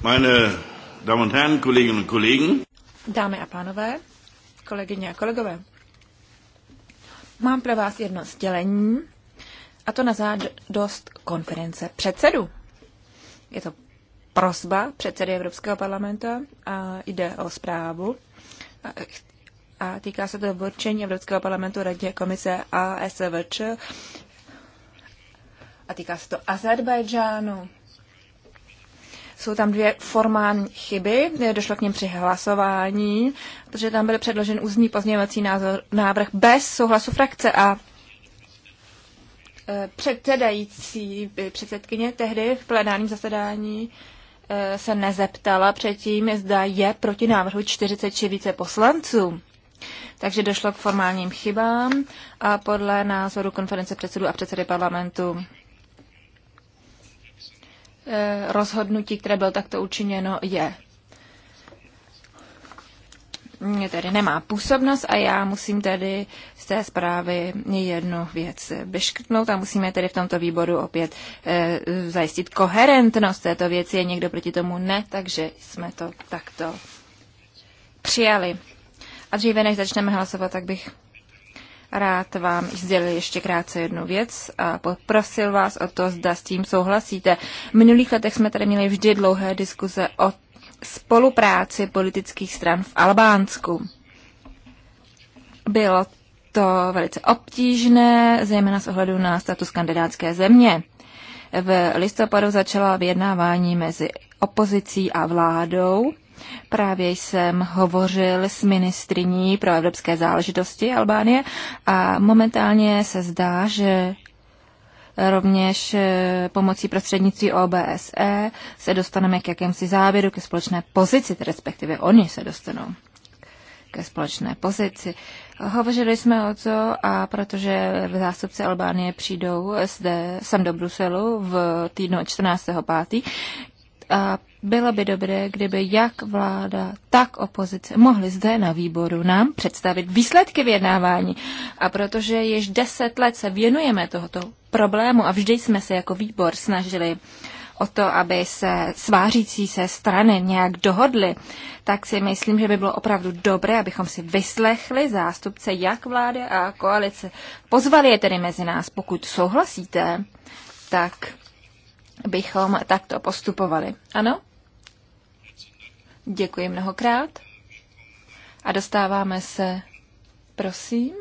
Meine Damen und Herren, Kolleginnen und Kollegen. Dámy a pánové, kolegyně a kolegové, mám pro vás jedno sdělení, a to na zádost konference předsedu. Je to prosba předsedy Evropského parlamentu a jde o zprávu a týká se to určení Evropského parlamentu, radě komise a a týká se to Azerbajdžánu. Jsou tam dvě formální chyby, došlo k něm při hlasování, protože tam byl předložen úzní pozměňovací návrh bez souhlasu frakce a eh, předsedající eh, předsedkyně tehdy v plenárním zasedání eh, se nezeptala předtím, zda je proti návrhu 40 či více poslanců. Takže došlo k formálním chybám a podle názoru konference předsedů a předsedy parlamentu Eh, rozhodnutí, které bylo takto učiněno, je tedy nemá působnost a já musím tedy z té zprávy jednu věc vyškrtnout a musíme tedy v tomto výboru opět e, zajistit koherentnost této věci. Je někdo proti tomu? Ne, takže jsme to takto přijali. A dříve než začneme hlasovat, tak bych Rád vám sdělil ještě krátce jednu věc a poprosil vás o to, zda s tím souhlasíte. V minulých letech jsme tady měli vždy dlouhé diskuze o spolupráci politických stran v Albánsku. Bylo to velice obtížné, zejména s ohledu na status kandidátské země. V listopadu začala vyjednávání mezi opozicí a vládou Právě jsem hovořil s ministriní pro evropské záležitosti Albánie a momentálně se zdá, že rovněž eh, pomocí prostřednictví OBSE se dostaneme k jakémsi závěru, ke společné pozici, respektive oni se dostanou ke společné pozici. Hovořili jsme o to a protože zástupci Albánie přijdou zde sem do Bruselu v týdnu 14.5., a bylo by dobré, kdyby jak vláda, tak opozice mohli zde na výboru nám představit výsledky vyjednávání. A protože již deset let se věnujeme tohoto problému a vždy jsme se jako výbor snažili o to, aby se svářící se strany nějak dohodly, tak si myslím, že by bylo opravdu dobré, abychom si vyslechli zástupce jak vlády a koalice. Pozvali je tedy mezi nás, pokud souhlasíte, tak bychom takto postupovali. Ano? Děkuji mnohokrát. A dostáváme se, prosím,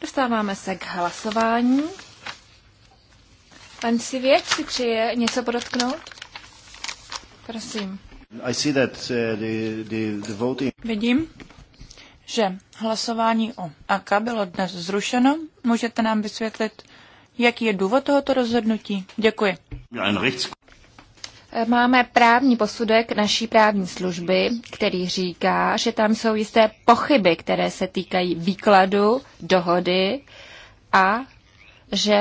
dostáváme se k hlasování. Pan Sivěč si přeje něco podotknout? Prosím. I see that, uh, the, the, the voting... Vidím, že hlasování o AK bylo dnes zrušeno. Můžete nám vysvětlit, Jaký je důvod tohoto rozhodnutí? Děkuji. Eh, máme právní posudek naší právní služby, který říká, že tam jsou jisté pochyby, které se týkají výkladu dohody a že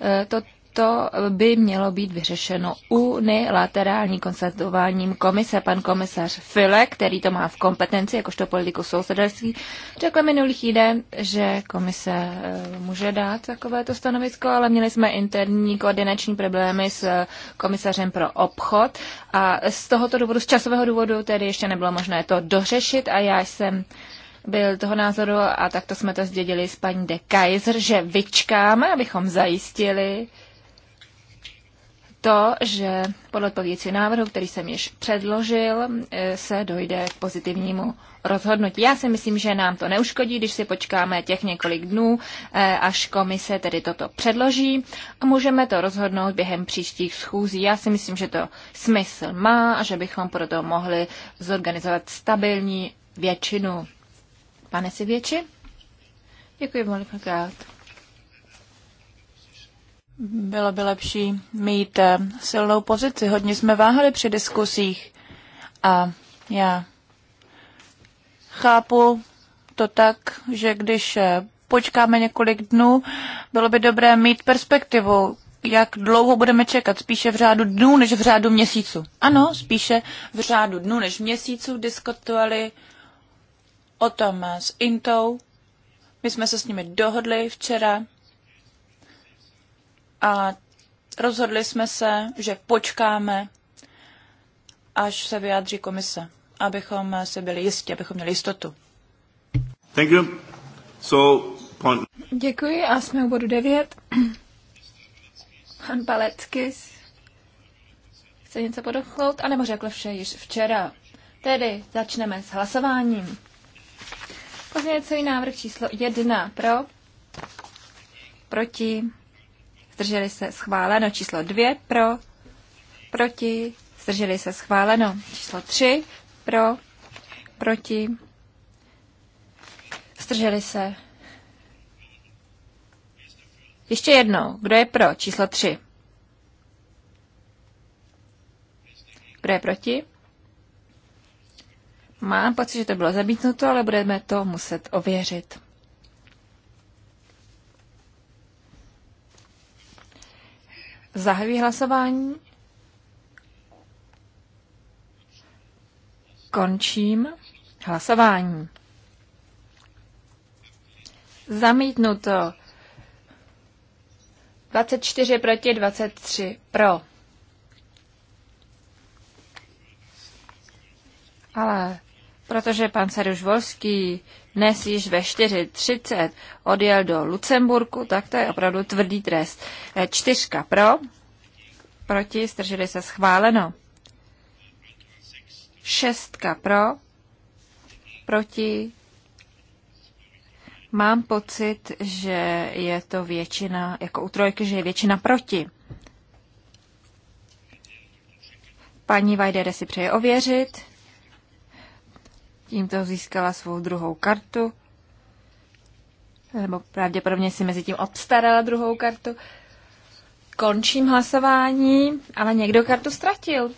eh, to to by mělo být vyřešeno unilaterální konstatováním komise. Pan komisař File, který to má v kompetenci, jakožto politiku sousedarství, řekl minulý týden, že komise eh, může dát takovéto stanovisko, ale měli jsme interní koordinační problémy s eh, komisařem pro obchod a z tohoto důvodu, z časového důvodu, tedy ještě nebylo možné to dořešit a já jsem byl toho názoru a takto jsme to zdědili s paní de Kaiser, že vyčkáme, abychom zajistili, to, že podle odpovědícího návrhu, který jsem již předložil, eh, se dojde k pozitivnímu rozhodnutí. Já si myslím, že nám to neuškodí, když si počkáme těch několik dnů, eh, až komise tedy toto předloží a můžeme to rozhodnout během příštích schůzí. Já si myslím, že to smysl má a že bychom proto mohli zorganizovat stabilní většinu. Pane si větši? Děkuji, Monika bylo by lepší mít eh, silnou pozici. Hodně jsme váhali při diskusích a já chápu to tak, že když eh, počkáme několik dnů, bylo by dobré mít perspektivu, jak dlouho budeme čekat, spíše v řádu dnů než v řádu měsíců. Ano, spíše v řádu dnů než měsíců diskutovali o tom s Intou. My jsme se s nimi dohodli včera a rozhodli jsme se, že počkáme, až se vyjádří komise, abychom si byli jistí, abychom měli jistotu. Thank you. So, point... Děkuji a jsme u bodu 9. Pan Palecky chce něco podochnout, anebo řekl vše již včera. Tedy začneme s hlasováním. Pozměňovací návrh číslo 1 pro, proti, zdrželi se schváleno. Číslo 2 pro, proti, zdrželi se schváleno. Číslo 3 pro, proti, zdrželi se. Ještě jednou, kdo je pro? Číslo 3. Kdo je proti? Mám pocit, že to bylo zabítnuto, ale budeme to muset ověřit. Zahajuji hlasování. Končím hlasování. Zamítnuto. 24 proti 23 pro. Ale protože pan Saruš Volský dnes již ve 4.30 odjel do Lucemburku, tak to je opravdu tvrdý trest. E, čtyřka pro, proti, strželi se schváleno. Šestka pro, proti. Mám pocit, že je to většina, jako u trojky, že je většina proti. Paní Vajdere si přeje ověřit tímto získala svou druhou kartu, nebo pravděpodobně si mezi tím obstarala druhou kartu. Končím hlasování, ale někdo kartu ztratil.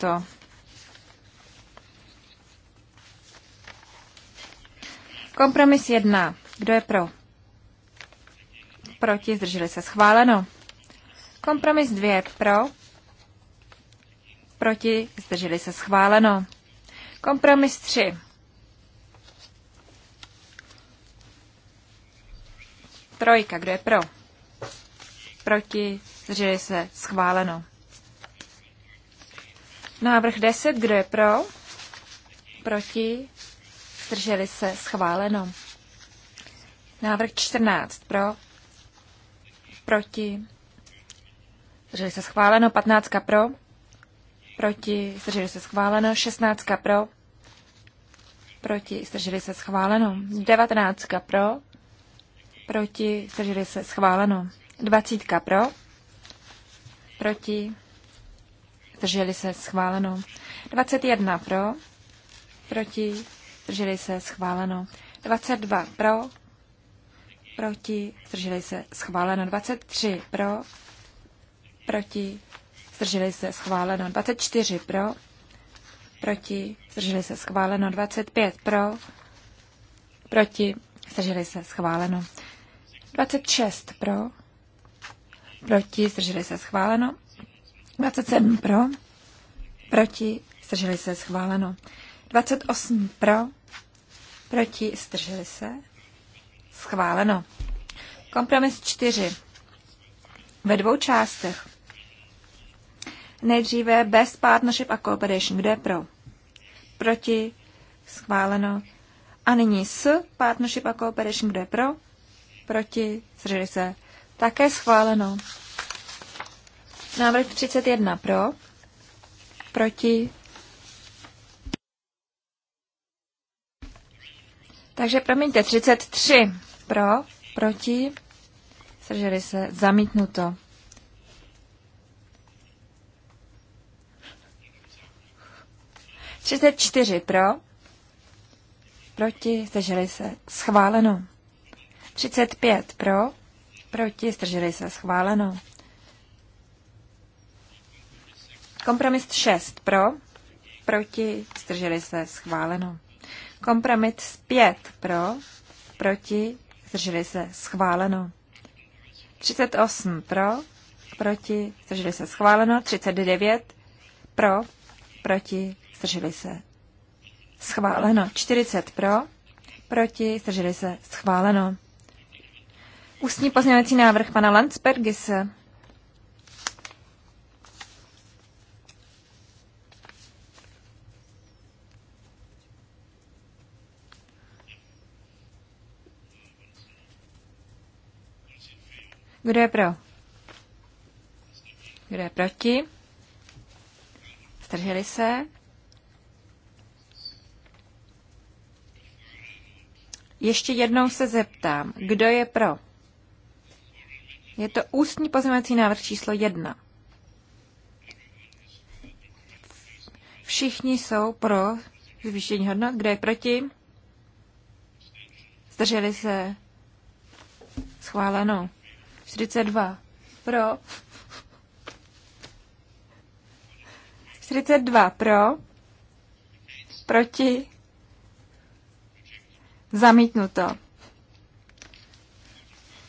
to. Kompromis jedna. Kdo je pro? Proti, zdrželi se schváleno. Kompromis dvě. Pro, proti, zdrželi se schváleno. Kompromis 3. Trojka, kdo je pro? Proti, zdrželi se schváleno. Návrh 10, kdo je pro? Proti, zdrželi se schváleno. Návrh 14 pro, proti, zdrželi se schváleno, 15 pro, proti, zdrželi se schváleno, 16 pro, proti, zdrželi se schváleno, 19 pro, proti, zdrželi se schváleno, 20 pro, proti, zdrželi se schváleno, 21 pro, proti, zdrželi se schváleno, 22 pro, proti, zdrželi se schváleno, 23 pro, proti, zdrželi se schváleno 24 pro, proti, zdrželi se schváleno 25 pro, proti, zdrželi se schváleno 26 pro, proti, zdrželi se schváleno 27 pro, proti, zdrželi se schváleno 28 pro, proti, zdrželi se schváleno. Kompromis 4 ve dvou částech. Nejdříve Best Partnership a Cooperation. Kdo je pro? Proti? Schváleno. A nyní s Partnership a Cooperation. Kdo je pro? Proti? Zdrželi se. Také schváleno. Návrh 31 pro. Proti? Takže promiňte, 33 pro, proti, srželi se, zamítnuto. 34 pro, proti, zdrželi se, schváleno. 35 pro, proti, zdrželi se, schváleno. Kompromis 6 pro, proti, zdrželi se, schváleno. Kompromis 5 pro, proti, zdrželi se, schváleno. 38 pro, proti, zdrželi se, schváleno. 39 pro, proti, zdrželi se. Schváleno. 40 pro, proti, zdrželi se. Schváleno. Ústní pozměňovací návrh pana Landsbergise. Kdo je pro? Kdo je proti? Strželi se? Ještě jednou se zeptám, kdo je pro? Je to ústní pozměňovací návrh číslo jedna. Všichni jsou pro zvýšení hodnot. Kdo je proti? Zdrželi se. Schváleno. 42. Pro. 42 pro. Proti. Zamítnuto.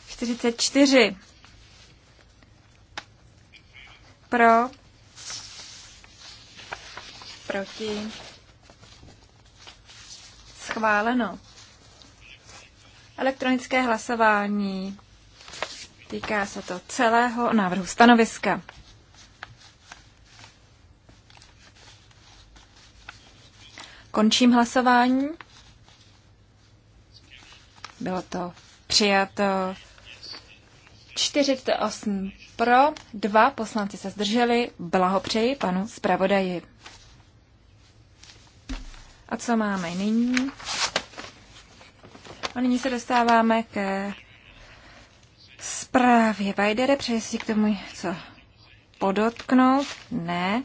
44. Pro. Proti. Schváleno. Elektronické hlasování. Týká se to celého návrhu stanoviska. Končím hlasování. Bylo to přijato 48 pro, dva poslanci se zdrželi. Blahopřeji panu zpravodaji. A co máme nyní? A nyní se dostáváme ke zprávě Vajdere. Přeji si k tomu co podotknout? Ne.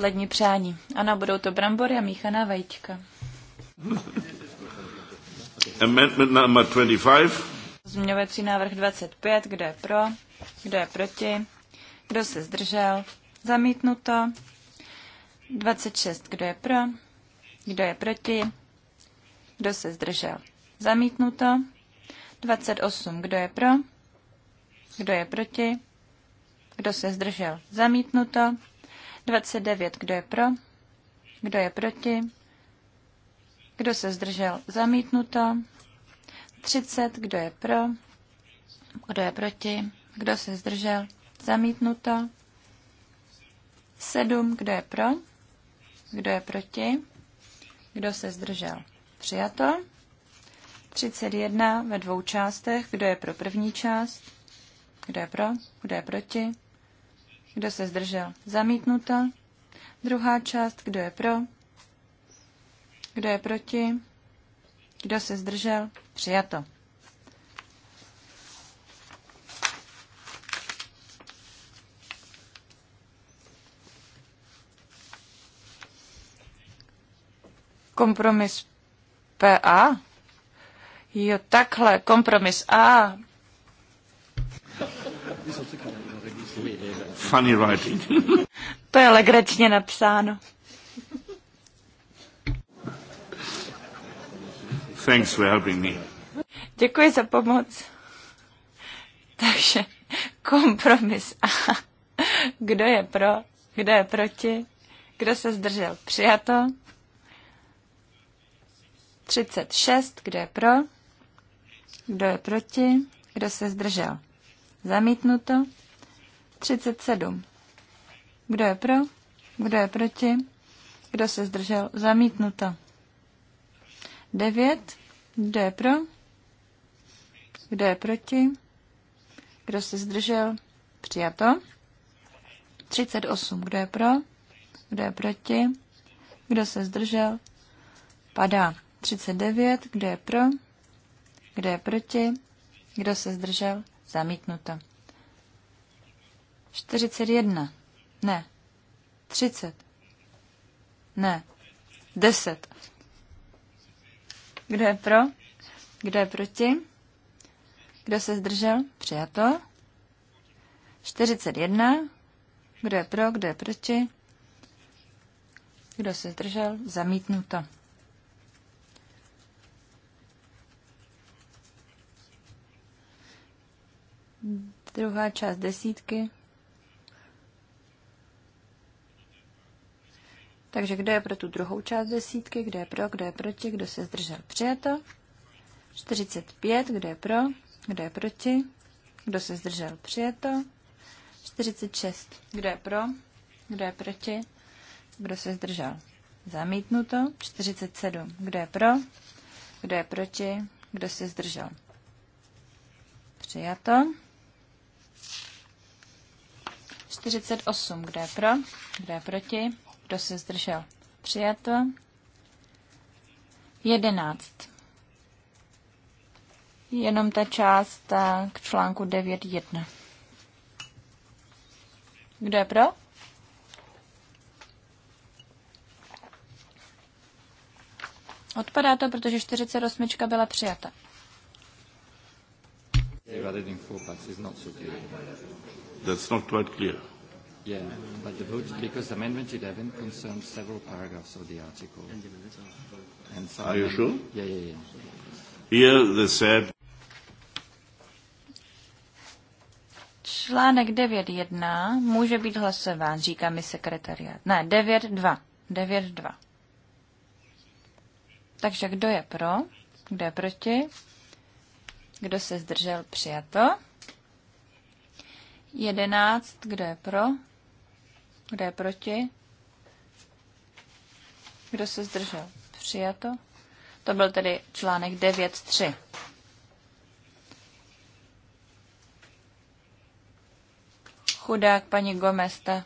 poslední přání. Ano, budou to brambory a míchaná vajíčka. Amendment number 25. Změňovací návrh 25. Kdo je pro? Kdo je proti? Kdo se zdržel? Zamítnuto. 26. Kdo je pro? Kdo je proti? Kdo se zdržel? Zamítnuto. 28. Kdo je pro? Kdo je proti? Kdo se zdržel? Zamítnuto. 29. Kdo je pro? Kdo je proti? Kdo se zdržel? Zamítnuto. 30. Kdo je pro? Kdo je proti? Kdo se zdržel? Zamítnuto. 7. Kdo je pro? Kdo je proti? Kdo se zdržel? Přijato. 31 ve dvou částech. Kdo je pro první část? Kdo je pro? Kdo je proti? Kdo se zdržel? Zamítnuto. Druhá část. Kdo je pro? Kdo je proti? Kdo se zdržel? Přijato. Kompromis PA? Jo, takhle, kompromis A. Funny writing. to je legračně napsáno. Thanks for helping me. Děkuji za pomoc. Takže kompromis. kdo je pro, kdo je proti, kdo se zdržel? Přijato. 36, kdo je pro, kdo je proti, kdo se zdržel? Zamítnuto. 37. Kdo je pro? Kdo je proti? Kdo se zdržel? Zamítnuto. 9. Kdo je pro? Kdo je proti? Kdo se zdržel? Přijato. 38. Kdo je pro? Kdo je proti? Kdo se zdržel? Padá. 39. Kdo je pro? Kdo je proti? Kdo se zdržel? Zamítnuto. 41. Ne. 30. Ne. 10. Kdo je pro? Kdo je proti? Kdo se zdržel? Přijato. 41. Kdo je pro? Kdo je proti? Kdo se zdržel? Zamítnuto. Druhá část desítky. Takže kdo je pro tu druhou část desítky, kdo je pro, kdo je proti, kdo se zdržel přijato. 45, kdo je pro, kdo je proti, kdo se zdržel přijato. 46, kdo je pro, kdo je proti, kdo se zdržel zamítnuto. 47, kdo je pro, kdo je proti, kdo se zdržel přijato. 48, kdo je pro, kdo je proti, kdo se zdržel? Přijato. 11. Jenom ta část eh, k článku 9.1. Kdo je pro? Odpadá to, protože 48 byla přijata. That's not quite clear. Yeah, but the vote, because Amendment 11 concerns several paragraphs of the article. And so are you I'm, sure? Yeah, yeah, yeah. Here they said. Článek 9.1 může být hlasován, říká mi sekretariat. Ne, 9.2. 9.2. Takže kdo je pro? Kdo je proti? Kdo se zdržel? Přijato. 11. Kdo je pro? Kdo je proti? Kdo se zdržel? Přijato. To byl tedy článek 9.3. Chudák paní Gomez, ta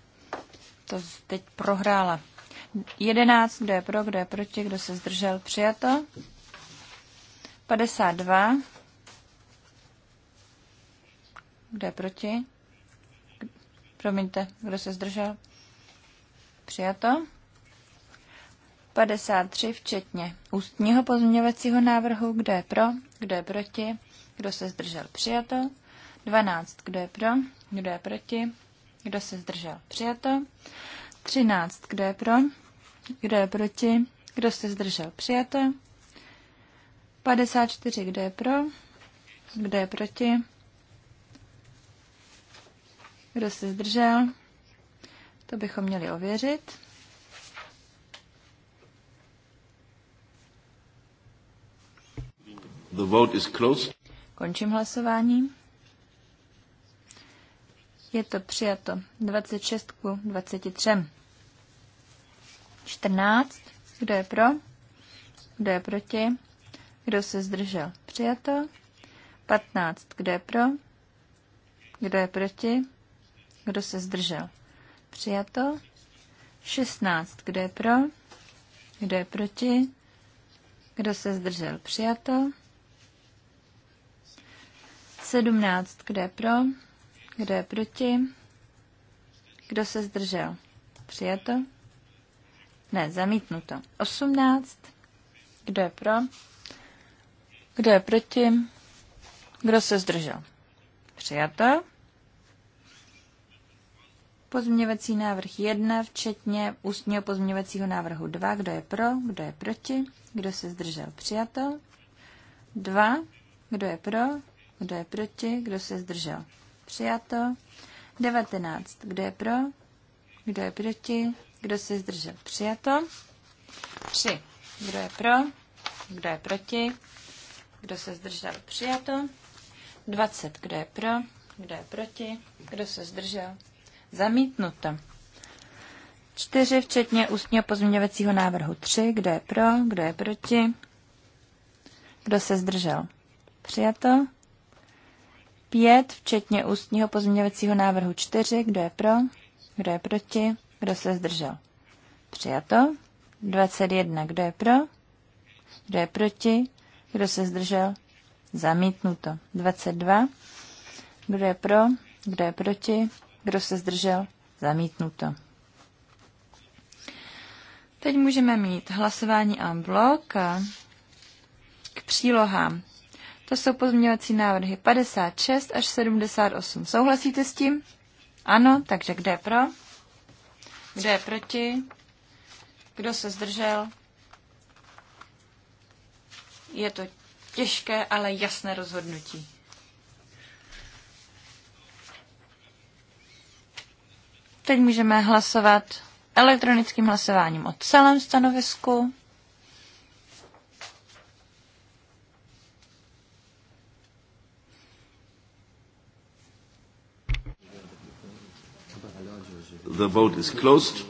to teď prohrála. 11, kdo je pro, kdo je proti, kdo se zdržel, přijato. 52, kdo je proti, promiňte, kdo se zdržel, Přijato. 53 včetně ústního pozměňovacího návrhu, kdo je pro, kdo je proti, kdo se zdržel přijato, 12, kdo je pro, kdo je proti, kdo se zdržel přijato, 13, kdo je pro, kdo je proti, kdo se zdržel přijato, 54, kdo je pro, kdo je proti, kdo se zdržel, to bychom měli ověřit. The vote is closed. Končím hlasování. Je to přijato 26 ku 23. 14. Kdo je pro? Kdo je proti? Kdo se zdržel? Přijato. 15. Kdo je pro? Kdo je proti? Kdo se zdržel? Přijato. 16. Kdo je pro? Kdo je proti? Kdo se zdržel? Přijato. 17. Kdo je pro? Kdo je proti? Kdo se zdržel? Přijato? Ne, zamítnuto. 18. Kdo je pro? Kdo je proti? Kdo se zdržel? Přijato. Pozměňovací návrh 1, včetně ústního pozměňovacího návrhu 2. Kdo je pro, kdo je proti, kdo se zdržel přijato. 2. Kdo je pro, kdo je proti, kdo se zdržel přijato. 19. Kdo je pro, kdo je proti, kdo se zdržel přijato. 3. Kdo je pro, kdo je proti, kdo se zdržel přijato. 20. Kdo je pro, kdo je proti, kdo se zdržel Zamítnuto. čtyři včetně ústního pozměňovacího návrhu tři, Kdo je pro? Kdo je proti? Kdo se zdržel? Přijato. Pět včetně ústního pozměňovacího návrhu čtyři, Kdo je pro? Kdo je proti? Kdo se zdržel? Přijato. 21. Kdo je pro? Kdo je proti? Kdo se zdržel? Zamítnuto. 22. Kdo je pro? Kdo je proti? Kdo se zdržel? Zamítnuto. Teď můžeme mít hlasování en bloc k přílohám. To jsou pozměňovací návrhy 56 až 78. Souhlasíte s tím? Ano, takže kde je pro? Kde je proti? Kdo se zdržel? Je to těžké, ale jasné rozhodnutí. Teď můžeme hlasovat elektronickým hlasováním o celém stanovisku. The vote is closed.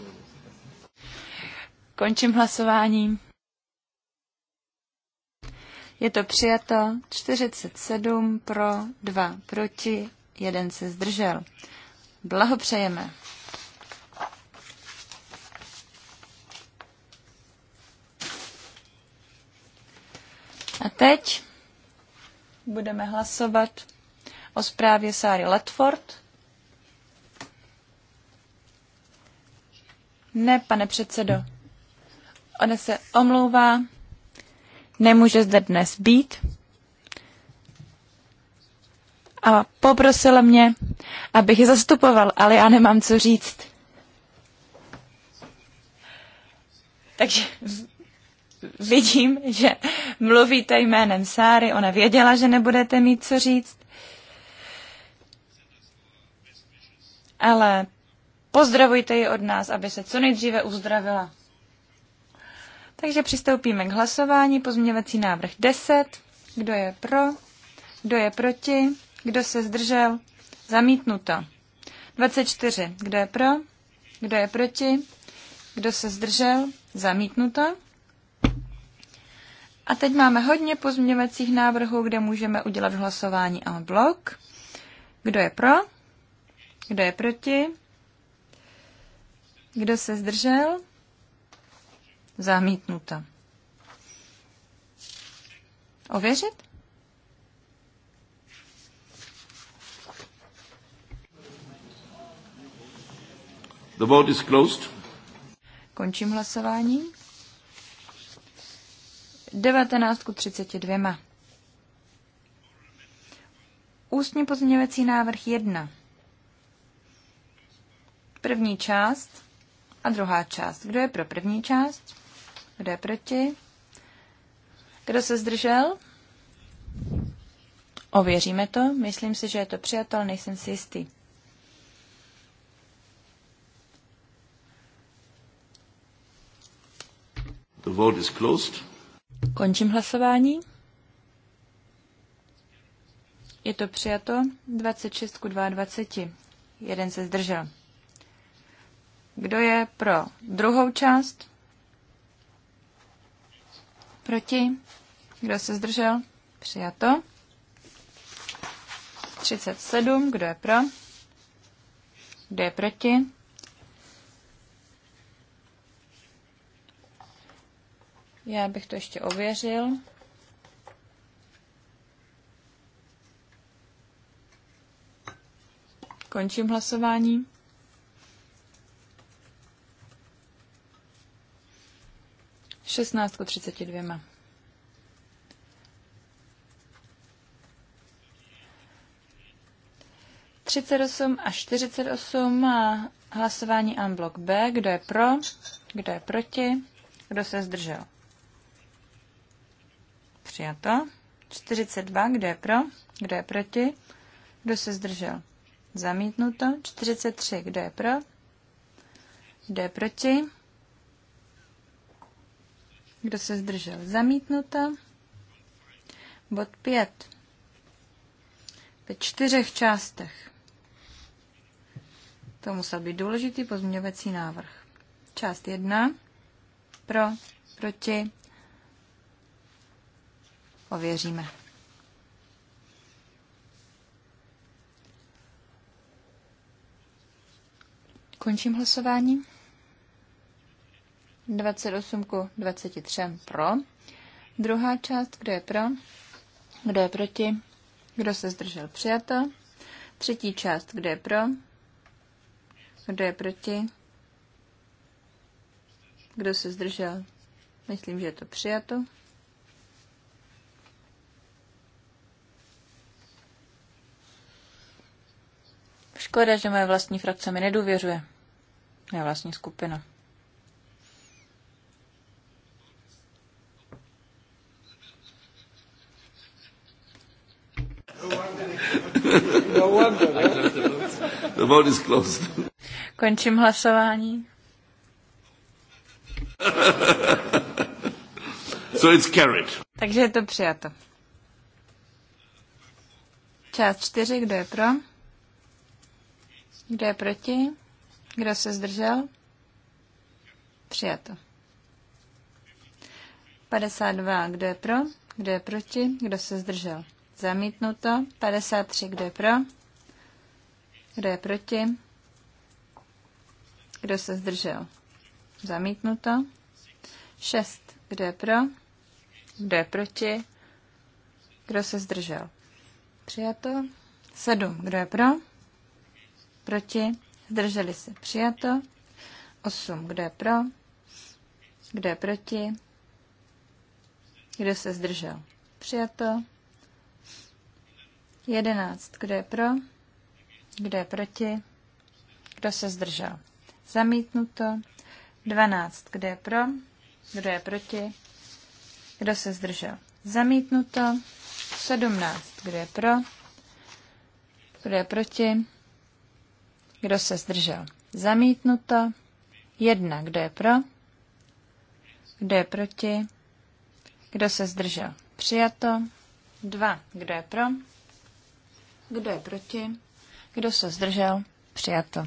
Končím hlasování. Je to přijato 47 pro, 2 proti, 1 se zdržel. Blahopřejeme. A teď budeme hlasovat o zprávě Sáry Letford. Ne, pane předsedo. Ona se omlouvá, nemůže zde dnes být. A poprosila mě, abych je zastupoval, ale já nemám co říct. Takže vidím, že mluvíte jménem Sáry, ona věděla, že nebudete mít co říct. Ale pozdravujte ji od nás, aby se co nejdříve uzdravila. Takže přistoupíme k hlasování. Pozměňovací návrh 10. Kdo je pro? Kdo je proti? Kdo se zdržel? Zamítnuto. 24. Kdo je pro? Kdo je proti? Kdo se zdržel? Zamítnuto. A teď máme hodně pozměňovacích návrhů, kde můžeme udělat hlasování a blok. Kdo je pro? Kdo je proti? Kdo se zdržel? Zamítnuto. Ověřit? The vote is closed. Končím hlasování. 19.32. Ústní pozměňovací návrh 1. První část a druhá část. Kdo je pro první část? Kdo je proti? Kdo se zdržel? Ověříme to. Myslím si, že je to přijatel, nejsem si jistý. The vote is closed. Končím hlasování. Je to přijato 26 k 22. Jeden se zdržel. Kdo je pro druhou část? Proti? Kdo se zdržel? Přijato. 37. Kdo je pro? Kdo je proti? Já bych to ještě ověřil. Končím hlasování. Šestnáct třiceti dvěma. Třicet osm a čtyřicet osm hlasování unblock B. Kdo je pro? Kdo je proti? Kdo se zdržel? Přijato. 42, kdo je pro, kdo je proti, kdo se zdržel. Zamítnuto. 43, kdo je pro, kdo je proti, kdo se zdržel. Zamítnuto. Bod 5. Ve čtyřech částech. To musel být důležitý pozměňovací návrh. Část 1. Pro, proti, Ověříme. Končím hlasování. 28 ku 23 pro. Druhá část, kdo je pro, kdo je proti, kdo se zdržel přijato. Třetí část, kdo je pro, kdo je proti, kdo se zdržel. Myslím, že je to přijato. Škoda, že moje vlastní frakce mi nedůvěřuje. Já vlastní skupina. No wonder, no? The vote is closed. Končím hlasování. So it's carried. Takže je to přijato. Část čtyři, kdo je pro? Kdo je proti? Kdo se zdržel? Přijato. 52. Kdo je pro? Kdo je proti? Kdo se zdržel? Zamítnuto. 53. Kdo je pro? Kdo je proti? Kdo se zdržel? Zamítnuto. 6. Kdo je pro? Kdo je proti? Kdo se zdržel? Přijato. 7. Kdo je pro? Proti? Zdrželi se. Přijato. 8. Kdo je pro? Kdo je proti? Kdo se zdržel? Přijato. 11. Kdo je pro? Kdo je proti? Kdo se zdržel? Zamítnuto. 12. Kdo je pro? Kdo je proti? Kdo se zdržel? Zamítnuto. 17. Kdo je pro? Kdo je proti? Kdo se zdržel? Zamítnuto. Jedna. Kdo je pro? Kdo je proti? Kdo se zdržel? Přijato. Dva. Kdo je pro? Kdo je proti? Kdo se zdržel? Přijato.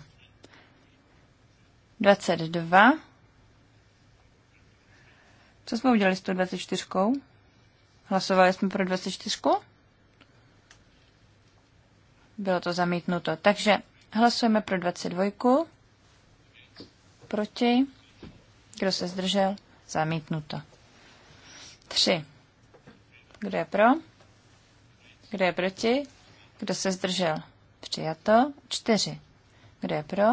22. Co jsme udělali s tou 24? Hlasovali jsme pro 24? Bylo to zamítnuto. Takže Hlasujeme pro 22. Proti. Kdo se zdržel? Zamítnuto. 3. Kdo je pro? Kdo je proti? Kdo se zdržel? Přijato. 4. Kdo je pro?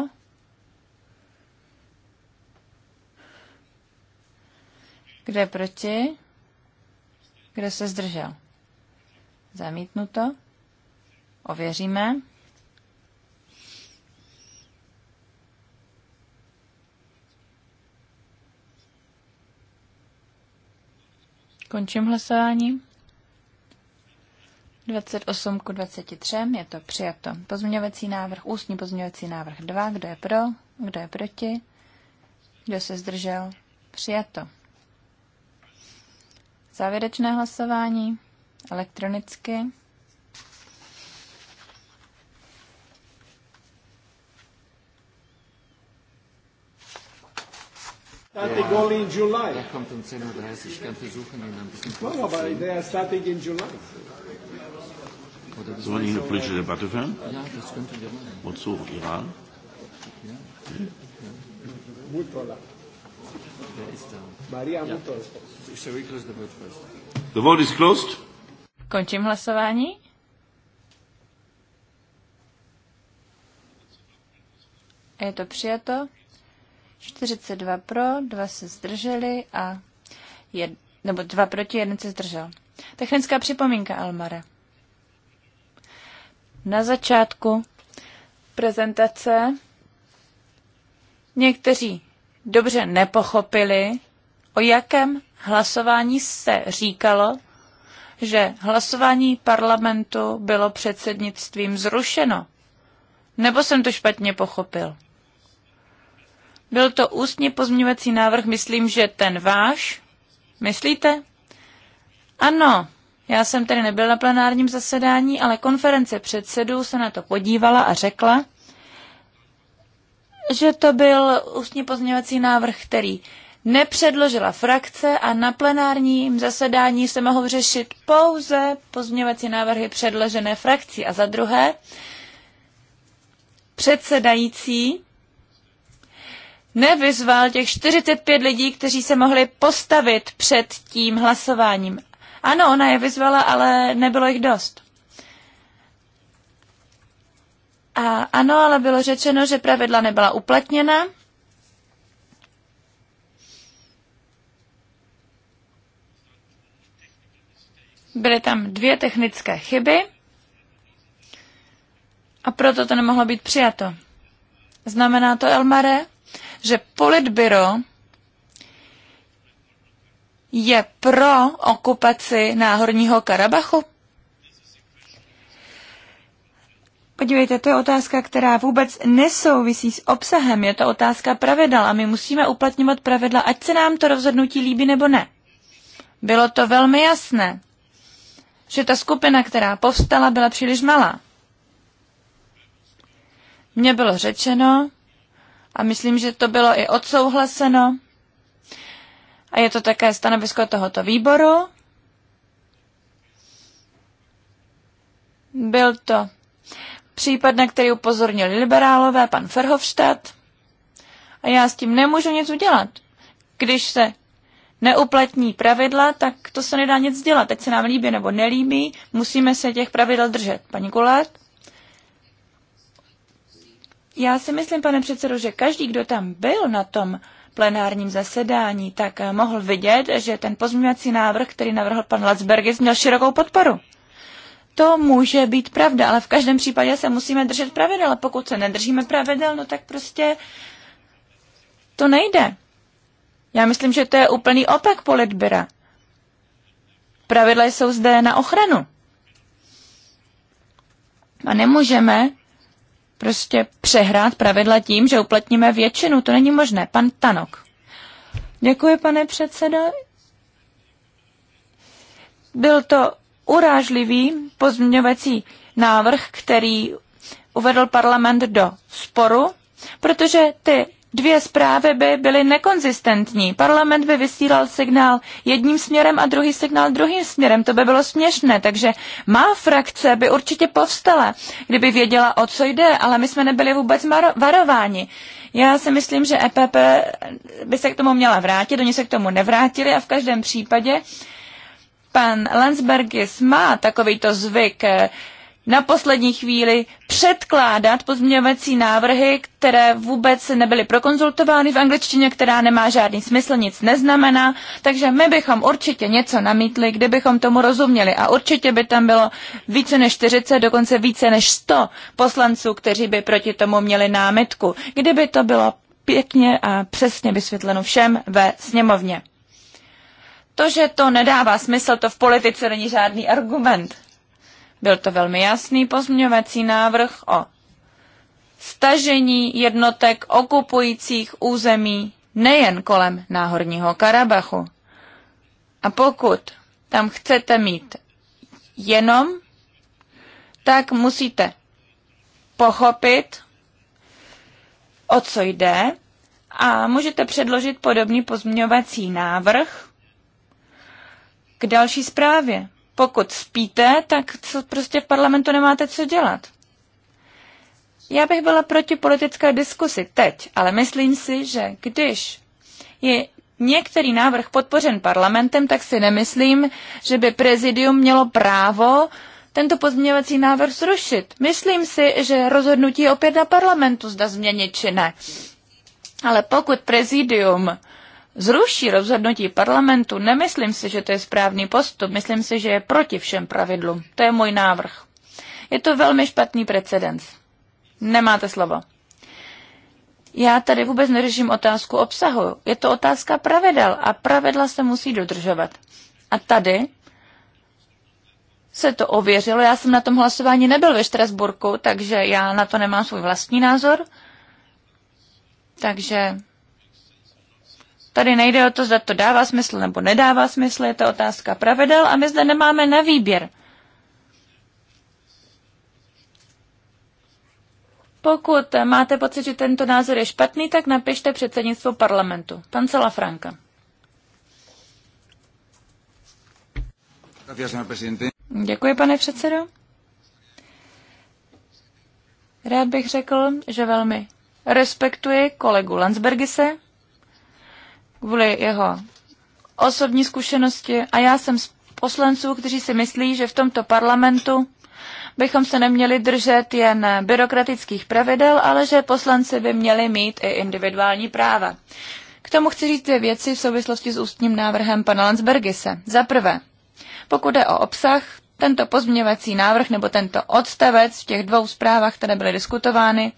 Kdo je proti? Kdo se zdržel? Zamítnuto. Ověříme. Končím hlasování. 28 ku 23 je to přijato. Pozměňovací návrh, ústní pozměňovací návrh 2. Kdo je pro? Kdo je proti? Kdo se zdržel? Přijato. Závěrečné hlasování elektronicky. Starting only in July. Er kommt um 10.30 Uhr. Ich kann versuchen, ihn ein bisschen No, no, but they are starting in July. Sollen wir eine politische Debatte führen? Ja, das könnten wir machen. Wozu? Iran? Ja. Mutola. Wer ist da? Maria ja. Mutola. Shall we close the vote first? The vote is closed. Končím hlasování. Je to přijato. 42 pro, dva se zdrželi a jed, nebo dva proti, jeden se zdržel. Technická připomínka Almare. Na začátku prezentace někteří dobře nepochopili, o jakém hlasování se říkalo, že hlasování parlamentu bylo předsednictvím zrušeno. Nebo jsem to špatně pochopil? Byl to ústně pozměňovací návrh, myslím, že ten váš. Myslíte? Ano, já jsem tedy nebyl na plenárním zasedání, ale konference předsedů se na to podívala a řekla, že to byl ústně pozměňovací návrh, který nepředložila frakce a na plenárním zasedání se mohou řešit pouze pozměňovací návrhy předložené frakcí. A za druhé, předsedající nevyzval těch 45 lidí, kteří se mohli postavit před tím hlasováním. Ano, ona je vyzvala, ale nebylo jich dost. A ano, ale bylo řečeno, že pravidla nebyla uplatněna. Byly tam dvě technické chyby a proto to nemohlo být přijato. Znamená to, Elmare, že politbyro je pro okupaci Náhorního Karabachu? Podívejte, to je otázka, která vůbec nesouvisí s obsahem. Je to otázka pravidel a my musíme uplatňovat pravidla, ať se nám to rozhodnutí líbí nebo ne. Bylo to velmi jasné, že ta skupina, která povstala, byla příliš malá. Mně bylo řečeno, a myslím, že to bylo i odsouhlaseno. A je to také stanovisko tohoto výboru. Byl to případ, na který upozornili liberálové, pan Ferhofstadt. A já s tím nemůžu nic udělat. Když se neuplatní pravidla, tak to se nedá nic dělat. Teď se nám líbí nebo nelíbí, musíme se těch pravidel držet. Paní Kulát? Já si myslím, pane předsedo, že každý, kdo tam byl na tom plenárním zasedání, tak eh, mohl vidět, že ten pozměňovací návrh, který navrhl pan Latsbergis, měl širokou podporu. To může být pravda, ale v každém případě se musíme držet pravidel. A pokud se nedržíme pravidel, no tak prostě to nejde. Já myslím, že to je úplný opak politbira. Pravidla jsou zde na ochranu. A nemůžeme prostě přehrát pravidla tím, že uplatníme většinu. To není možné. Pan Tanok. Děkuji, pane předsedo. Byl to urážlivý pozměňovací návrh, který uvedl parlament do sporu, protože ty dvě zprávy by byly nekonzistentní. Parlament by vysílal signál jedním směrem a druhý signál druhým směrem. To by bylo směšné, takže má frakce by určitě povstala, kdyby věděla, o co jde, ale my jsme nebyli vůbec varováni. Já si myslím, že EPP by se k tomu měla vrátit, oni se k tomu nevrátili a v každém případě pan Landsbergis má takovýto zvyk eh, na poslední chvíli předkládat pozměňovací návrhy, které vůbec nebyly prokonzultovány v angličtině, která nemá žádný smysl, nic neznamená. Takže my bychom určitě něco namítli, kdybychom tomu rozuměli. A určitě by tam bylo více než 40, dokonce více než 100 poslanců, kteří by proti tomu měli námitku, kdyby to bylo pěkně a přesně vysvětleno všem ve sněmovně. To, že to nedává smysl, to v politice není žádný argument. Byl to velmi jasný pozměňovací návrh o stažení jednotek okupujících území nejen kolem Náhorního Karabachu. A pokud tam chcete mít jenom, tak musíte pochopit, o co jde a můžete předložit podobný pozměňovací návrh k další zprávě. Pokud spíte, tak co, prostě v parlamentu nemáte co dělat. Já bych byla proti politické diskusi teď, ale myslím si, že když je některý návrh podpořen parlamentem, tak si nemyslím, že by prezidium mělo právo tento pozměňovací návrh zrušit. Myslím si, že rozhodnutí opět na parlamentu zda změnit či ne. Ale pokud prezidium zruší rozhodnutí parlamentu, nemyslím si, že to je správný postup. Myslím si, že je proti všem pravidlům. To je můj návrh. Je to velmi špatný precedens. Nemáte slovo. Já tady vůbec neřeším otázku obsahu. Je to otázka pravidel a pravidla se musí dodržovat. A tady se to ověřilo. Já jsem na tom hlasování nebyl ve Štrasburku, takže já na to nemám svůj vlastní názor. Takže Tady nejde o to, zda to dává smysl nebo nedává smysl, je to otázka pravidel a my zde nemáme na výběr. Pokud máte pocit, že tento názor je špatný, tak napište předsednictvo parlamentu. Pan Franka. Děkuji, pane předsedo. Rád bych řekl, že velmi respektuji kolegu Landsbergise, kvůli jeho osobní zkušenosti a já jsem z poslanců, kteří si myslí, že v tomto parlamentu bychom se neměli držet jen byrokratických pravidel, ale že poslanci by měli mít i individuální práva. K tomu chci říct dvě věci v souvislosti s ústním návrhem pana Landsbergise. Za prvé, pokud jde o obsah, tento pozměňovací návrh nebo tento odstavec v těch dvou zprávách, které byly diskutovány,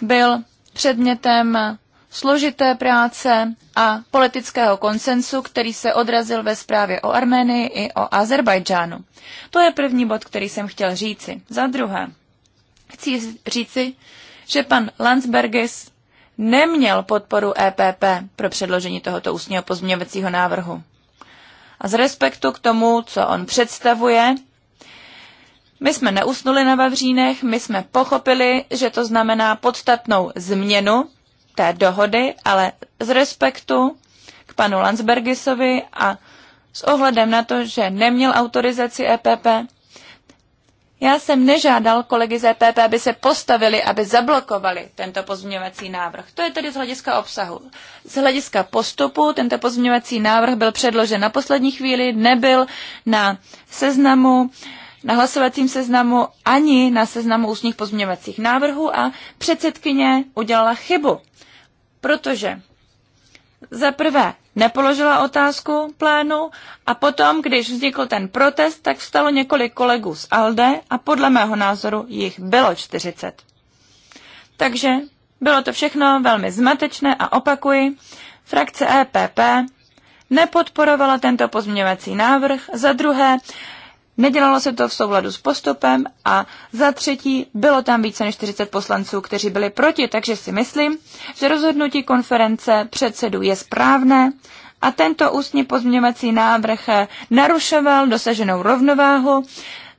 byl předmětem složité práce a politického konsensu, který se odrazil ve zprávě o Arménii i o Azerbajdžánu. To je první bod, který jsem chtěl říci. Za druhé, chci říci, že pan Landsbergis neměl podporu EPP pro předložení tohoto ústního pozměňovacího návrhu. A z respektu k tomu, co on představuje, my jsme neusnuli na Vavřínech, my jsme pochopili, že to znamená podstatnou změnu té dohody, ale z respektu k panu Landsbergisovi a s ohledem na to, že neměl autorizaci EPP, já jsem nežádal kolegy z EPP, aby se postavili, aby zablokovali tento pozměňovací návrh. To je tedy z hlediska obsahu. Z hlediska postupu tento pozměňovací návrh byl předložen na poslední chvíli, nebyl na seznamu, na hlasovacím seznamu ani na seznamu ústních pozměňovacích návrhů a předsedkyně udělala chybu protože za prvé nepoložila otázku plénu a potom, když vznikl ten protest, tak vstalo několik kolegů z ALDE a podle mého názoru jich bylo 40. Takže bylo to všechno velmi zmatečné a opakuji, frakce EPP nepodporovala tento pozměňovací návrh. Za druhé, Nedělalo se to v souladu s postupem a za třetí bylo tam více než 40 poslanců, kteří byli proti, takže si myslím, že rozhodnutí konference předsedů je správné a tento ústní pozměňovací návrh narušoval dosaženou rovnováhu,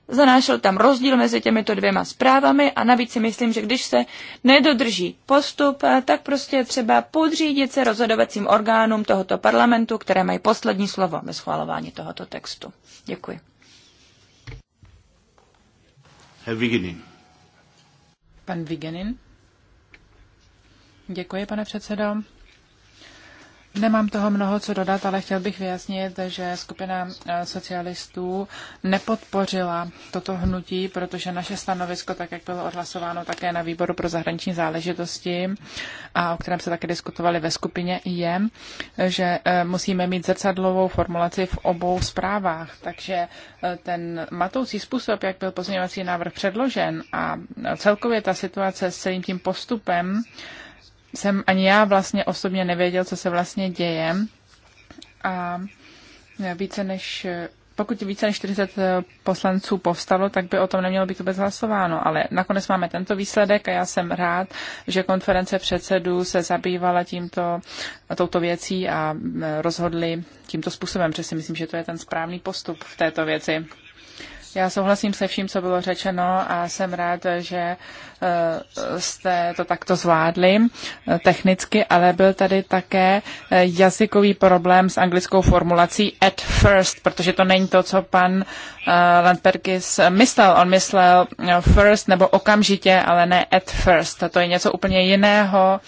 zanášel tam rozdíl mezi těmito dvěma zprávami a navíc si myslím, že když se nedodrží postup, tak prostě třeba podřídit se rozhodovacím orgánům tohoto parlamentu, které mají poslední slovo ve schvalování tohoto textu. Děkuji. Herr Vigenin. Pan Vigenin. Děkuji, pane předsedo. Nemám toho mnoho co dodat, ale chtěl bych vyjasnit, že skupina eh, socialistů nepodpořila toto hnutí, protože naše stanovisko, tak jak bylo odhlasováno také na výboru pro zahraniční záležitosti a o kterém se také diskutovali ve skupině, je, že eh, musíme mít zrcadlovou formulaci v obou zprávách. Takže eh, ten matoucí způsob, jak byl pozměňovací návrh předložen a celkově ta situace s celým tím postupem, jsem ani já vlastně osobně nevěděl, co se vlastně děje. A více než pokud více než 40 poslanců povstalo, tak by o tom nemělo být vůbec hlasováno. Ale nakonec máme tento výsledek a já jsem rád, že konference předsedů se zabývala tímto, touto věcí a rozhodli tímto způsobem, protože si myslím, že to je ten správný postup v této věci. Já souhlasím se vším, co bylo řečeno a jsem rád, že eh, jste to takto zvládli eh, technicky, ale byl tady také eh, jazykový problém s anglickou formulací at first, protože to není to, co pan Landperkis myslel. On myslel first nebo okamžitě, ale ne at first. To je něco úplně jiného.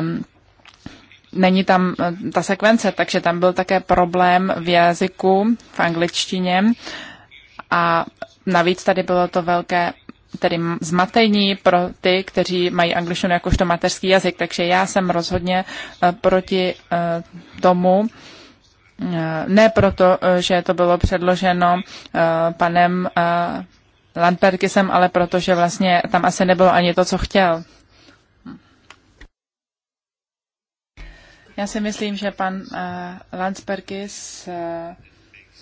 Um, není tam ta sekvence, takže tam byl také problém v jazyku v angličtině a navíc tady bylo to velké tedy zmatení pro ty, kteří mají angličtinu jakožto mateřský jazyk, takže já jsem rozhodně e, proti e, tomu, e, ne proto, že to bylo předloženo panem Landbergisem, ale protože vlastně tam asi nebylo ani to, co chtěl. Já si myslím, že pan Landsbergis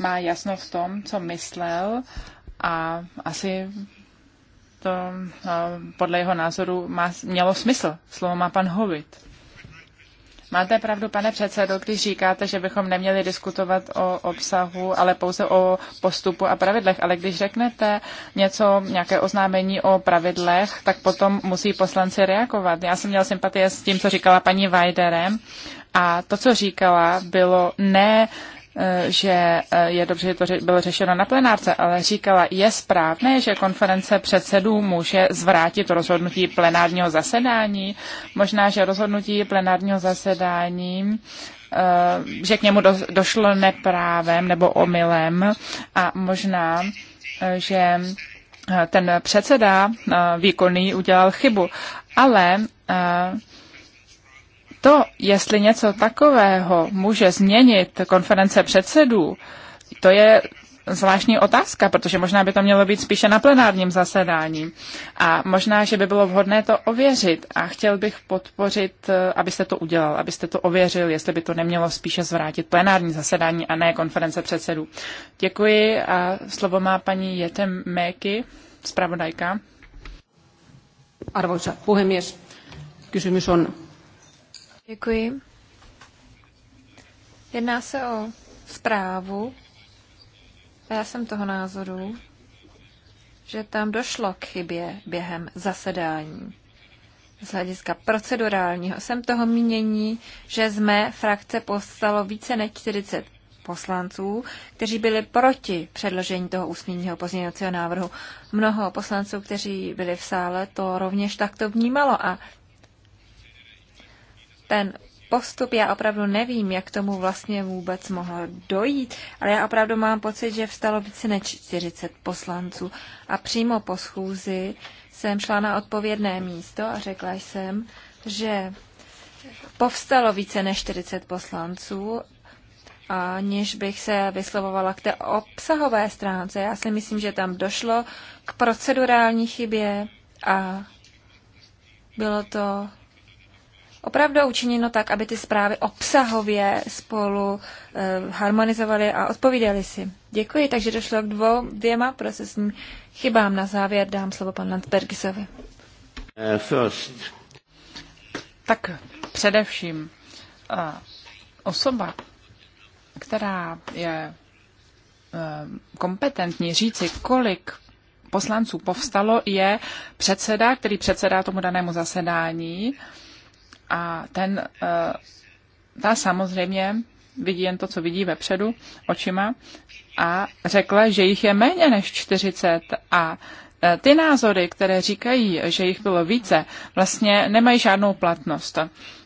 má jasno v tom, co myslel a asi to no, podle jeho názoru má, mělo smysl. Slovo má pan Hovit. Máte pravdu, pane předsedo, když říkáte, že bychom neměli diskutovat o obsahu, ale pouze o postupu a pravidlech. Ale když řeknete něco, nějaké oznámení o pravidlech, tak potom musí poslanci reagovat. Já jsem měl sympatie s tím, co říkala paní Vajderem. A to, co říkala, bylo ne Eh, že eh, je dobře, že to bylo řešeno na plenárce, ale říkala, je správné, že konference předsedů může zvrátit rozhodnutí plenárního zasedání. Možná, že rozhodnutí plenárního zasedání eh, že k němu došlo neprávem nebo omylem a možná, že ten předseda výkonný udělal chybu. Ale to, jestli něco takového může změnit konference předsedů, to je zvláštní otázka, protože možná by to mělo být spíše na plenárním zasedání. A možná, že by bylo vhodné to ověřit. A chtěl bych podpořit, eh, abyste to udělal, abyste to ověřil, jestli by to nemělo spíše zvrátit plenární zasedání a ne konference předsedů. Děkuji a slovo má paní Jetem Méky, zpravodajka. Arvoisa puhemies, kysymys on Děkuji. Jedná se o zprávu a já jsem toho názoru, že tam došlo k chybě během zasedání. Z hlediska procedurálního jsem toho mínění, že z mé frakce postalo více než 40 poslanců, kteří byli proti předložení toho ústního pozměňovacího návrhu. Mnoho poslanců, kteří byli v sále, to rovněž takto vnímalo a ten postup, já opravdu nevím, jak tomu vlastně vůbec mohlo dojít, ale já opravdu mám pocit, že vstalo více než 40 poslanců a přímo po schůzi jsem šla na odpovědné místo a řekla jsem, že povstalo více než 40 poslanců aniž bych se vyslovovala k té obsahové stránce. Já si myslím, že tam došlo k procedurální chybě a bylo to opravdu učiněno tak, aby ty zprávy obsahově spolu eh, harmonizovaly a odpovídaly si. Děkuji, takže došlo k dvou, dvěma procesním chybám. Na závěr dám slovo panu Landsbergisovi. Uh, first. Tak především uh, osoba, která je eh, kompetentní říci, kolik poslanců povstalo, je předseda, který předsedá tomu danému zasedání a ten, eh, ta samozřejmě vidí jen to, co vidí vepředu očima a řekla, že jich je méně než 40 a eh, ty názory, které říkají, že jich bylo více, vlastně nemají žádnou platnost.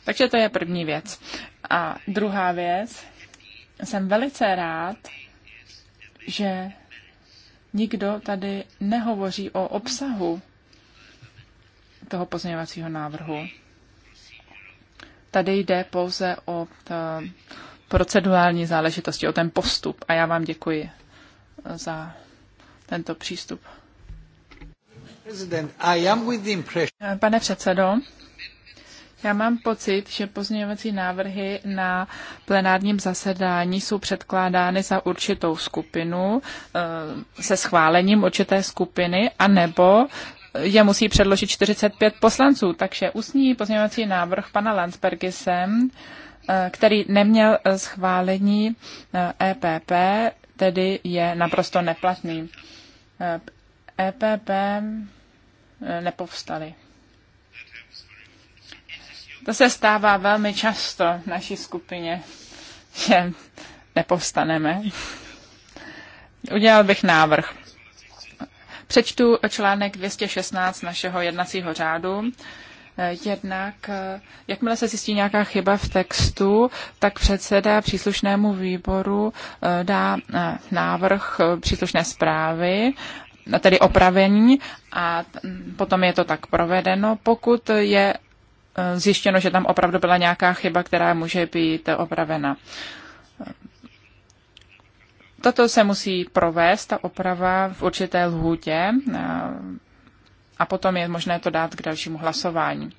Takže to je první věc. A druhá věc, jsem velice rád, že nikdo tady nehovoří o obsahu toho pozměňovacího návrhu. Tady jde pouze o eh, procedurální záležitosti, o ten postup. A já vám děkuji eh, za tento přístup. Eh, pane předsedo, já mám pocit, že pozměňovací návrhy na plenárním zasedání jsou předkládány za určitou skupinu se schválením určité skupiny, anebo je musí předložit 45 poslanců. Takže ústní pozměňovací návrh pana Landsbergisem, eh, který neměl eh, schválení EPP, eh, e tedy je naprosto neplatný. EPP e nepovstali. To se stává velmi často v naší skupině, že nepovstaneme. Udělal bych návrh. Přečtu článek 216 našeho jednacího řádu. Jednak, jakmile se zjistí nějaká chyba v textu, tak předseda příslušnému výboru eh, dá eh, návrh eh, příslušné zprávy tedy opravení a mm, potom je to tak provedeno, pokud je zjištěno, že tam opravdu byla nějaká chyba, která může být opravena. Toto se musí provést, ta oprava v určité lhůtě a potom je možné to dát k dalšímu hlasování.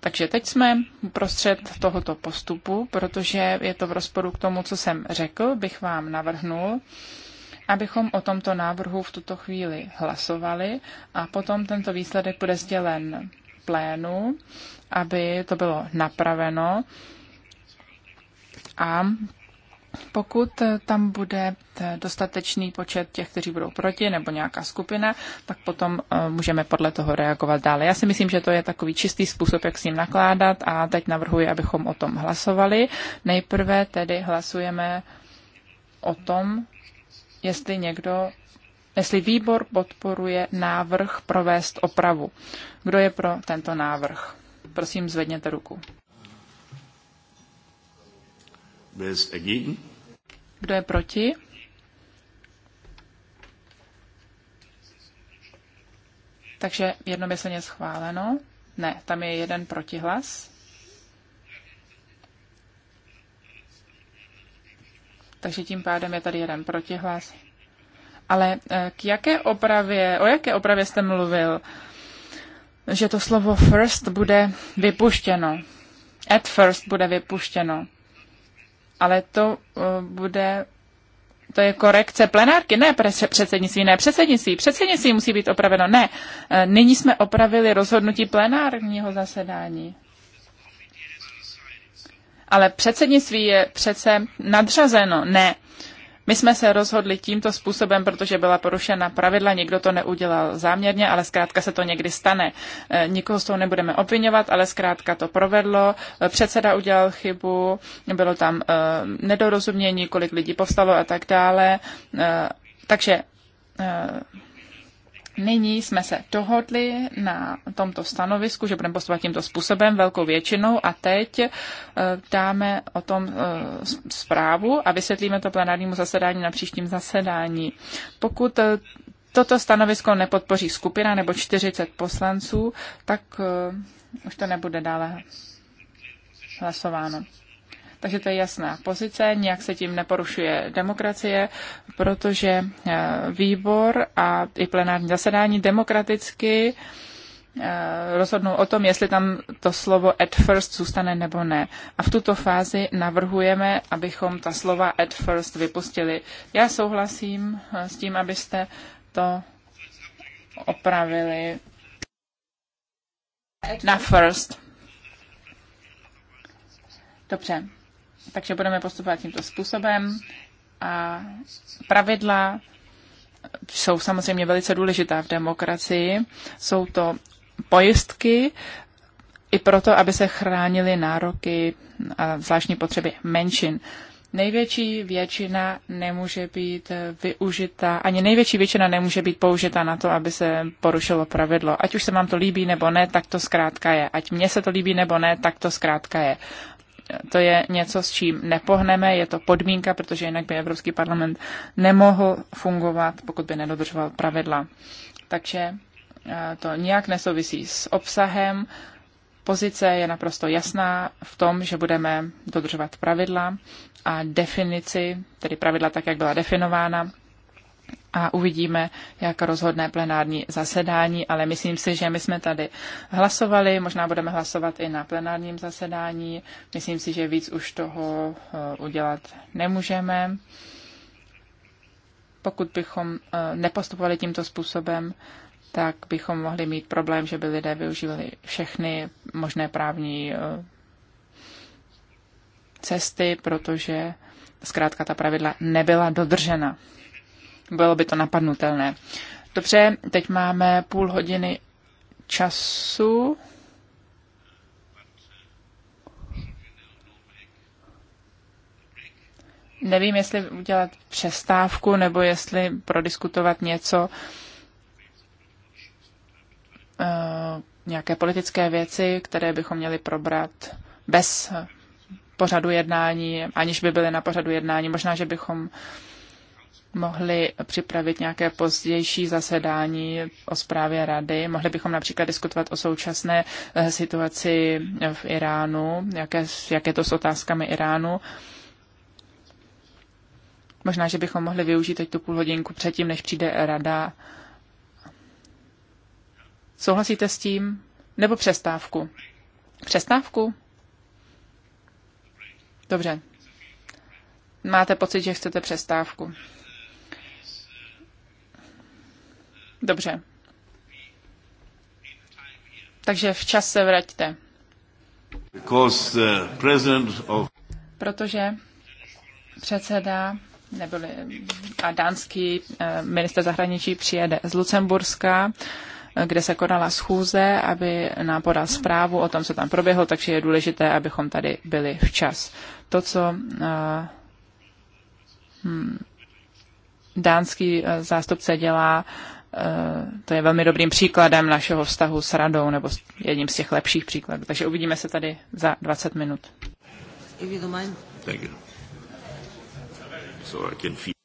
Takže teď jsme prostřed tohoto postupu, protože je to v rozporu k tomu, co jsem řekl, bych vám navrhnul, abychom o tomto návrhu v tuto chvíli hlasovali a potom tento výsledek bude sdělen plénu, aby to bylo napraveno a pokud eh, tam bude eh, dostatečný počet těch, kteří budou proti, nebo nějaká skupina, tak potom eh, můžeme podle toho reagovat dále. Já si myslím, že to je takový čistý způsob, jak s ním nakládat a teď navrhuji, abychom o tom hlasovali. Nejprve tedy hlasujeme o tom, jestli někdo, jestli výbor podporuje návrh provést opravu. Kdo je pro tento návrh? Prosím, zvedněte ruku. Kdo je proti? Takže jednomyslně schváleno. Ne, tam je jeden protihlas. Takže tím pádem je tady jeden protihlas. Ale eh, k jaké opravě, o jaké opravě jste mluvil? Že to slovo first bude vypuštěno. At first bude vypuštěno ale to uh, bude to je korekce plenárky, ne předsednictví, ne předsednictví. Předsednictví musí být opraveno, ne. Eh, nyní jsme opravili rozhodnutí plenárního zasedání. Ale předsednictví je přece nadřazeno, ne. My jsme se rozhodli tímto způsobem, protože byla porušena pravidla, nikdo to neudělal záměrně, ale zkrátka se to někdy stane. E, nikoho z toho nebudeme obvinovat, ale zkrátka to provedlo. E, předseda udělal chybu, bylo tam e, nedorozumění, kolik lidí povstalo a tak dále. Takže Nyní jsme se dohodli na tomto stanovisku, že budeme postupovat tímto způsobem velkou většinou a teď eh, dáme o tom eh, zprávu a vysvětlíme to plenárnímu zasedání na příštím zasedání. Pokud eh, toto stanovisko nepodpoří skupina nebo 40 poslanců, tak už to nebude dále hlasováno. Takže to je jasná pozice, nějak se tím neporušuje demokracie, protože eh, výbor a i plenární zasedání demokraticky eh, rozhodnou o tom, jestli tam to slovo at first zůstane nebo ne. A v tuto fázi navrhujeme, abychom ta slova at first vypustili. Já souhlasím eh, s tím, abyste to opravili na first. Dobře. Takže budeme postupovat tímto způsobem a pravidla jsou samozřejmě velice důležitá v demokracii. Jsou to pojistky i proto, aby se chránily nároky a zvláštní potřeby menšin. Největší většina nemůže být využita, ani největší většina nemůže být použita na to, aby se porušilo pravidlo. Ať už se vám to líbí nebo ne, tak to zkrátka je. Ať mně se to líbí nebo ne, tak to zkrátka je to je něco, s čím nepohneme, je to podmínka, protože jinak by Evropský parlament nemohl fungovat, pokud by nedodržoval pravidla. Takže eh, to nijak nesouvisí s obsahem. Pozice je naprosto jasná v tom, že budeme dodržovat pravidla a definici, tedy pravidla tak, jak byla definována, a uvidíme, jak rozhodné plenární zasedání, ale myslím si, že my jsme tady hlasovali, možná budeme hlasovat i na plenárním zasedání. Myslím si, že víc už toho eh, udělat nemůžeme. Pokud bychom eh, nepostupovali tímto způsobem, tak bychom mohli mít problém, že by lidé využívali všechny možné právní eh, cesty, protože zkrátka ta pravidla nebyla dodržena bylo by to napadnutelné. Dobře, teď máme půl hodiny času. Nevím, jestli udělat přestávku nebo jestli prodiskutovat něco, eh, nějaké politické věci, které bychom měli probrat bez pořadu jednání, aniž by byly na pořadu jednání. Možná, že bychom mohli připravit nějaké pozdější zasedání o zprávě rady. Mohli bychom například diskutovat o současné eh, situaci v Iránu, jaké, jaké to s otázkami Iránu. Možná, že bychom mohli využít teď tu půl hodinku předtím, než přijde rada. Souhlasíte s tím? Nebo přestávku? Přestávku? Dobře. Máte pocit, že chcete přestávku? Dobře. Takže včas se vraťte. Protože předseda nebyli, a dánský eh, minister zahraničí přijede z Lucemburska, eh, kde se konala schůze, aby nám podal zprávu o tom, co tam proběhlo, takže je důležité, abychom tady byli včas. To, co uh, dánský zástupce dělá, Eh, to je velmi dobrým příkladem našeho vztahu s radou, nebo jedním z těch lepších příkladů. Takže uvidíme se tady za 20 minut. If you don't mind. Thank you. So I can feel.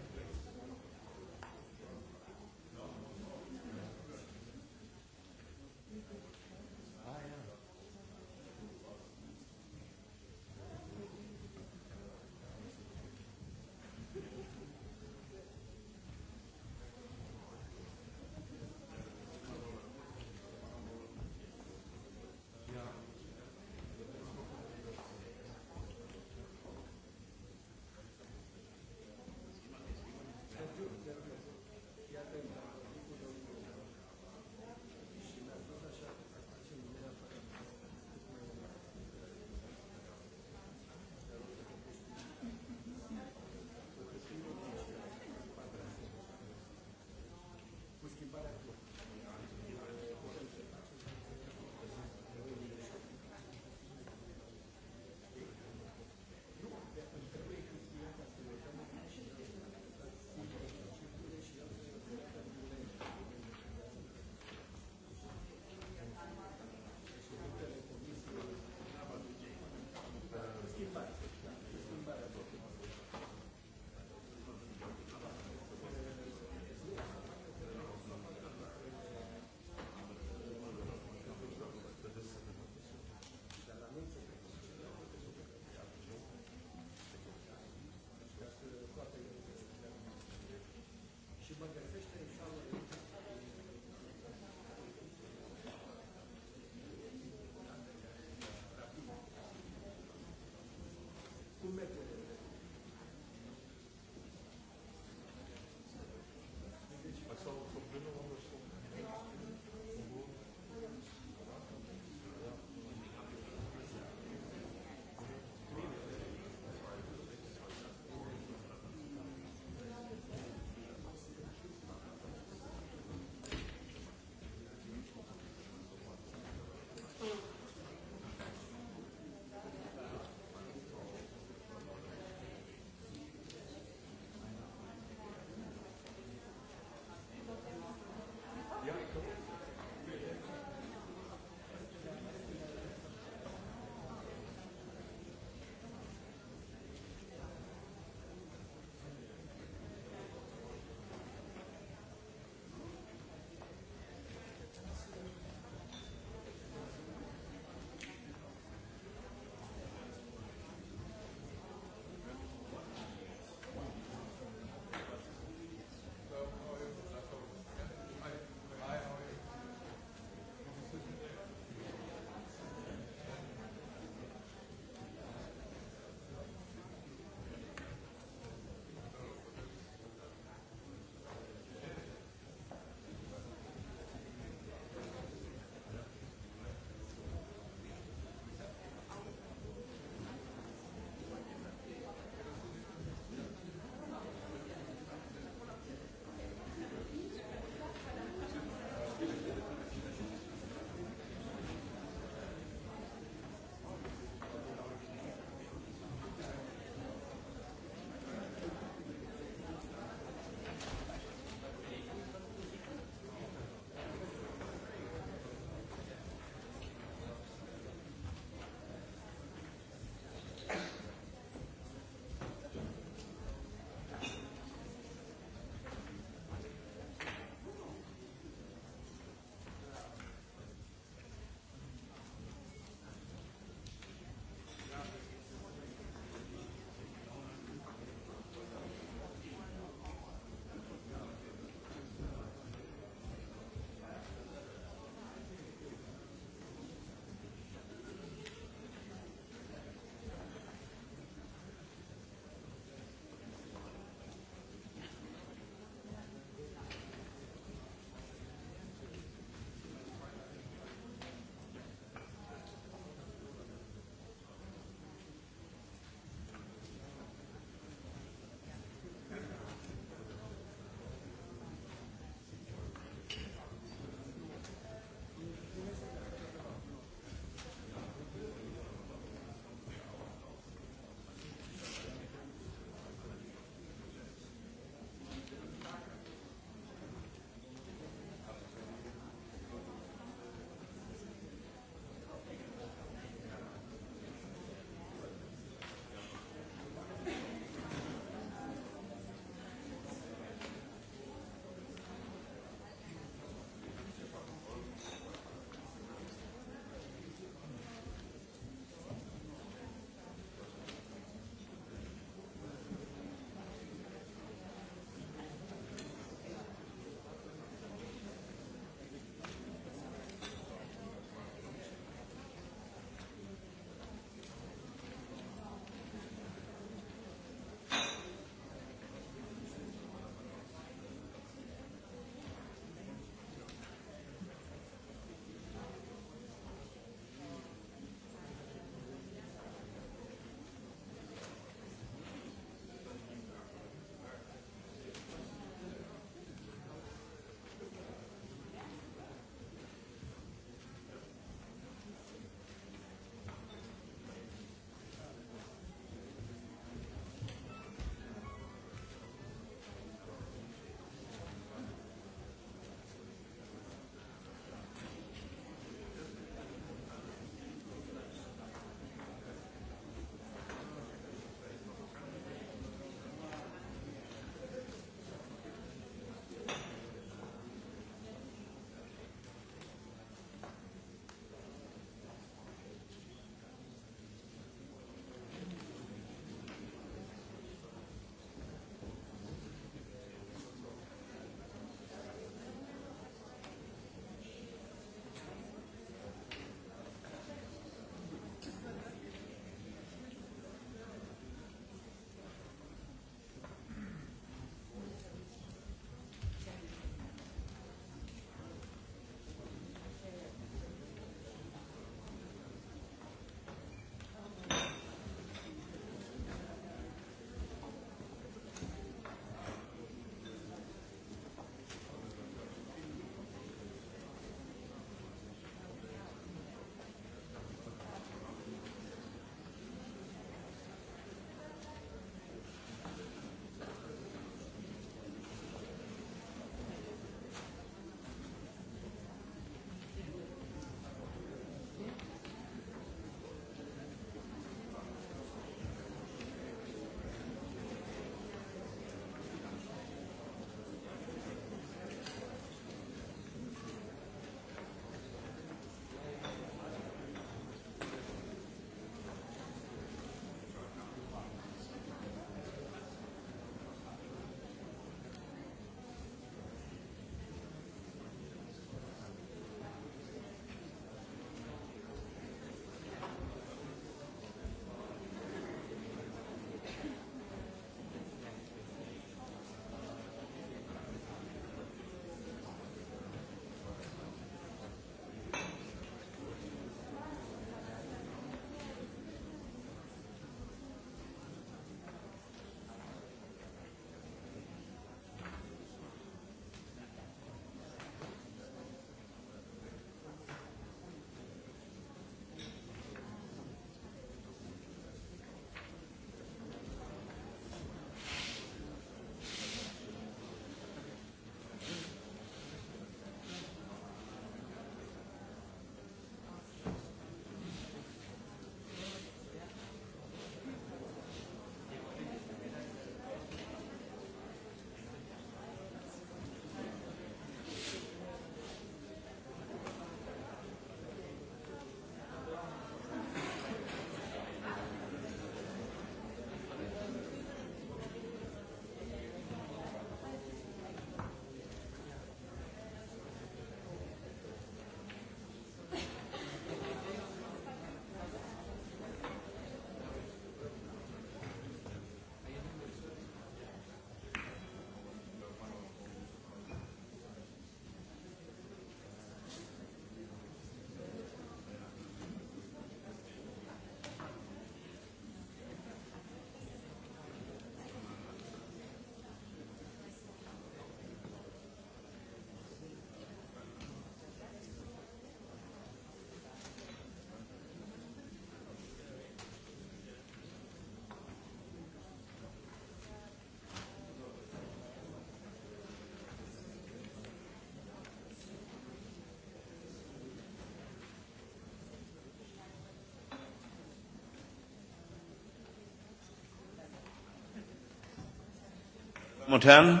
und Herren,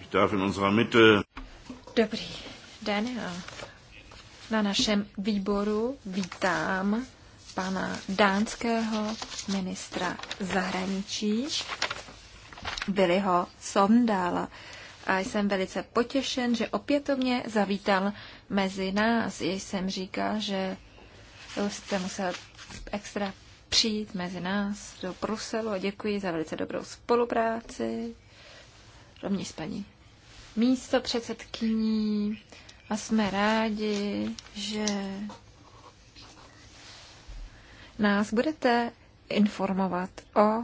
ich darf in unserer Mitte. Dobrý den. Na našem výboru vítám pana dánského ministra zahraničí Billyho Sondala. A jsem velice potěšen, že opětovně zavítal mezi nás. Jej jsem říkal, že jste musel extra přijít mezi nás do Bruselu a děkuji za velice dobrou spolupráci, rovněž s paní místo předsedkyní a jsme rádi, že nás budete informovat o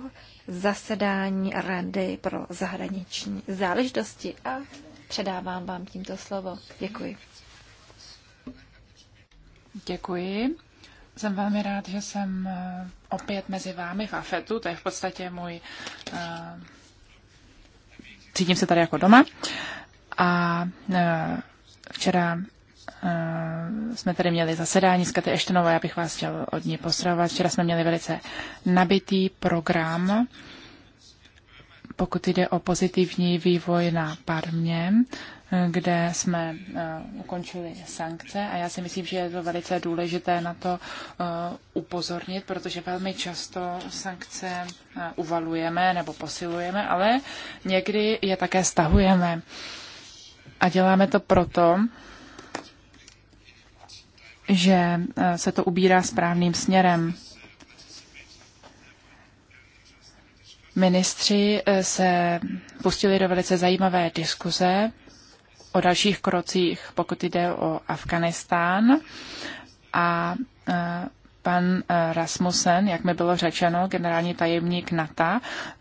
zasedání Rady pro zahraniční záležitosti a předávám vám tímto slovo. Děkuji. Děkuji. Jsem velmi rád, že jsem eh, opět mezi vámi v AFETu, to je v podstatě můj... Eh, cítím se tady jako doma. A eh, včera jsme tady měli zasedání s Katy Eštenovou, já bych vás chtěl od ní pozdravovat. Včera jsme měli velice nabitý program, pokud jde o pozitivní vývoj na Parmě kde jsme eh, ukončili sankce a já si myslím, že je to velice důležité na to eh, upozornit, protože velmi často sankce eh, uvalujeme nebo posilujeme, ale někdy je také stahujeme. A děláme to proto, že se to ubírá správným směrem. Ministři se pustili do velice zajímavé diskuze o dalších krocích, pokud jde o Afganistán. A e, pan e, Rasmussen, jak mi bylo řečeno, generální tajemník NATO,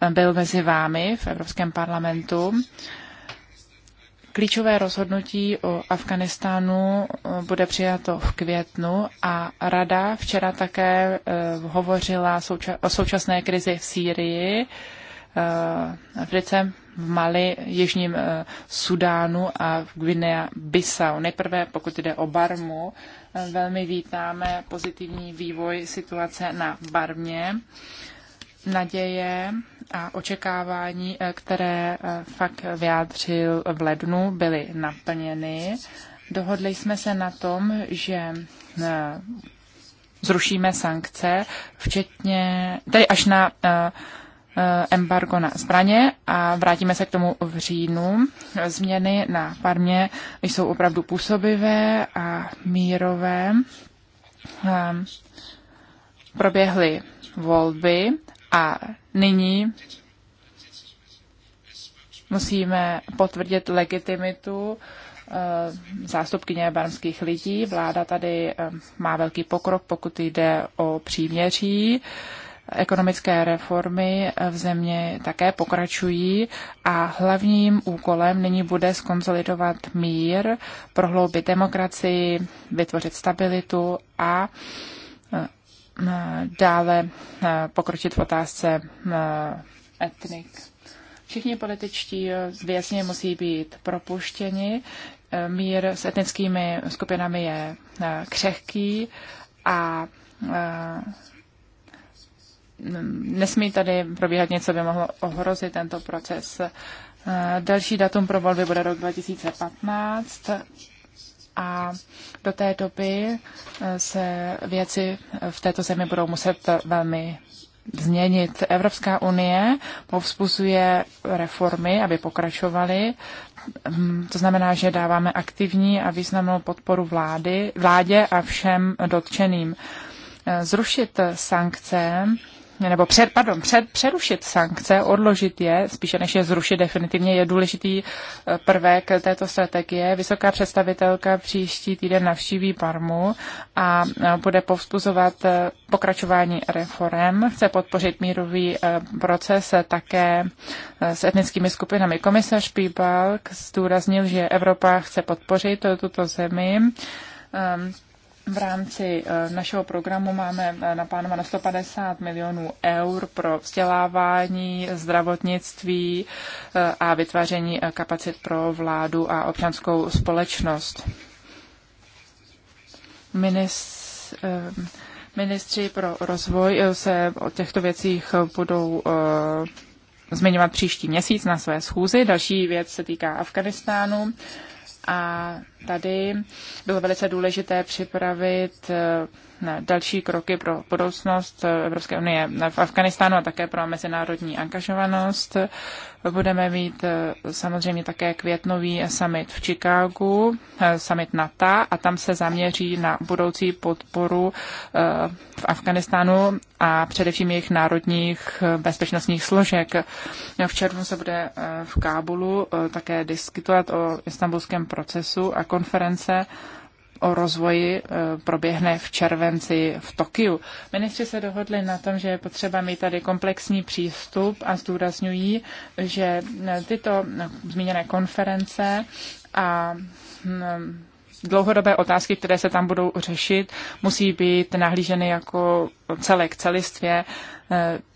e, byl mezi vámi v Evropském parlamentu. Klíčové rozhodnutí o Afganistánu bude přijato v květnu a rada včera také hovořila o současné krizi v Sýrii v v Mali, Jižním eh, Sudánu a v Guinea Bissau. Nejprve, pokud jde o Barmu, eh, velmi vítáme pozitivní vývoj situace na Barmě naděje a očekávání, eh, které fakt vyjádřil v lednu, byly naplněny. Dohodli jsme se na tom, že zrušíme sankce, včetně, tedy až na uh, Eh, embargo na zbraně a vrátíme se k tomu v říjnu. Změny na farmě jsou opravdu působivé a mírové. Ehm, proběhly volby a nyní musíme potvrdit legitimitu eh, zástupkyně barmských lidí. Vláda tady eh, má velký pokrok, pokud jde o příměří ekonomické reformy v země také pokračují a hlavním úkolem nyní bude skonsolidovat mír, prohloubit demokracii, vytvořit stabilitu a e, e, dále e, pokročit v otázce etnik. Všichni političtí vězně musí být propuštěni. Mír s etnickými skupinami je křehký a nesmí tady probíhat něco, by mohlo ohrozit tento proces. Eh, Další datum pro volby bude rok 2015 a do té doby eh, se věci v této zemi budou muset velmi změnit. Evropská unie povzbuzuje reformy, aby pokračovaly. Mm, to znamená, že dáváme aktivní a významnou podporu vlády, vládě a všem dotčeným. Eh, Zrušit sankce nebo před, pardon, před, přerušit sankce, odložit je, spíše než je zrušit definitivně, je důležitý eh, prvek této strategie. Vysoká představitelka příští týden navštíví Parmu a eh, bude povzbuzovat eh, pokračování reform. Chce podpořit mírový proces také s etnickými skupinami. Komisař Pibalk zdůraznil, že Evropa chce podpořit tuto zemi ehm, v rámci eh, našeho programu máme na na 150 milionů eur pro vzdělávání, zdravotnictví eh, a vytváření eh, kapacit pro vládu a občanskou společnost. ministři pro rozvoj se o těchto věcích budou zmiňovat příští měsíc na své schůzi. Další věc se týká Afganistánu a tady bylo velice důležité připravit eh, další kroky pro budoucnost eh, Evropské unie v Afganistánu a také pro mezinárodní angažovanost. Budeme mít eh, samozřejmě také květnový summit v Chicagu, summit NATO a tam se zaměří na budoucí podporu v Afganistánu a především jejich národních bezpečnostních složek. V červnu se bude v Kábulu také diskutovat o istambulském procesu a konference o rozvoji e, proběhne v červenci v Tokiu. Ministři se dohodli na tom, že je potřeba mít tady komplexní přístup a zdůrazňují, že e, tyto e, zmíněné konference a dlouhodobé otázky, které se tam budou řešit, musí být nahlíženy jako celek celistvě.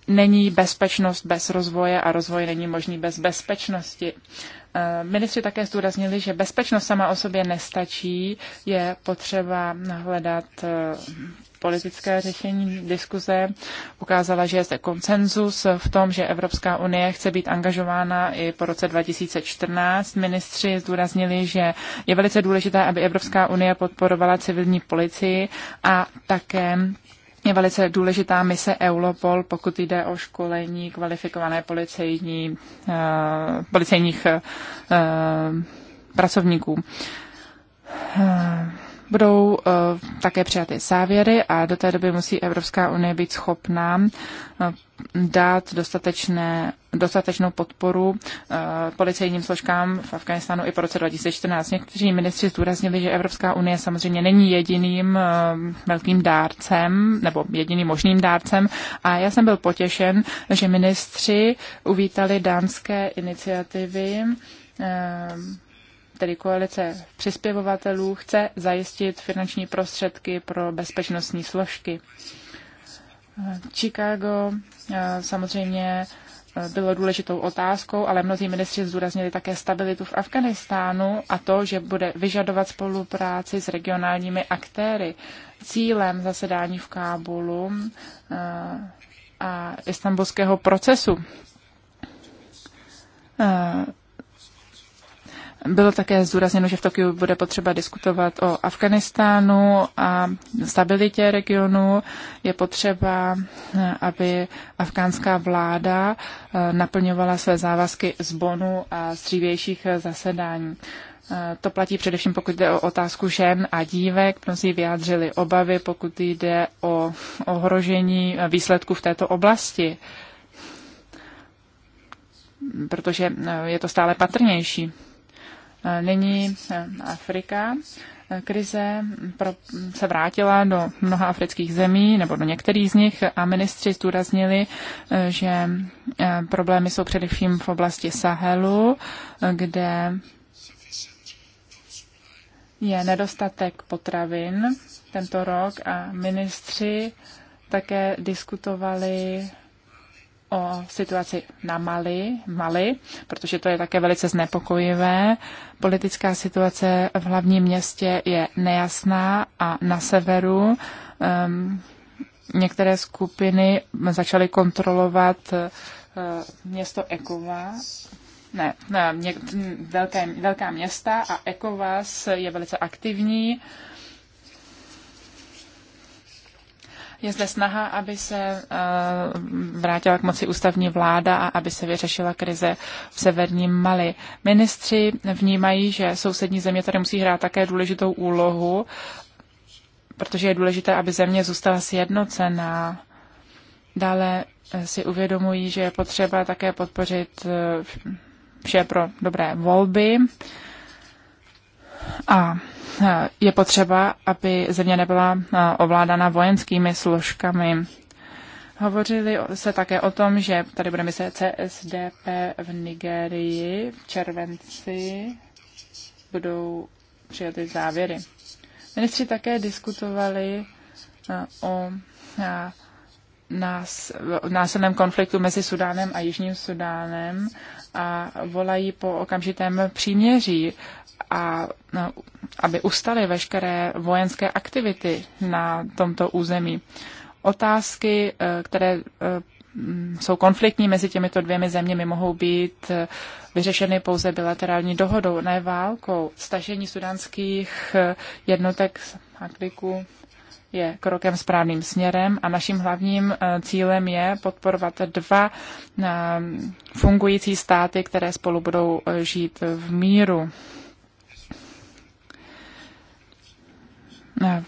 Není bezpečnost bez rozvoje a rozvoj není možný bez bezpečnosti. Eh, ministři také zdůraznili, že bezpečnost sama o sobě nestačí, je potřeba hledat eh, politické řešení diskuze. Ukázala, že je zde koncenzus v tom, že Evropská unie chce být angažována i po roce 2014. Ministři zdůraznili, že je velice důležité, aby Evropská unie podporovala civilní policii a také je velice důležitá mise Europol, pokud jde o školení kvalifikované policejní, uh, policejních uh, pracovníků. Uh budou eh, také přijaty závěry a do té doby musí Evropská unie být schopná eh, dát dostatečné, dostatečnou podporu uh, policejním složkám v Afganistánu i po roce 2014. Někteří ministři zdůraznili, že Evropská unie samozřejmě není jediným uh, velkým dárcem nebo jediným možným dárcem a já jsem byl potěšen, že ministři uvítali dánské iniciativy uh, tedy koalice přispěvovatelů, chce zajistit finanční prostředky pro bezpečnostní složky. Chicago eh, samozřejmě eh, bylo důležitou otázkou, ale mnozí ministři zdůraznili také stabilitu v Afganistánu a to, že bude vyžadovat spolupráci s regionálními aktéry. Cílem zasedání v Kábulu eh, a istambulského procesu bylo také zdůrazněno, že v Tokiu bude potřeba diskutovat o Afganistánu a stabilitě regionu. Je potřeba, aby afgánská vláda eh, naplňovala své závazky z Bonu a z dřívějších eh, zasedání. Eh, to platí především, pokud jde o otázku žen a dívek. Mnozí vyjádřili obavy, pokud jde o ohrožení výsledků v této oblasti, protože je to stále patrnější. Nyní eh, Afrika. Krize pro, se vrátila do mnoha afrických zemí, nebo do některých z nich, a ministři zdůraznili, eh, že eh, problémy jsou především v oblasti Sahelu, kde je nedostatek potravin tento rok a ministři také diskutovali o situaci na Mali, Mali, protože to je také velice znepokojivé. Politická situace v hlavním městě je nejasná a na severu um, některé skupiny začaly kontrolovat uh, město Ekova. Ne, ne velké, velká města a Ekovas je velice aktivní. Uh, Je zde snaha, aby se eh, vrátila k moci ústavní vláda a aby se vyřešila krize v severním Mali. Ministři vnímají, že sousední země tady musí hrát také důležitou úlohu, protože je důležité, aby země zůstala sjednocená. Dále eh, si uvědomují, že je potřeba také podpořit eh, vše pro dobré volby a e, je potřeba, aby země nebyla e, ovládána vojenskými složkami. Hovořili se také o tom, že tady bude mise CSDP v Nigerii v červenci budou přijaty závěry. Ministři také diskutovali e, o nás, násilném konfliktu mezi Sudánem a Jižním Sudánem a volají po okamžitém příměří a no, aby ustaly veškeré vojenské aktivity na tomto území. Otázky, e, které e, jsou konfliktní mezi těmito dvěmi zeměmi, mohou být e, vyřešeny pouze bilaterální dohodou, ne válkou. Stažení sudánských jednotek z Akliku je krokem správným směrem a naším hlavním cílem je podporovat dva fungující státy, které spolu budou žít v míru. Eh,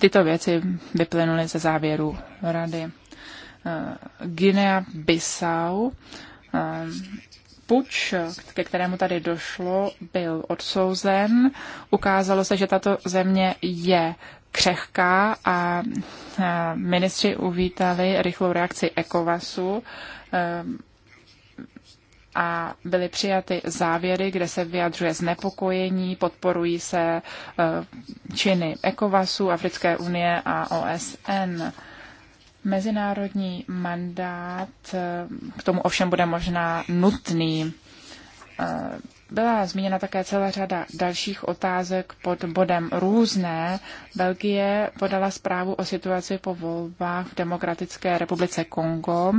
tyto věci vyplynuly ze závěru rady. Eh, Guinea Bissau. Eh, puč, ke kterému tady došlo, byl odsouzen. Ukázalo se, že tato země je křehká a ministři uvítali rychlou reakci ECOWASu a byly přijaty závěry, kde se vyjadřuje znepokojení, podporují se eh, činy ECOVASu, Africké unie a OSN. Mezinárodní mandát eh, k tomu ovšem bude možná nutný. Eh, byla zmíněna také celá řada dalších otázek pod bodem různé. Belgie podala zprávu o situaci po volbách v Demokratické republice Kongo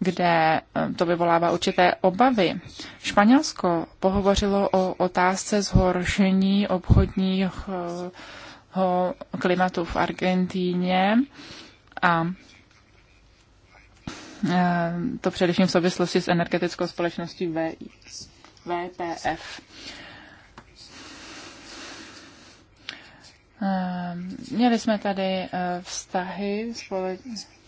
kde eh, to vyvolává určité obavy. Španělsko pohovořilo o otázce zhoršení obchodního eh, klimatu v Argentíně a eh, to především v souvislosti s energetickou společností VPF. Měli jsme tady vztahy společnosti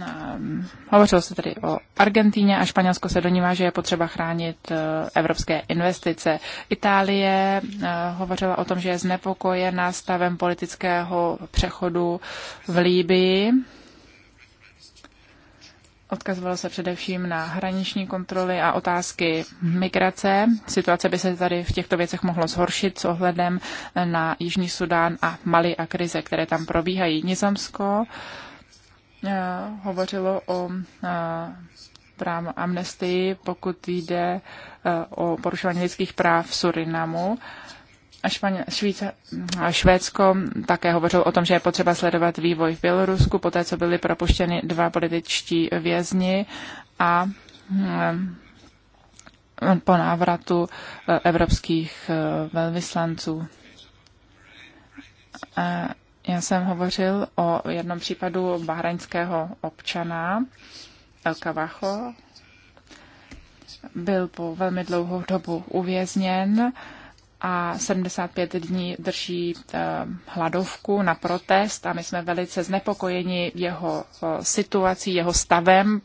Ehm, hovořilo se tedy o Argentíně a Španělsko se donívá, že je potřeba chránit eh, evropské investice. Itálie eh, hovořila o tom, že je znepokojena stavem politického přechodu v Líbii. Odkazovalo se především na hraniční kontroly a otázky migrace. Situace by se tady v těchto věcech mohlo zhoršit s ohledem na Jižní Sudán a Mali a krize, které tam probíhají. Nizamsko uh, Eh, hovořilo o eh, práv amnestii, pokud jde eh, o porušování lidských práv v Surinamu. A Španě, Švíce, Švédsko také hovořilo o tom, že je potřeba sledovat vývoj v Bělorusku, poté co byli propuštěni dva političtí vězni a hm, po návratu evropských velvyslanců. Já jsem hovořil o jednom případu bahraňského občana El Kavacho. Byl po velmi dlouhou dobu uvězněn a 75 dní drží eh, hladovku na protest a my jsme velice znepokojeni jeho eh, situací, jeho stavem.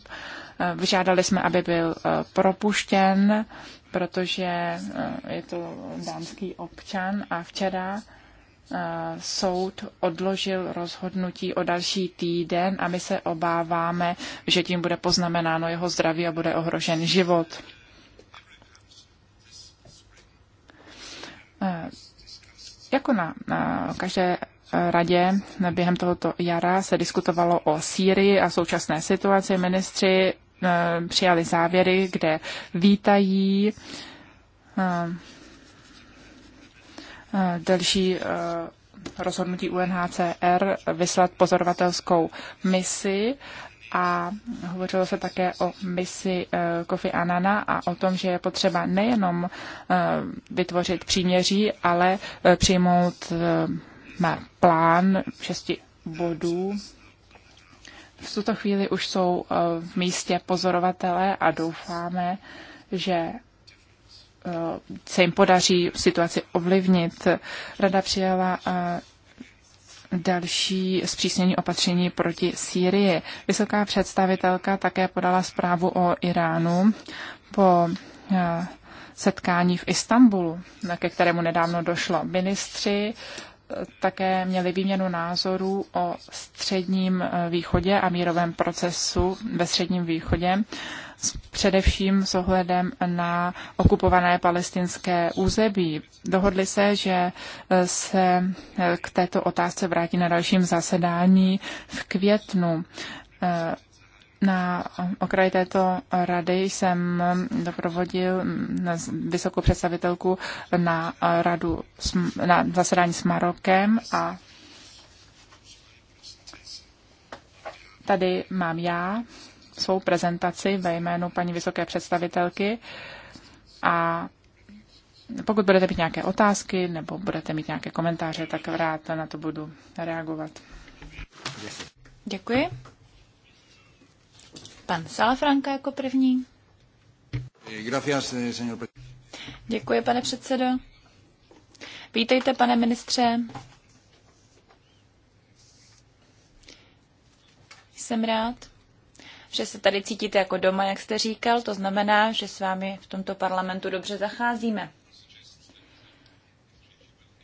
Eh, vyžádali jsme, aby byl propuštěn, protože je to dánský občan a včera Eh, soud odložil rozhodnutí o další týden a my se obáváme, že tím bude poznamenáno jeho zdraví a bude ohrožen život. Eh, jako na, každé radě během tohoto jara se diskutovalo o Sýrii a současné situaci. Ministři eh, přijali závěry, kde vítají Eh, další eh, rozhodnutí UNHCR vyslat pozorovatelskou misi a hovořilo se také o misi eh, Kofi Anana a o tom, že je potřeba nejenom vytvořit příměří, ale přijmout plán šesti bodů. V tuto chvíli už jsou v místě pozorovatelé a doufáme, že se jim podaří situaci ovlivnit. Rada přijala eh, další zpřísnění opatření proti Sýrii. Vysoká představitelka také podala zprávu o Iránu po eh, setkání v Istanbulu, ke kterému nedávno došlo. Ministři také měli výměnu názorů o středním eh, východě a mírovém procesu ve středním východě, především s ohledem na okupované palestinské území. Dohodli se, že eh, se eh, k této otázce vrátí na dalším zasedání v květnu na okraji této rady jsem doprovodil vysokou představitelku na, radu, na zasedání s Marokem a tady mám já svou prezentaci ve jménu paní vysoké představitelky a pokud budete mít nějaké otázky nebo budete mít nějaké komentáře, tak rád na to budu reagovat. Děkuji. Pan Salafranka jako první. Děkuji, pane předsedo. Vítejte, pane ministře. Jsem rád, že se tady cítíte jako doma, jak jste říkal. To znamená, že s vámi v tomto parlamentu dobře zacházíme.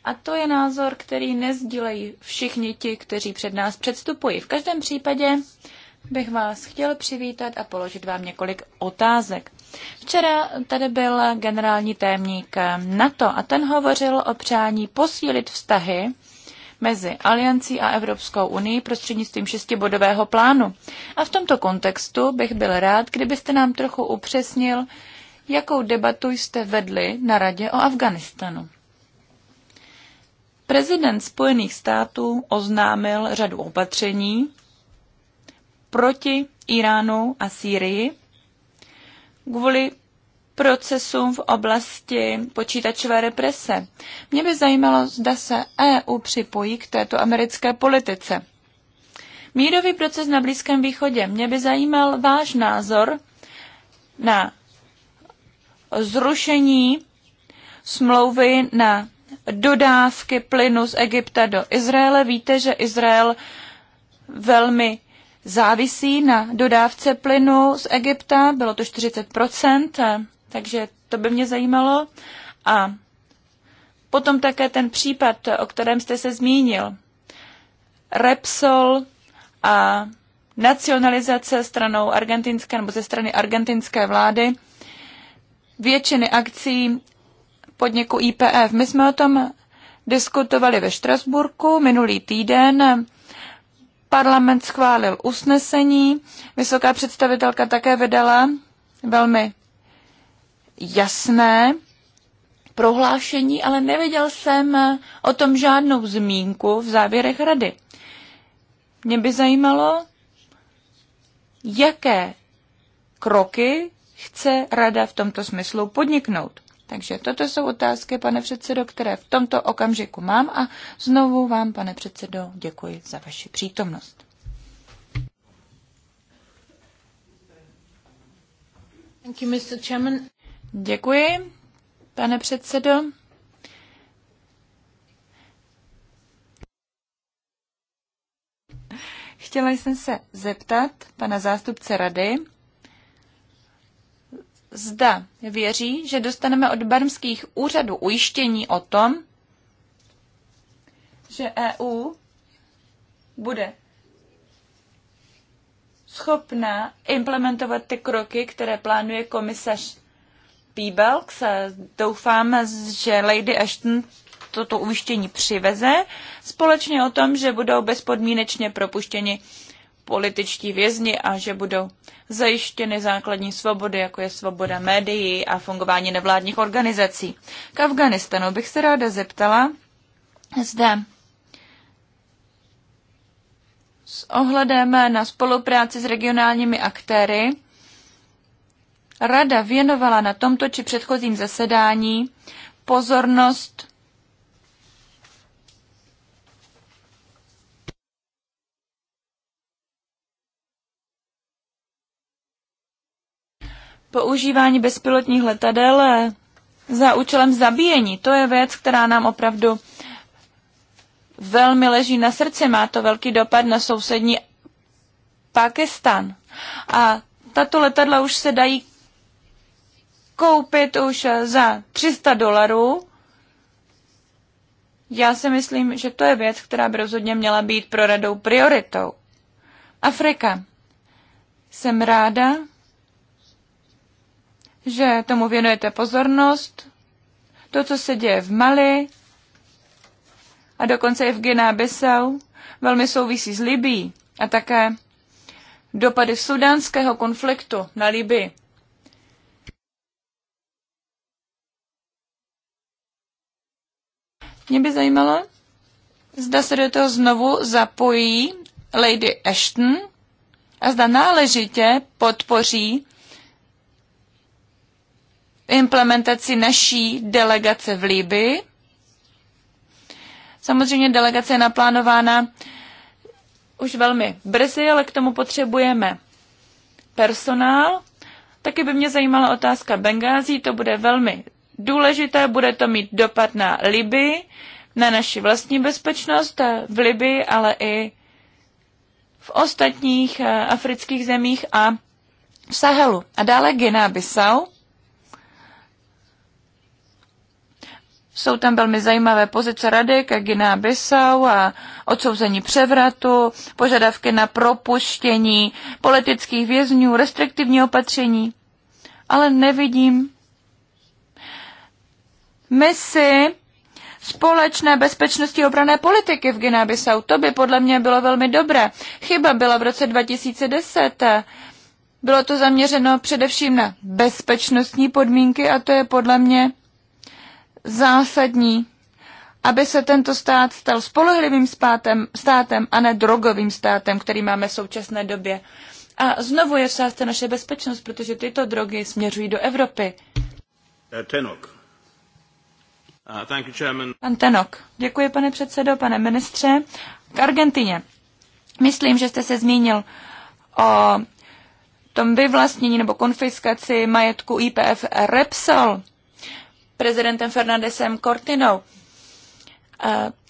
A to je názor, který nezdílejí všichni ti, kteří před nás předstupují. V každém případě bych vás chtěl přivítat a položit vám několik otázek. Včera tady byl generální témník NATO a ten hovořil o přání posílit vztahy mezi Aliancí a Evropskou unii prostřednictvím šestibodového plánu. A v tomto kontextu bych byl rád, kdybyste nám trochu upřesnil, jakou debatu jste vedli na radě o Afganistanu. Prezident Spojených států oznámil řadu opatření, proti Iránu a Sýrii kvůli procesům v oblasti počítačové represe. Mě by zajímalo, zda se EU připojí k této americké politice. Mírový proces na Blízkém východě. Mě by zajímal váš názor na zrušení smlouvy na dodávky plynu z Egypta do Izraele. Víte, že Izrael velmi závisí na dodávce plynu z Egypta, bylo to 40%, eh, takže to by mě zajímalo. A potom také ten případ, o kterém jste se zmínil. Repsol a nacionalizace stranou argentinské nebo ze strany argentinské vlády většiny akcí podniku IPF. My jsme o tom diskutovali ve Štrasburku minulý týden. Parlament schválil usnesení, vysoká představitelka také vydala velmi jasné prohlášení, ale neviděl jsem o tom žádnou zmínku v závěrech rady. Mě by zajímalo, jaké kroky chce rada v tomto smyslu podniknout. Takže toto jsou otázky, pane předsedo, které v tomto okamžiku mám a znovu vám, pane předsedo, děkuji za vaši přítomnost. Thank you, Mr. Chairman. Děkuji, pane předsedo. Chtěla jsem se zeptat pana zástupce rady, zda věří, že dostaneme od barmských úřadů ujištění o tom, že EU bude schopna implementovat ty kroky, které plánuje komisař Píbalks. Doufám, že Lady Ashton toto ujištění přiveze, společně o tom, že budou bezpodmínečně propuštěni političtí vězni a že budou zajištěny základní svobody, jako je svoboda médií a fungování nevládních organizací. K Afganistanu bych se ráda zeptala, zde s ohledem na spolupráci s regionálními aktéry, Rada věnovala na tomto či předchozím zasedání pozornost používání bezpilotních letadel za účelem zabíjení. To je věc, která nám opravdu velmi leží na srdci. Má to velký dopad na sousední Pakistan. A tato letadla už se dají koupit už za 300 dolarů. Já si myslím, že to je věc, která by rozhodně měla být pro radou prioritou. Afrika. Jsem ráda, že tomu věnujete pozornost, to, co se děje v Mali a dokonce i v Guinea-Bissau, velmi souvisí s Libí a také dopady sudánského konfliktu na Libii. Mě by zajímalo, zda se do toho znovu zapojí Lady Ashton a zda náležitě podpoří implementaci naší delegace v Líbii. Samozřejmě delegace je naplánována už velmi brzy, ale k tomu potřebujeme personál. Taky by mě zajímala otázka Bengází, to bude velmi důležité, bude to mít dopad na Libii, na naši vlastní bezpečnost v Libii, ale i v ostatních eh, afrických zemích a v Sahelu. A dále Gina bissau Jsou tam velmi zajímavé pozice rady ke Guinea Bissau a odsouzení převratu, požadavky na propuštění politických vězňů, restriktivní opatření. Ale nevidím misi společné bezpečnosti obrané politiky v Guinea-Bissau. To by podle mě bylo velmi dobré. Chyba byla v roce 2010. Bylo to zaměřeno především na bezpečnostní podmínky a to je podle mě zásadní, aby se tento stát stal spolehlivým státem, státem a ne drogovým státem, který máme v současné době. A znovu je v sázce naše bezpečnost, protože tyto drogy směřují do Evropy. Eh, Tenok. Uh, Pan Tenok. Děkuji, pane předsedo, pane ministře. K Argentině. Myslím, že jste se zmínil o tom vyvlastnění nebo konfiskaci majetku IPF Repsol prezidentem Fernandesem Cortinou. E,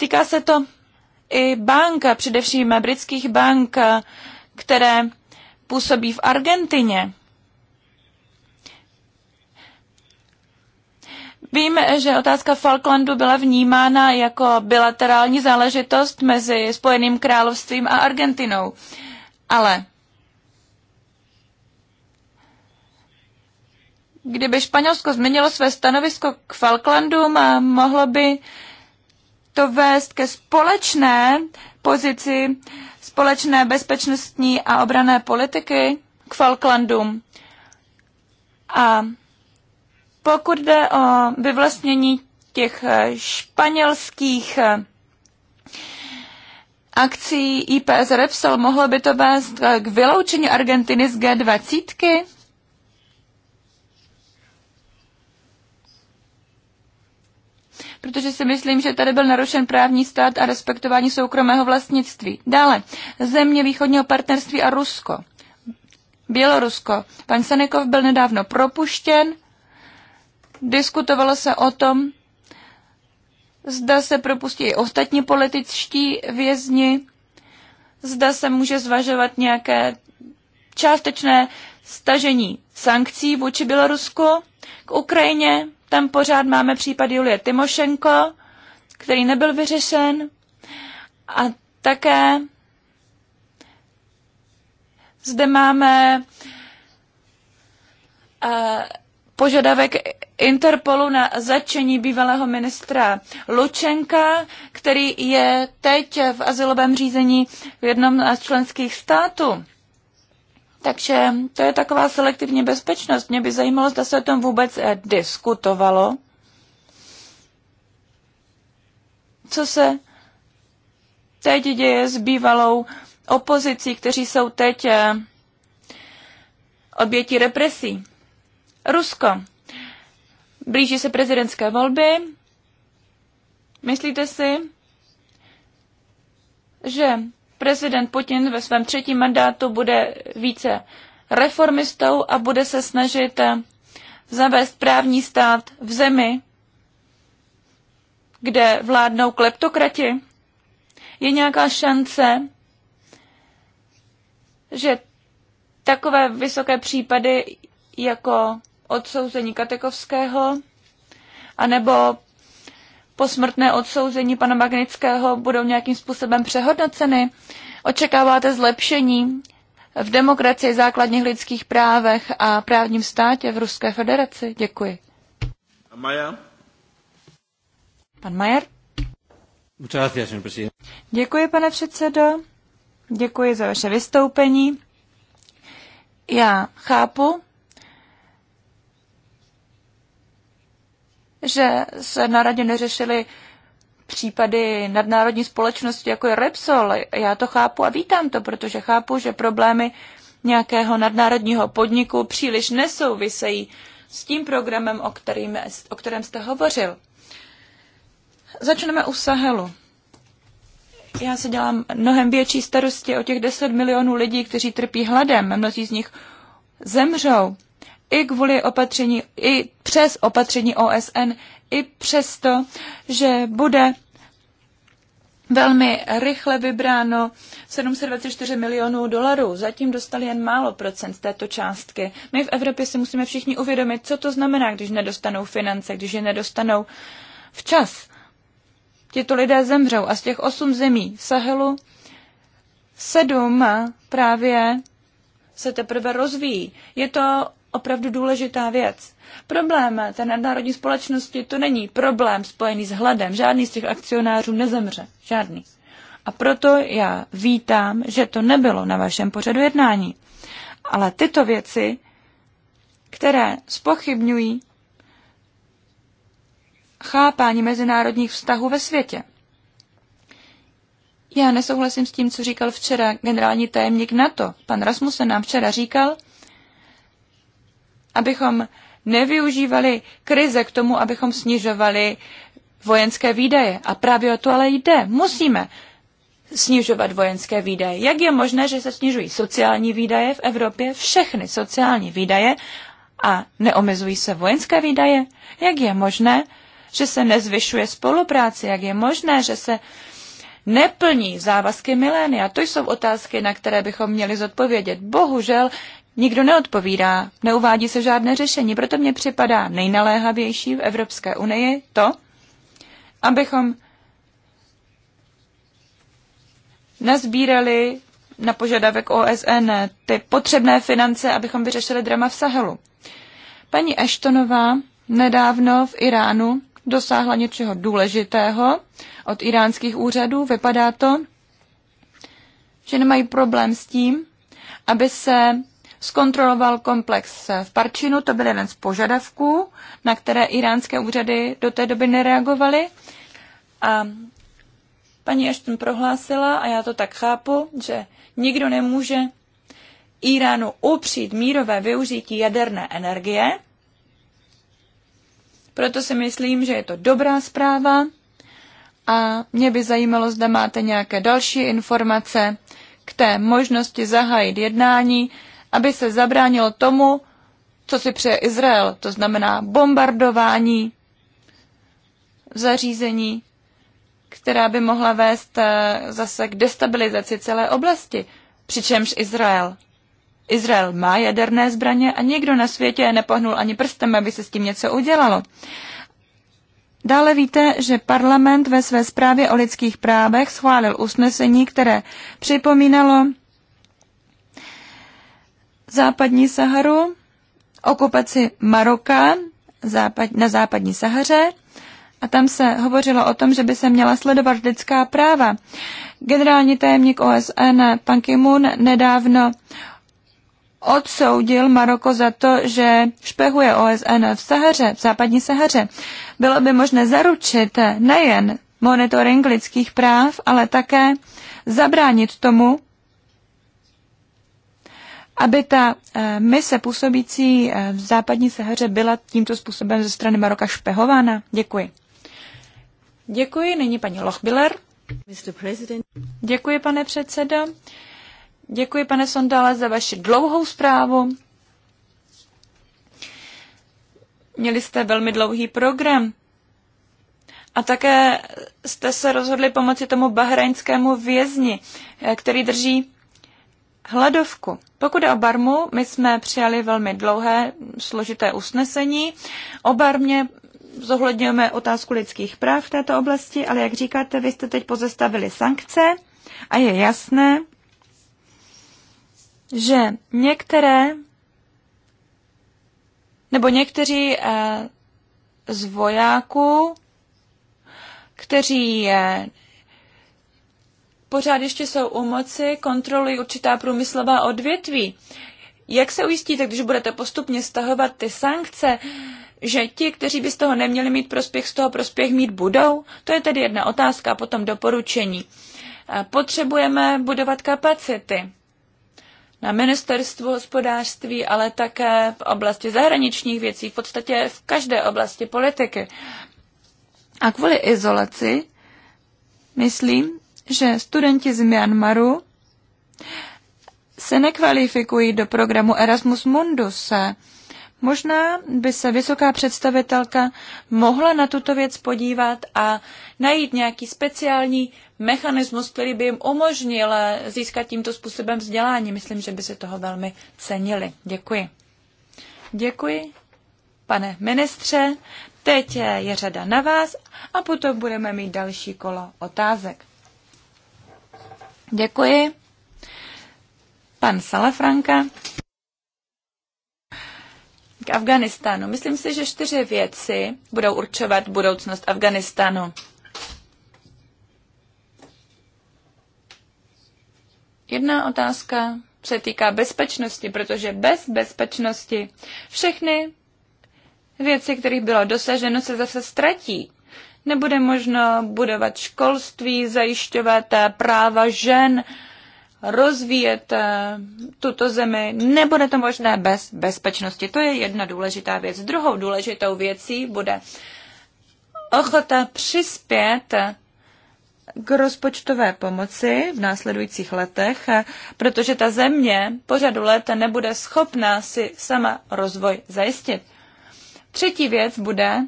týká se to i bank, především britských bank, které působí v Argentině. Vím, že otázka Falklandu byla vnímána jako bilaterální záležitost mezi Spojeným královstvím a Argentinou, ale kdyby Španělsko změnilo své stanovisko k Falklandům, mohlo by to vést ke společné pozici společné bezpečnostní a obrané politiky k Falklandům. A pokud jde o vyvlastnění těch španělských akcí IPS Repsol, mohlo by to vést k vyloučení Argentiny z G20? protože si myslím, že tady byl narušen právní stát a respektování soukromého vlastnictví. Dále, země východního partnerství a Rusko. Bělorusko. Pan Senekov byl nedávno propuštěn. Diskutovalo se o tom, zda se propustí i ostatní političtí vězni, zda se může zvažovat nějaké částečné stažení sankcí vůči Bělorusku. K Ukrajině tam pořád máme případ Julie Timošenko, který nebyl vyřešen a také zde máme eh, požadavek Interpolu na zatčení bývalého ministra Lučenka, který je teď v asilovém řízení v jednom z členských států. Takže to je taková selektivní bezpečnost. Mě by zajímalo, zda se o tom vůbec eh, diskutovalo. Co se teď děje s bývalou opozicí, kteří jsou teď eh, obětí represí. Rusko. Blíží se prezidentské volby. Myslíte si, že prezident Putin ve svém třetím mandátu bude více reformistou a bude se snažit eh, zavést právní stát v zemi, kde vládnou kleptokrati? Je nějaká šance, že takové vysoké případy jako odsouzení Katekovského anebo posmrtné odsouzení pana Magnického budou nějakým způsobem přehodnoceny? Očekáváte zlepšení v demokracii, základních lidských právech a právním státě v Ruské federaci? Děkuji. Maja. Pan Majer. Děkuji, pane předsedo. Děkuji za vaše vystoupení. Já chápu, že se na radě neřešily případy nadnárodní společnosti, jako je Repsol. Já to chápu a vítám to, protože chápu, že problémy nějakého nadnárodního podniku příliš nesouvisejí s tím programem, o, kterým, o kterém jste hovořil. Začneme u Sahelu. Já se dělám mnohem větší starosti o těch 10 milionů lidí, kteří trpí hladem. Mnozí z nich zemřou i kvůli opatření, i přes opatření OSN, i přesto, že bude velmi rychle vybráno 724 milionů dolarů. Zatím dostali jen málo procent z této částky. My v Evropě si musíme všichni uvědomit, co to znamená, když nedostanou finance, když je nedostanou včas. Tito lidé zemřou a z těch osm zemí Sahelu sedm právě se teprve rozvíjí. Je to opravdu důležitá věc. Problém té nadnárodní společnosti to není problém spojený s hladem. Žádný z těch akcionářů nezemře. Žádný. A proto já vítám, že to nebylo na vašem pořadu jednání. Ale tyto věci, které spochybňují chápání mezinárodních vztahů ve světě. Já nesouhlasím s tím, co říkal včera generální tajemník NATO. Pan Rasmussen nám včera říkal, abychom nevyužívali krize k tomu, abychom snižovali vojenské výdaje. A právě o to ale jde. Musíme snižovat vojenské výdaje. Jak je možné, že se snižují sociální výdaje v Evropě, všechny sociální výdaje a neomezují se vojenské výdaje? Jak je možné, že se nezvyšuje spolupráce? Jak je možné, že se neplní závazky A To jsou otázky, na které bychom měli zodpovědět. Bohužel nikdo neodpovídá, neuvádí se žádné řešení, proto mě připadá nejnaléhavější v Evropské unii to, abychom nazbírali na požadavek OSN ty potřebné finance, abychom vyřešili drama v Sahelu. Paní Eštonová nedávno v Iránu dosáhla něčeho důležitého od iránských úřadů. Vypadá to, že nemají problém s tím, aby se zkontroloval komplex v Parčinu, to byl jeden z požadavků, na které iránské úřady do té doby nereagovaly. A paní Ashton prohlásila, a já to tak chápu, že nikdo nemůže Iránu upřít mírové využití jaderné energie. Proto si myslím, že je to dobrá zpráva a mě by zajímalo, zda máte nějaké další informace k té možnosti zahájit jednání aby se zabránilo tomu, co si přeje Izrael, to znamená bombardování zařízení, která by mohla vést eh, zase k destabilizaci celé oblasti. Přičemž Izrael. Izrael má jaderné zbraně a nikdo na světě je nepohnul ani prstem, aby se s tím něco udělalo. Dále víte, že parlament ve své zprávě o lidských právech schválil usnesení, které připomínalo západní Saharu, okupaci Maroka západ, na západní Sahaře a tam se hovořilo o tom, že by se měla sledovat lidská práva. Generální tajemník OSN Pan Ki-moon nedávno odsoudil Maroko za to, že špehuje OSN v Sahaře, v západní Sahaře. Bylo by možné zaručit nejen monitoring lidských práv, ale také zabránit tomu, aby ta eh, mise působící eh, v západní Sahaře byla tímto způsobem ze strany Maroka špehována? Děkuji. Děkuji, nyní paní Lochbiller. Děkuji, pane předsedo. Děkuji, pane Sondale, za vaši dlouhou zprávu. Měli jste velmi dlouhý program. A také jste se rozhodli pomoci tomu bahrajnskému vězni, eh, který drží hladovku. Pokud je o Barmu, my jsme přijali velmi dlouhé, složité usnesení. O Barmě zohledňujeme otázku lidských práv v této oblasti, ale jak říkáte, vy jste teď pozastavili sankce a je jasné, že některé nebo někteří eh, z vojáků, kteří eh, pořád ještě jsou u moci, kontrolují určitá průmyslová odvětví. Jak se ujistíte, když budete postupně stahovat ty sankce, že ti, kteří by z toho neměli mít prospěch, z toho prospěch mít budou? To je tedy jedna otázka a potom doporučení. Potřebujeme budovat kapacity na ministerstvu hospodářství, ale také v oblasti zahraničních věcí, v podstatě v každé oblasti politiky. A kvůli izolaci, myslím, že studenti z Myanmaru se nekvalifikují do programu Erasmus Mundus. Možná by se vysoká představitelka mohla na tuto věc podívat a najít nějaký speciální mechanismus, který by jim umožnil získat tímto způsobem vzdělání. Myslím, že by se toho velmi cenili. Děkuji. Děkuji, pane ministře. Teď je řada na vás a potom budeme mít další kolo otázek. Děkuji. Pan Salafranka. K Afganistánu. Myslím si, že čtyři věci budou určovat budoucnost Afganistánu. Jedna otázka se týká bezpečnosti, protože bez bezpečnosti všechny věci, kterých bylo dosaženo, se zase ztratí. Nebude možno budovat školství, zajišťovat eh, práva žen, rozvíjet eh, tuto zemi. Nebude to možné bez bezpečnosti. To je jedna důležitá věc. Druhou důležitou věcí bude ochota přispět eh, k rozpočtové pomoci v následujících letech, protože ta země po řadu let nebude schopná si sama rozvoj zajistit. Třetí věc bude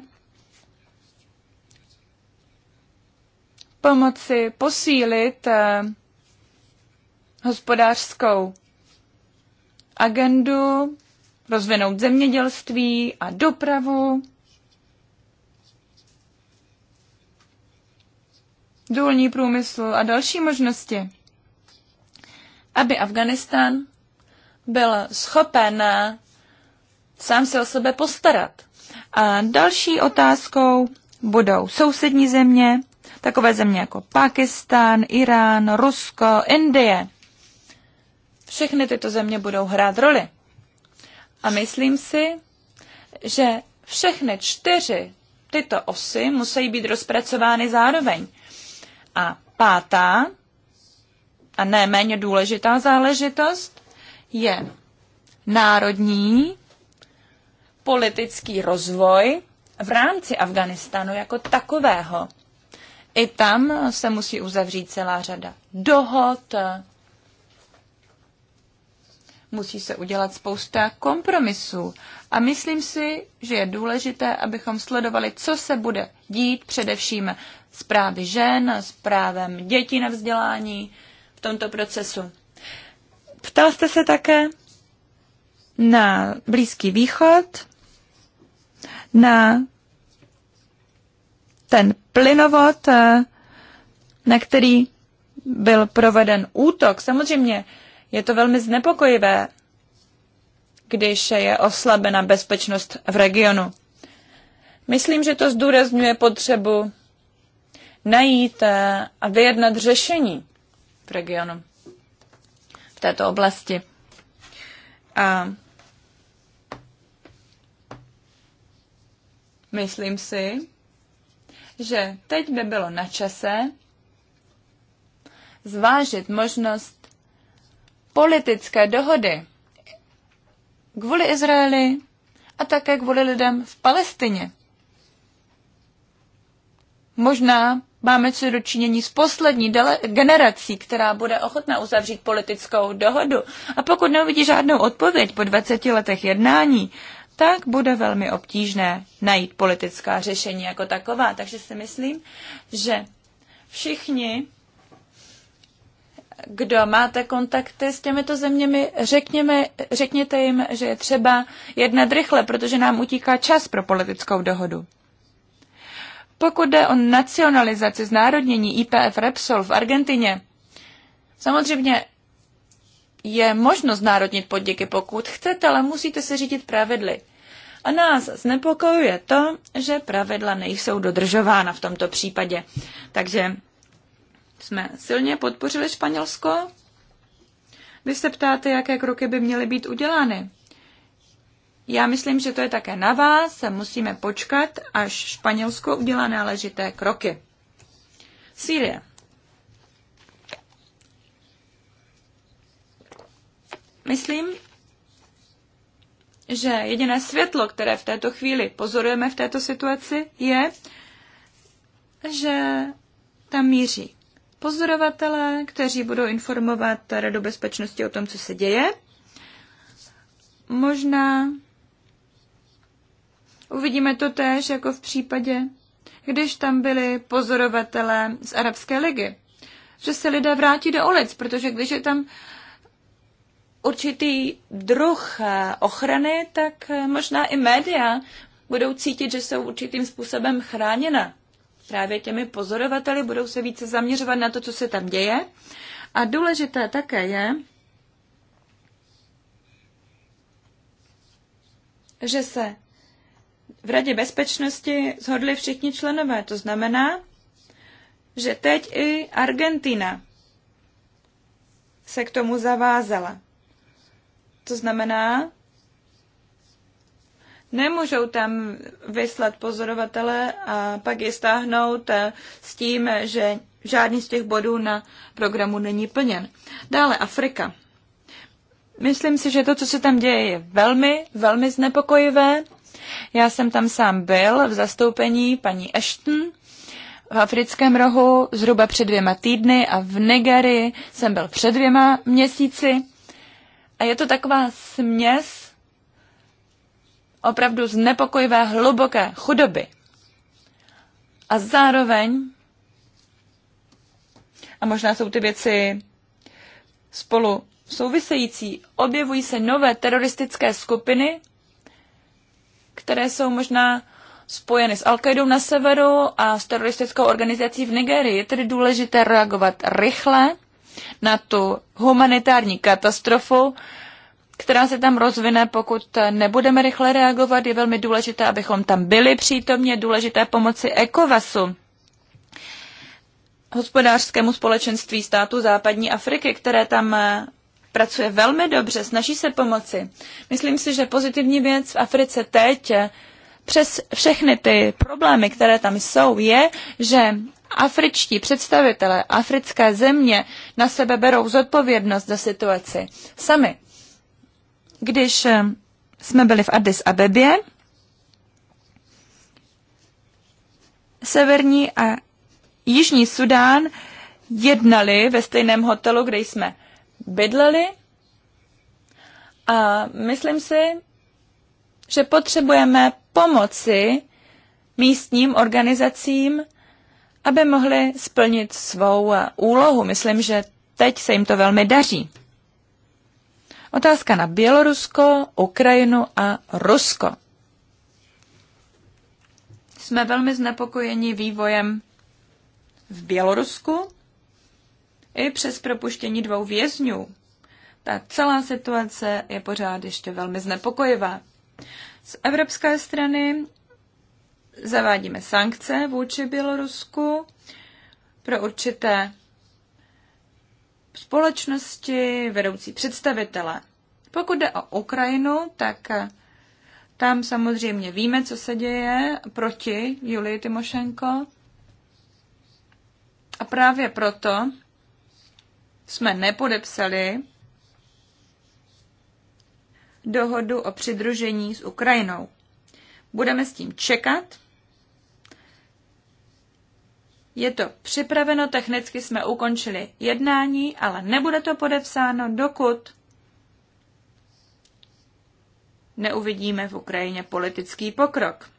pomoci posílit eh, hospodářskou agendu, rozvinout zemědělství a dopravu. důlní průmysl a další možnosti, aby Afganistán byl schopen eh, sám se o sebe postarat. A další otázkou budou sousední země, Takové země jako Pakistán, Irán, Rusko, Indie. Všechny tyto země budou hrát roli. A myslím si, že všechny čtyři tyto osy musí být rozpracovány zároveň. A pátá, a ne méně důležitá záležitost, je národní politický rozvoj v rámci Afganistanu jako takového. I tam se musí uzavřít celá řada dohod, musí se udělat spousta kompromisů. A myslím si, že je důležité, abychom sledovali, co se bude dít, především s právy žen, s právem dětí na vzdělání v tomto procesu. Ptal jste se také na Blízký východ, na ten plynovod, eh, na který byl proveden útok. Samozřejmě je to velmi znepokojivé, když je oslabena bezpečnost v regionu. Myslím, že to zdůrazňuje potřebu najít eh, a vyjednat řešení v regionu, v této oblasti. A myslím si, že teď by bylo na čase zvážit možnost politické dohody kvůli Izraeli a také kvůli lidem v Palestině. Možná máme co dočinění s poslední generací, která bude ochotná uzavřít politickou dohodu. A pokud neuvidí žádnou odpověď po 20 letech jednání tak bude velmi obtížné najít politická řešení jako taková. Takže si myslím, že všichni, kdo máte kontakty s těmito zeměmi, řekněme, řekněte jim, že je třeba jednat rychle, protože nám utíká čas pro politickou dohodu. Pokud jde o nacionalizaci znárodnění IPF Repsol v Argentině, samozřejmě je možno znárodnit podniky, pokud chcete, ale musíte se řídit pravidly. A nás znepokojuje to, že pravidla nejsou dodržována v tomto případě. Takže jsme silně podpořili Španělsko. Vy se ptáte, jaké kroky by měly být udělány. Já myslím, že to je také na vás. Musíme počkat, až Španělsko udělá náležité kroky. Sýrie. Myslím, že jediné světlo, které v této chvíli pozorujeme v této situaci, je, že tam míří pozorovatelé, kteří budou informovat Radu bezpečnosti o tom, co se děje. Možná uvidíme to též jako v případě, když tam byli pozorovatelé z Arabské ligy že se lidé vrátí do ulic, protože když je tam určitý druh eh, ochrany, tak eh, možná i média budou cítit, že jsou určitým způsobem chráněna. Právě těmi pozorovateli budou se více zaměřovat na to, co se tam děje. A důležité také je, že se v Radě bezpečnosti zhodli všichni členové. To znamená, že teď i Argentina se k tomu zavázala. To znamená, nemůžou tam vyslat pozorovatele a pak je stáhnout eh, s tím, že žádný z těch bodů na programu není plněn. Dále Afrika. Myslím si, že to, co se tam děje, je velmi, velmi znepokojivé. Já jsem tam sám byl v zastoupení paní Ashton v africkém rohu zhruba před dvěma týdny a v Nigerii jsem byl před dvěma měsíci. A je to taková směs opravdu znepokojivé hluboké chudoby. A zároveň, a možná jsou ty věci spolu související, objevují se nové teroristické skupiny, které jsou možná spojeny s Al-Qaidou na severu a s teroristickou organizací v Nigerii. Je tedy důležité reagovat rychle na tu humanitární katastrofu, která se tam rozvine, pokud nebudeme rychle reagovat. Je velmi důležité, abychom tam byli přítomně, důležité pomoci ECOVASu, hospodářskému společenství státu západní Afriky, které tam eh, pracuje velmi dobře, snaží se pomoci. Myslím si, že pozitivní věc v Africe teď eh, přes všechny ty problémy, které tam jsou, je, že afričtí představitelé, africké země na sebe berou zodpovědnost za situaci sami. Když eh, jsme byli v Addis Abebě, severní a jižní Sudán jednali ve stejném hotelu, kde jsme bydleli a myslím si, že potřebujeme pomoci místním organizacím, aby mohli splnit svou eh, úlohu. Myslím, že teď se jim to velmi daří. Otázka na Bělorusko, Ukrajinu a Rusko. Jsme velmi znepokojeni vývojem v Bělorusku i přes propuštění dvou vězňů. Ta celá situace je pořád ještě velmi znepokojivá. Z evropské strany zavádíme sankce vůči Bělorusku pro určité společnosti, vedoucí představitele. Pokud jde o Ukrajinu, tak tam samozřejmě víme, co se děje proti Julii Tymošenko. A právě proto jsme nepodepsali dohodu o přidružení s Ukrajinou. Budeme s tím čekat. Je to připraveno, technicky jsme ukončili jednání, ale nebude to podepsáno, dokud neuvidíme v Ukrajině politický pokrok.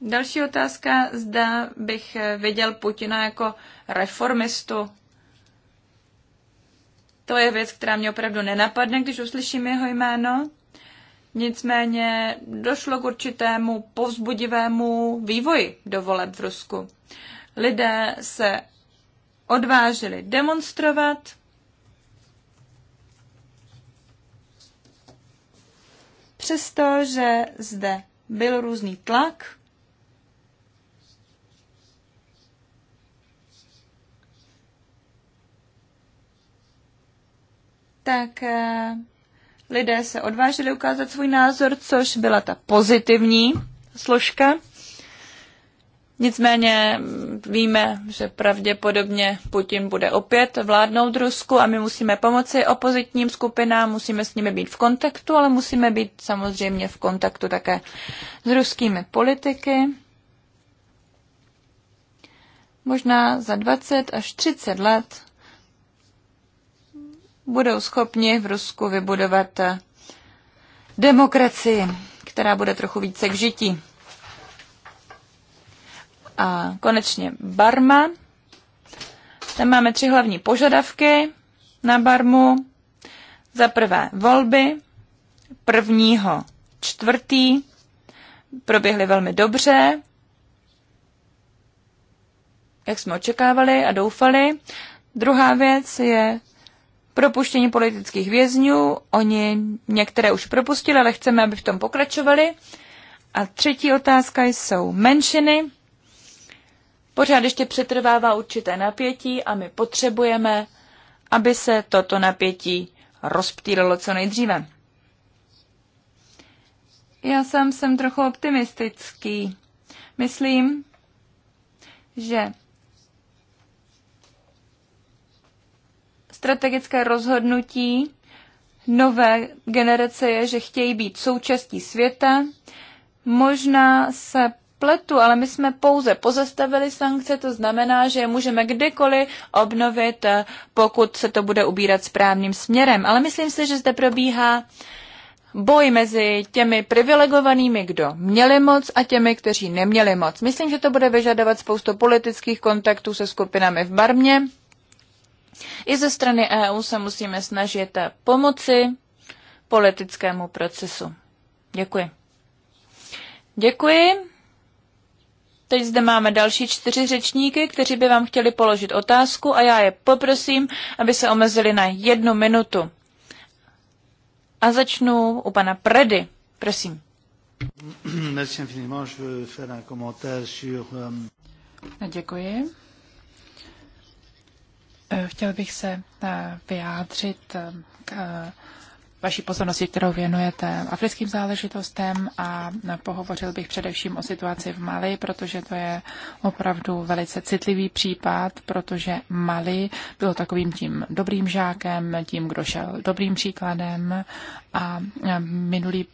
Další otázka, zda bych viděl Putina jako reformistu. To je věc, která mě opravdu nenapadne, když uslyším jeho jméno. Nicméně došlo k určitému povzbudivému vývoji do voleb v Rusku. Lidé se odvážili demonstrovat, přestože zde byl různý tlak, tak eh, lidé se odvážili ukázat svůj názor, což byla ta pozitivní složka. Nicméně víme, že pravděpodobně Putin bude opět vládnout Rusku a my musíme pomoci opozitním skupinám, musíme s nimi být v kontaktu, ale musíme být samozřejmě v kontaktu také s ruskými politiky. Možná za 20 až 30 let budou schopni v Rusku vybudovat demokracii, která bude trochu více k žití. A konečně Barma. Tam máme tři hlavní požadavky na Barmu. Za prvé volby prvního čtvrtý proběhly velmi dobře, jak jsme očekávali a doufali. Druhá věc je propuštění politických vězňů. Oni některé už propustili, ale chceme, aby v tom pokračovali. A třetí otázka jsou menšiny. Pořád ještě přetrvává určité napětí a my potřebujeme, aby se toto napětí rozptýlilo co nejdříve. Já sám jsem trochu optimistický. Myslím, že strategické rozhodnutí nové generace je, že chtějí být součástí světa. Možná se pletu, ale my jsme pouze pozastavili sankce, to znamená, že je můžeme kdykoliv obnovit, eh, pokud se to bude ubírat správným směrem. Ale myslím si, že zde probíhá boj mezi těmi privilegovanými, kdo měli moc a těmi, kteří neměli moc. Myslím, že to bude vyžadovat spoustu politických kontaktů se skupinami v Barmě. I ze strany EU se musíme snažit pomoci politickému procesu. Děkuji. Děkuji. Teď zde máme další čtyři řečníky, kteří by vám chtěli položit otázku a já je poprosím, aby se omezili na jednu minutu. A začnu u pana Predy. Prosím. Euh, Děkuji. Eh, chtěl bych se eh, vyjádřit eh, k vaší pozornosti, kterou věnujete africkým záležitostem a pohovořil bych především o situaci v Mali, protože to je opravdu velice citlivý případ, protože Mali bylo takovým tím dobrým žákem, tím, kdo šel dobrým příkladem a minulý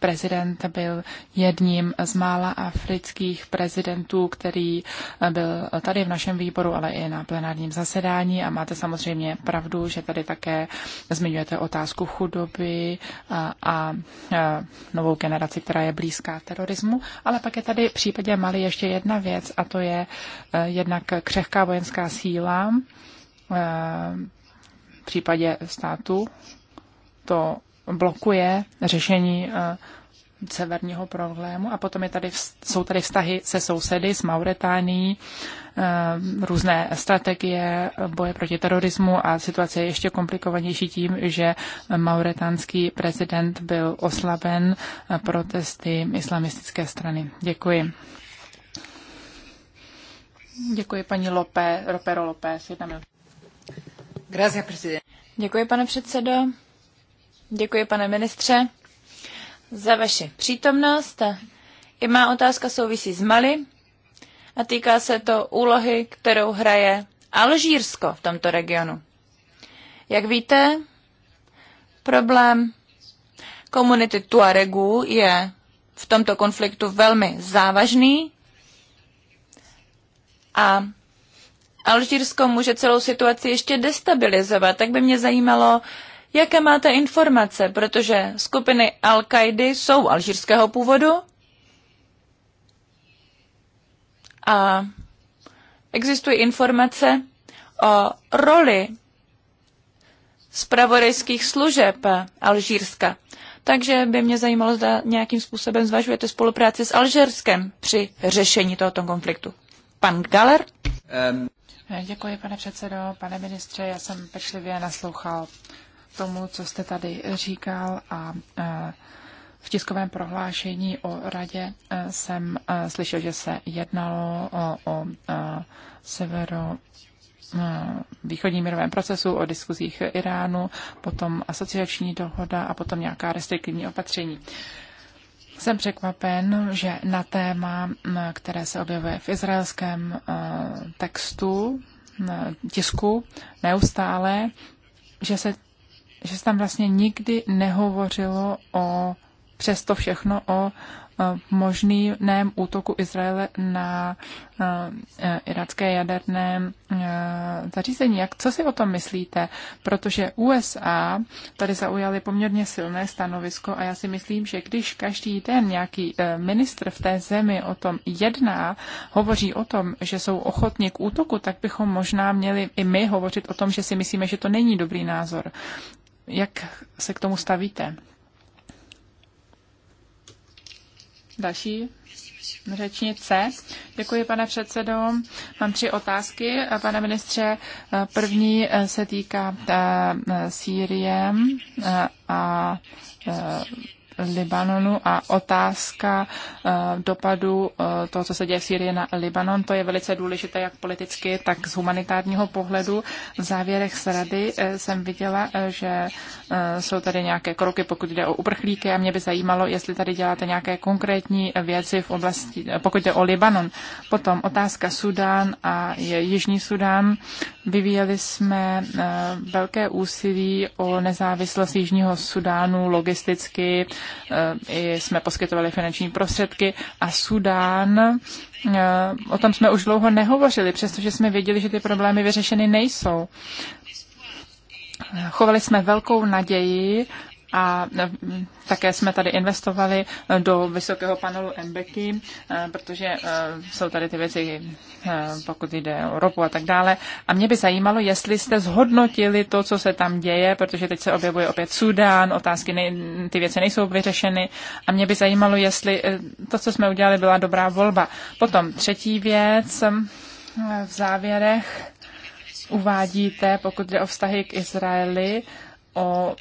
prezident byl jedním z mála afrických prezidentů, který eh, byl tady v našem výboru, ale i na plenárním zasedání. A máte samozřejmě pravdu, že tady také zmiňujete otázku chudoby eh, a, a eh, novou generaci, která je blízká terorismu. Ale pak je tady v případě Mali ještě jedna věc, a to je jednak křehká vojenská síla v případě státu to blokuje řešení eh, severního problému. A potom je tady, jsou tady vztahy se sousedy, s Mauretánií, eh, různé strategie boje proti terorismu a situace je ještě komplikovanější tím, že mauretánský prezident byl oslaben protesty islamistické strany. Děkuji. Děkuji paní Lope, Ropero López, jedna Děkuji, pane předsedo. Děkuji, pane ministře, za vaši přítomnost. I má otázka souvisí s Mali a týká se to úlohy, kterou hraje Alžírsko v tomto regionu. Jak víte, problém komunity Tuaregů je v tomto konfliktu velmi závažný a Alžírsko může celou situaci ještě destabilizovat. Tak by mě zajímalo, Jaké máte informace, protože skupiny Al-Kaidy jsou alžírského původu? A existují informace o roli zpravodajských služeb Alžírska. Takže by mě zajímalo, zda nějakým způsobem zvažujete spolupráci s Alžírskem při řešení tohoto konfliktu. Pan Galer? Um. Děkuji, pane předsedo, pane ministře, já jsem pečlivě naslouchal tomu, co jste tady říkal a e, v tiskovém prohlášení o radě e, jsem e, slyšel, že se jednalo o, o severo východním mírovém procesu, o diskuzích Iránu, potom asociační dohoda a potom nějaká restriktivní opatření. Jsem překvapen, že na téma, které se objevuje v izraelském textu, tisku, neustále, že se že se tam vlastně nikdy nehovořilo o přesto všechno o možném útoku Izraele na e, irácké jaderné e, zařízení. Jak, co si o tom myslíte? Protože USA tady zaujali poměrně silné stanovisko a já si myslím, že když každý den nějaký e, ministr v té zemi o tom jedná, hovoří o tom, že jsou ochotní k útoku, tak bychom možná měli i my hovořit o tom, že si myslíme, že to není dobrý názor. Jak se k tomu stavíte? Další řečnice. Děkuji, pane předsedo. Mám tři otázky. Pane ministře, první se týká eh, Sýrie eh, a eh, Libanonu a otázka eh, dopadu eh, toho, co se děje v Syrii na Libanon, to je velice důležité jak politicky, tak z humanitárního pohledu. V závěrech z rady eh, jsem viděla, že jsou tady nějaké kroky, pokud jde o uprchlíky a mě by zajímalo, jestli tady děláte nějaké konkrétní věci v oblasti, pokud jde o Libanon. Potom otázka Sudán a Jižní Sudán. Vyvíjeli jsme velké úsilí o nezávislost Jižního Sudánu logisticky, Eh, i jsme poskytovali finanční prostředky a Sudán, eh, o tom jsme už dlouho nehovořili, přestože jsme věděli, že ty problémy vyřešeny nejsou. Chovali jsme velkou naději a eh, také jsme tady investovali eh, do vysokého panelu MBK, eh, protože jsou tady ty věci, pokud jde o ropu a tak dále. A mě by zajímalo, jestli jste zhodnotili to, co se tam děje, protože teď se objevuje opět Sudán, otázky, nej, ty věci nejsou vyřešeny. A mě by zajímalo, jestli to, co jsme udělali, byla dobrá volba. Potom třetí věc v závěrech uvádíte, pokud jde o vztahy k Izraeli, o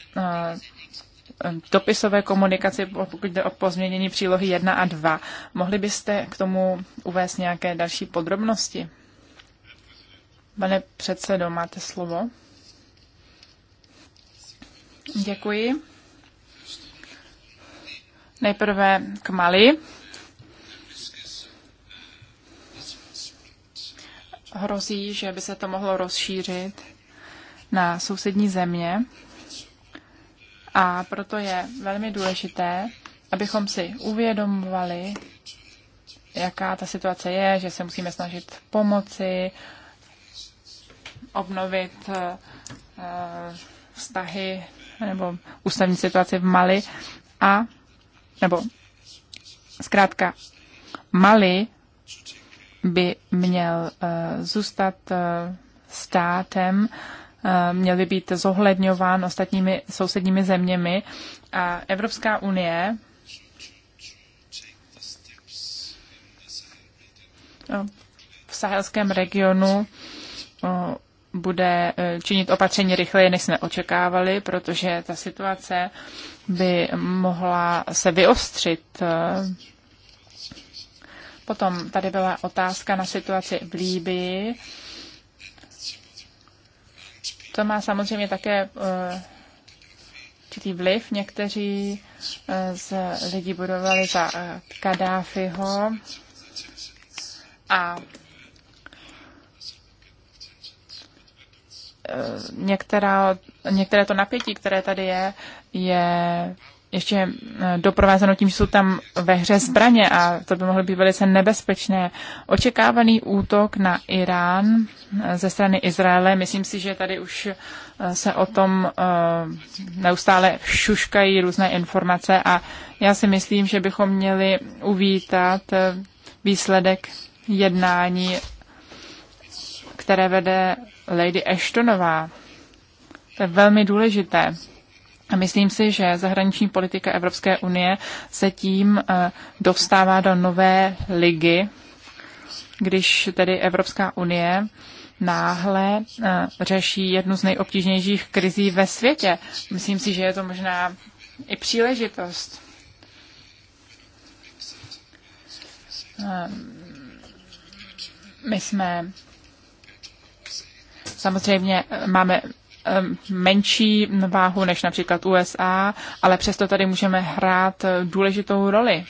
dopisové komunikaci, pokud jde o pozměnění přílohy 1 a 2. Mohli byste k tomu uvést nějaké další podrobnosti? Pane předsedo, máte slovo. Děkuji. Nejprve k Mali. Hrozí, že by se to mohlo rozšířit na sousední země. A proto je velmi důležité, abychom si uvědomovali, jaká ta situace je, že se musíme snažit pomoci, obnovit eh, vztahy nebo ústavní situaci v Mali a nebo zkrátka Mali by měl eh, zůstat eh, státem, Eh, měl by být zohledňován ostatními sousedními zeměmi. A Evropská unie eh, v sahelském regionu eh, bude činit opatření rychleji, než jsme očekávali, protože ta situace by mohla se vyostřit. Potom tady byla otázka na situaci v Líbii. To má samozřejmě také eh, určitý vliv. Někteří eh, z lidí budovali za eh, Kadáfiho a některá, některé to napětí, které tady je, je ještě eh, doprovázeno tím, že jsou tam ve hře zbraně a to by mohlo být velice nebezpečné. Očekávaný útok na Irán eh, ze strany Izraele, myslím si, že tady už eh, se o tom neustále šuškají různé informace a já si myslím, že bychom měli uvítat výsledek jednání, které vede Lady Ashtonová. To je velmi důležité. Myslím si, že zahraniční politika Evropské unie se tím eh, dostává do nové ligy, když tedy Evropská unie náhle eh, řeší jednu z nejobtížnějších krizí ve světě. Myslím si, že je to možná i příležitost. Ehm, my jsme samozřejmě máme menší váhu než například USA, ale přesto tady můžeme hrát důležitou roli.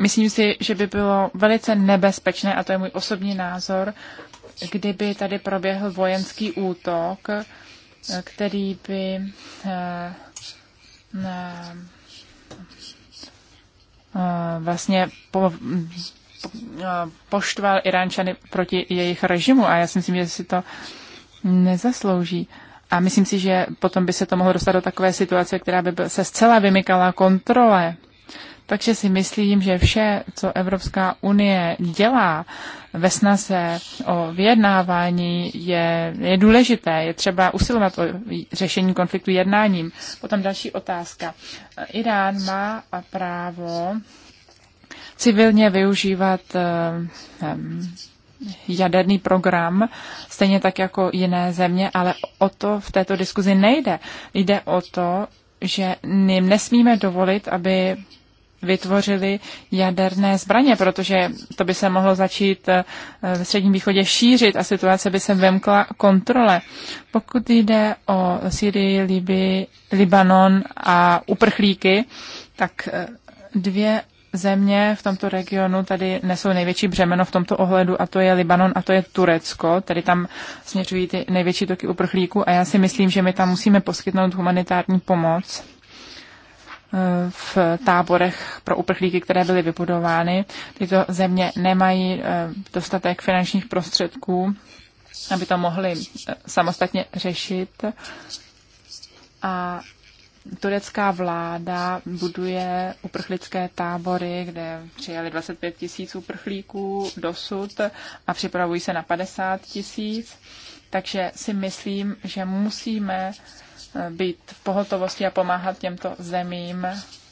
Myslím si, že by bylo velice nebezpečné, a to je můj osobní názor, kdyby tady proběhl vojenský útok, který by vlastně po, poštval Iránčany proti jejich režimu. A já si myslím, že si to nezaslouží. A myslím si, že potom by se to mohlo dostat do takové situace, která by se zcela vymykala kontrole. Takže si myslím, že vše, co Evropská unie dělá ve snaze o vyjednávání, je, je důležité. Je třeba usilovat o řešení konfliktu jednáním. Potom další otázka. Irán má právo civilně využívat eh, jaderný program, stejně tak jako jiné země, ale o to v této diskuzi nejde. Jde o to, že jim nesmíme dovolit, aby vytvořili jaderné zbraně, protože to by se mohlo začít eh, ve Středním východě šířit a situace by se vemkla kontrole. Pokud jde o Syrii, Liby, Libanon a uprchlíky, tak eh, dvě země v tomto regionu tady nesou největší břemeno v tomto ohledu a to je Libanon a to je Turecko. Tady tam směřují ty největší toky uprchlíků a já si myslím, že my tam musíme poskytnout humanitární pomoc eh, v táborech pro uprchlíky, které byly vybudovány. Tyto země nemají eh, dostatek finančních prostředků, aby to mohly eh, samostatně řešit. A turecká vláda buduje uprchlické tábory, kde přijeli 25 tisíc uprchlíků dosud a připravují se na 50 tisíc. Takže si myslím, že musíme eh, být v pohotovosti a pomáhat těmto zemím,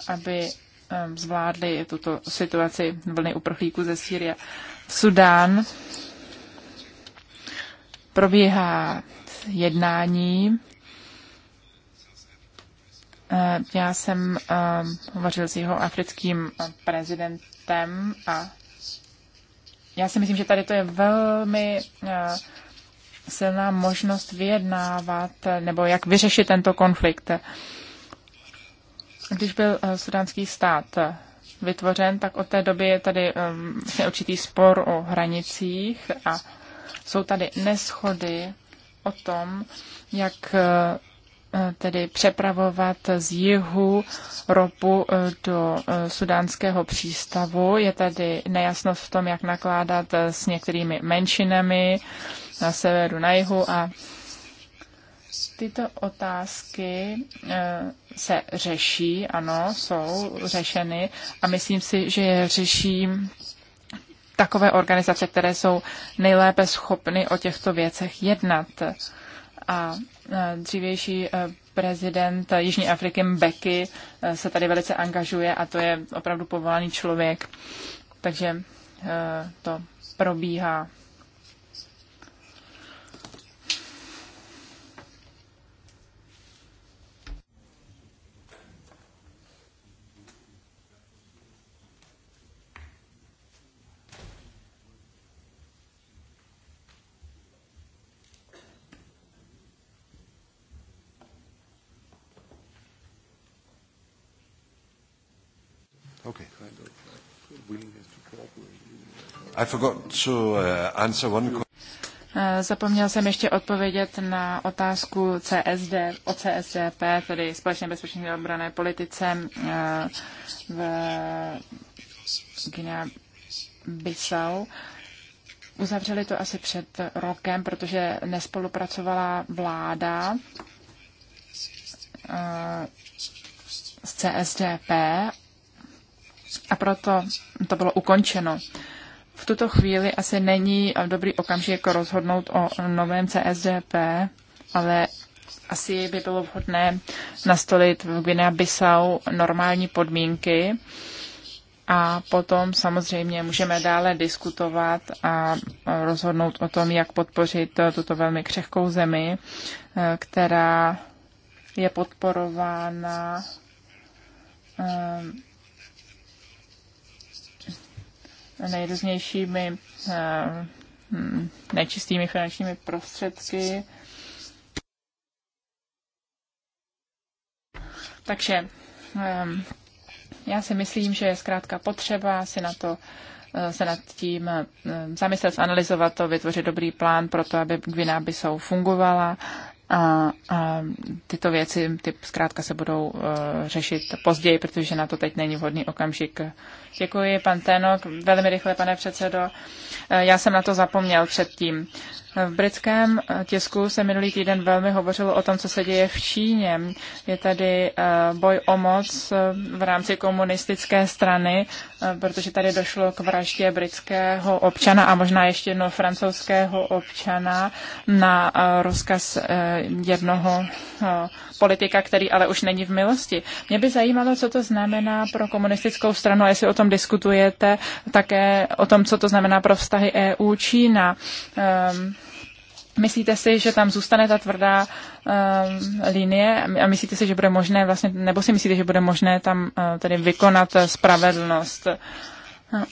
aby eh, zvládli tuto situaci vlny uprchlíků ze Sýrie. V Sudán probíhá jednání Eh, já jsem eh, hovořil s jeho africkým eh, prezidentem a já si myslím, že tady to je velmi silná možnost vyjednávat nebo jak vyřešit tento konflikt. Když byl sudánský stát vytvořen, tak od té doby je tady um, určitý spor o hranicích a jsou tady neschody o tom, jak Eh, tedy přepravovat z jihu ropu eh, do eh, sudánského přístavu. Je tady nejasnost v tom, jak nakládat s některými menšinami na severu, na jihu a tyto otázky se řeší, ano, jsou řešeny a myslím si, že je řeší takové organizace, které jsou nejlépe schopny o těchto věcech jednat. A Eh, dřívější eh, prezident Jižní Afriky Mbeki eh, se tady velice angažuje a to je opravdu povolaný člověk. Takže to probíhá I forgot to uh, answer one eh, Zapomněl jsem ještě odpovědět na otázku CSD, o CSDP, tedy společné bezpečné obrané politice eh, v Guinea Bissau. Uzavřeli to asi před rokem, protože nespolupracovala vláda eh, s CSDP a proto to bylo ukončeno v tuto chvíli asi není dobrý okamžik rozhodnout o novém CSDP, ale asi by bylo vhodné nastolit v Guinea-Bissau normální podmínky a potom samozřejmě můžeme dále diskutovat a rozhodnout o tom, jak podpořit tuto velmi křehkou zemi, která je podporována ehm, nejrůznějšími eh, nečistými finančními prostředky. Takže eh, já si myslím, že je zkrátka potřeba si na to eh, se nad tím zamyslet, zanalizovat to, vytvořit dobrý plán pro to, aby Gvina jsou fungovala a, a tyto věci ty zkrátka se budou řešit později, protože na to teď není vhodný okamžik. Děkuji, pan Tenok. Velmi rychle, pane předsedo. Eh, já jsem na to zapomněl předtím. V britském eh, tisku se minulý týden velmi hovořilo o tom, co se děje v Číně. Je tady eh, boj o moc v rámci komunistické strany, protože tady došlo k vraždě britského občana a možná ještě jednoho francouzského občana na rozkaz jednoho politika, který ale už není v milosti. Mě by zajímalo, co to znamená pro komunistickou stranu a jestli o tom diskutujete, také o tom, co to znamená pro vztahy EU-Čína. Um, ehm, Myslíte si, že tam zůstane ta tvrdá um, linie a myslíte si, že bude možné vlastně, nebo si myslíte, že bude možné tam uh, tedy vykonat spravedlnost?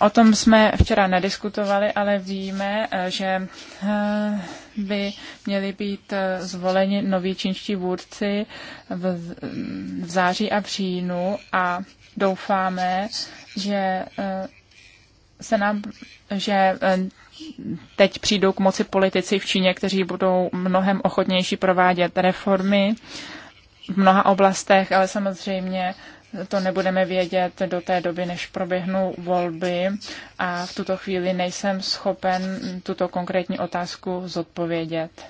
O tom jsme včera nediskutovali, ale víme, eh, že uh, by měli být eh, zvoleni noví čínští vůdci v, v září a v říjnu a doufáme, že eh, se nám, že eh, teď přijdou k moci politici v Číně, kteří budou mnohem ochotnější provádět reformy v mnoha oblastech, ale samozřejmě to nebudeme vědět do té doby, než proběhnou volby a v tuto chvíli nejsem schopen tuto konkrétní otázku zodpovědět.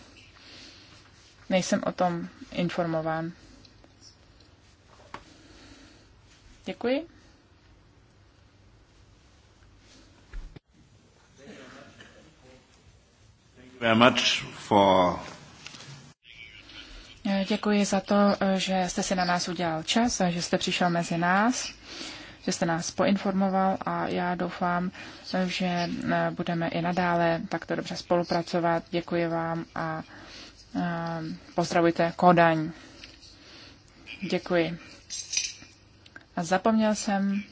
Nejsem o tom informován. Děkuji. very much for Děkuji za to, že jste si na nás udělal čas a že jste přišel mezi nás, že jste nás poinformoval a já doufám, že eh, budeme i nadále takto dobře spolupracovat. Děkuji vám a eh, pozdravujte Kodaň. Děkuji. A zapomněl jsem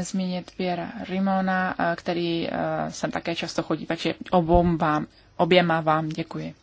zmínit pěra Rimona, eh, který sem také často chodí, takže obom vám, oběma vám děkuji.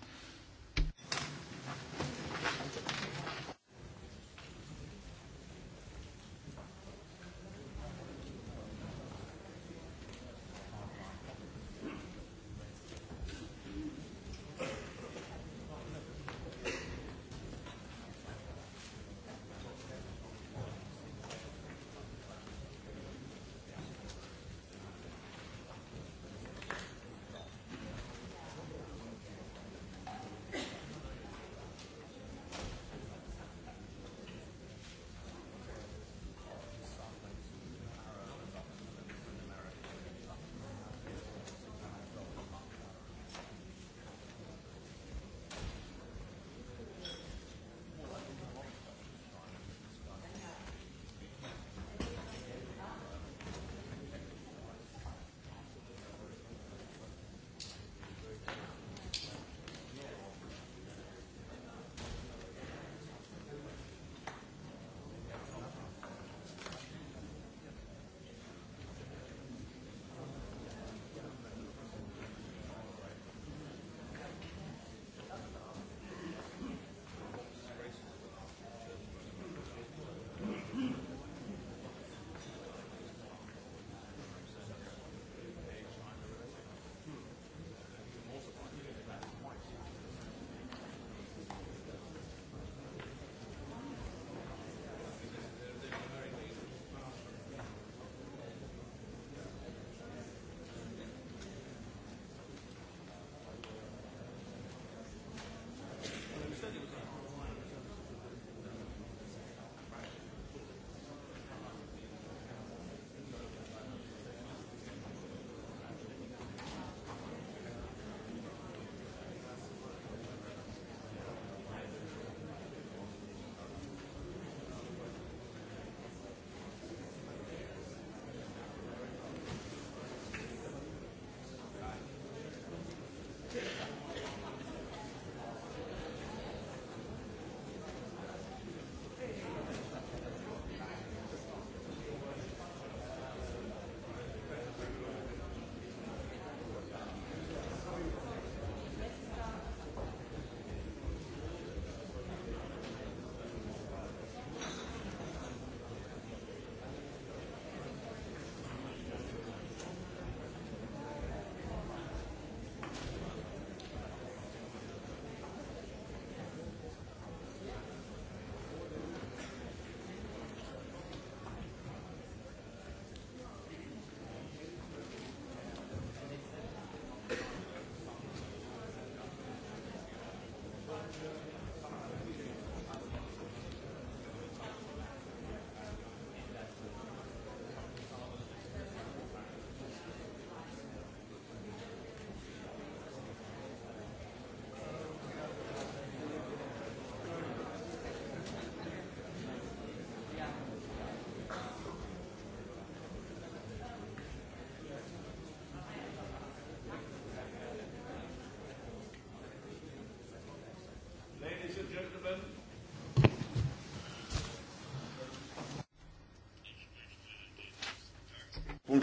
světa.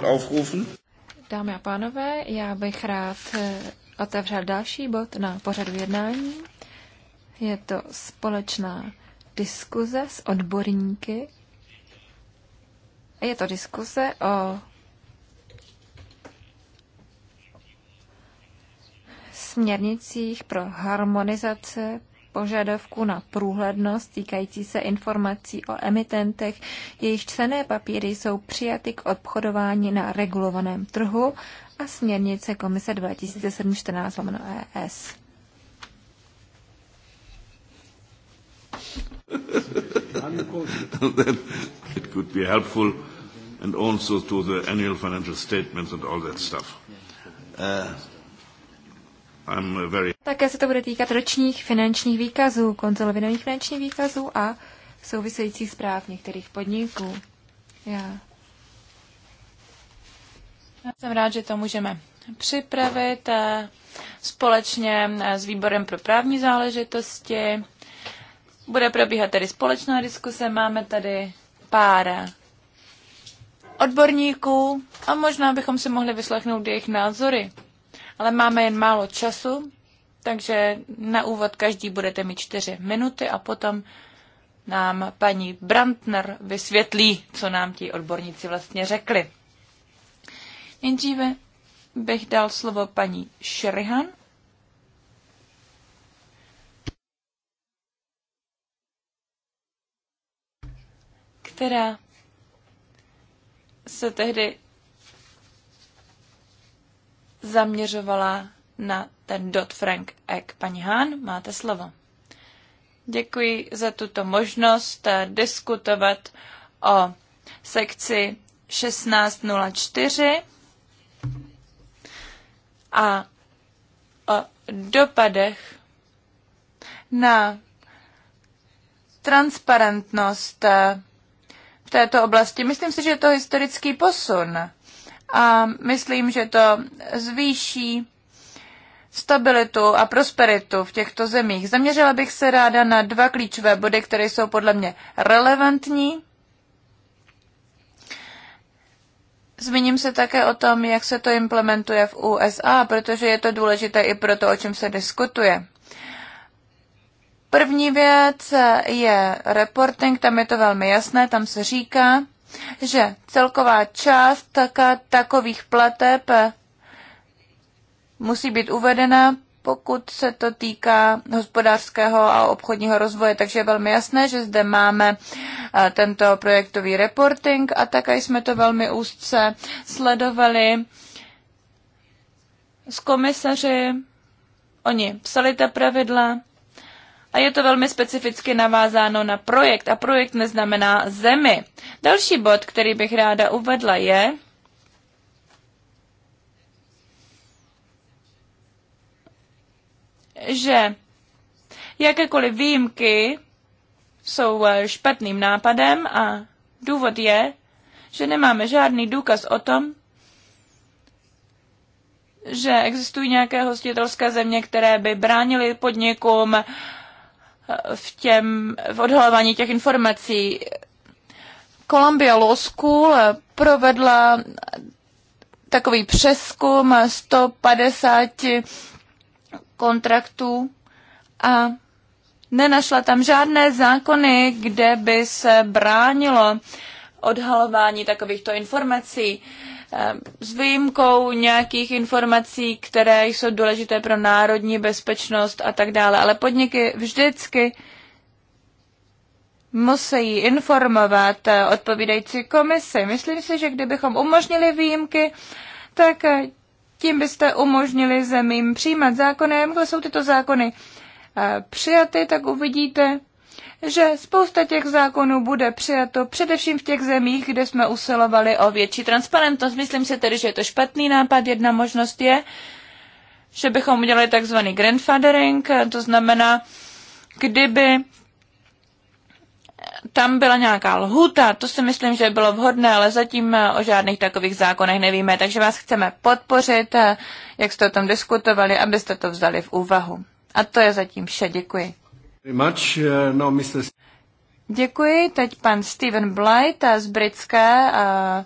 aufrufen. Dámy a pánové, já bych rád eh, otevřel další bod na pořadu jednání. Je to společná diskuze s odborníky. Je to diskuze o směrnicích pro harmonizace požadavku na průhlednost týkající se informací o emitentech, jejich cené papíry jsou přijaty k obchodování na regulovaném trhu a směrnice Komise 2017 es it could be helpful and also to the annual financial statements and all that stuff. Uh, Very... Také se to bude týkat ročních finančních výkazů, konsolidovaných finančních výkazů a souvisejících zpráv některých podniků. Já. Já jsem rád, že to můžeme připravit eh, společně eh, s výborem pro právní záležitosti. Bude probíhat tedy společná diskuse, máme tady pár odborníků a možná bychom si mohli vyslechnout jejich názory ale máme jen málo času, takže na úvod každý budete mít čtyři minuty a potom nám paní Brantner vysvětlí, co nám ti odborníci vlastně řekli. Nejdříve bych dal slovo paní Šerihan. která se tehdy zaměřovala na ten dot frank Egg Paní Hán, máte slovo. Děkuji za tuto možnost eh, diskutovat o sekci 1604 a o dopadech na transparentnost eh, v této oblasti. Myslím si, že je to historický posun a myslím, že to zvýší stabilitu a prosperitu v těchto zemích. Zaměřila bych se ráda na dva klíčové body, které jsou podle mě relevantní. Zmíním se také o tom, jak se to implementuje v USA, protože je to důležité i pro to, o čem se diskutuje. První věc je reporting, tam je to velmi jasné, tam se říká, že celková část takových plateb eh, musí být uvedena, pokud se to týká hospodářského a obchodního rozvoje. Takže je velmi jasné, že zde máme eh, tento projektový reporting a také jsme to velmi úzce sledovali s komisaři. Oni psali ta pravidla, a je to velmi specificky navázáno na projekt a projekt neznamená zemi. Další bod, který bych ráda uvedla, je, že jakékoliv výjimky jsou eh, špatným nápadem a důvod je, že nemáme žádný důkaz o tom, že existují nějaké hostitelské země, které by bránily podnikům v, těm, v odhalování těch informací. Columbia Law School provedla takový přeskum 150 kontraktů a nenašla tam žádné zákony, kde by se bránilo odhalování takovýchto informací. Uh, s výjimkou nějakých informací, které jsou důležité pro národní bezpečnost a tak dále. Ale podniky vždycky musí informovat eh, odpovídající komisi. Myslím si, že kdybychom umožnili výjimky, tak eh, tím byste umožnili zemím přijímat zákony. Jakmile jsou tyto zákony eh, přijaty, tak uvidíte, že spousta těch zákonů bude přijato především v těch zemích, kde jsme usilovali o větší transparentnost. Myslím si tedy, že je to špatný nápad. Jedna možnost je, že bychom udělali takzvaný grandfathering, to znamená, kdyby tam byla nějaká lhuta, to si myslím, že bylo vhodné, ale zatím o žádných takových zákonech nevíme, takže vás chceme podpořit, jak jste o tom diskutovali, abyste to vzali v úvahu. A to je zatím vše, děkuji. Uh, Děkuji. Teď pan Steven Blight z britské uh,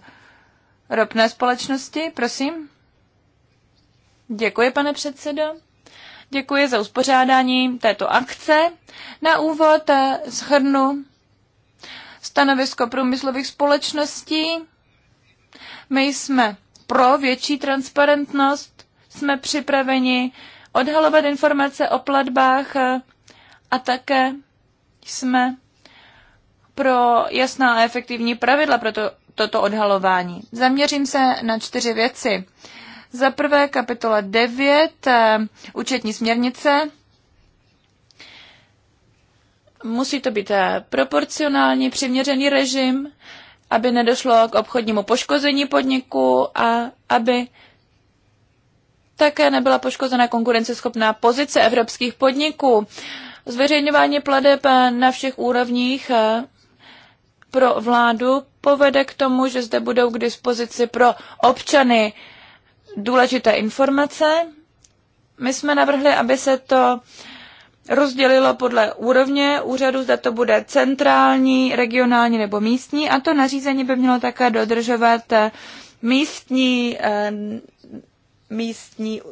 ropné společnosti, prosím. Děkuji, pane předsedo. Děkuji za uspořádání této akce. Na úvod eh, shrnu stanovisko průmyslových společností. My jsme pro větší transparentnost, jsme připraveni odhalovat informace o platbách eh, a také jsme pro jasná a efektivní pravidla pro to, toto odhalování. Zaměřím se na čtyři věci. Za prvé kapitola 9, eh, účetní směrnice. Musí to být eh, proporcionální, přiměřený režim, aby nedošlo k obchodnímu poškození podniku a aby také nebyla poškozena konkurenceschopná pozice evropských podniků. Zveřejňování pladeb na všech úrovních eh, pro vládu povede k tomu, že zde budou k dispozici pro občany důležité informace. My jsme navrhli, aby se to rozdělilo podle úrovně úřadu, zda to bude centrální, regionální nebo místní a to nařízení by mělo také dodržovat místní, eh, místní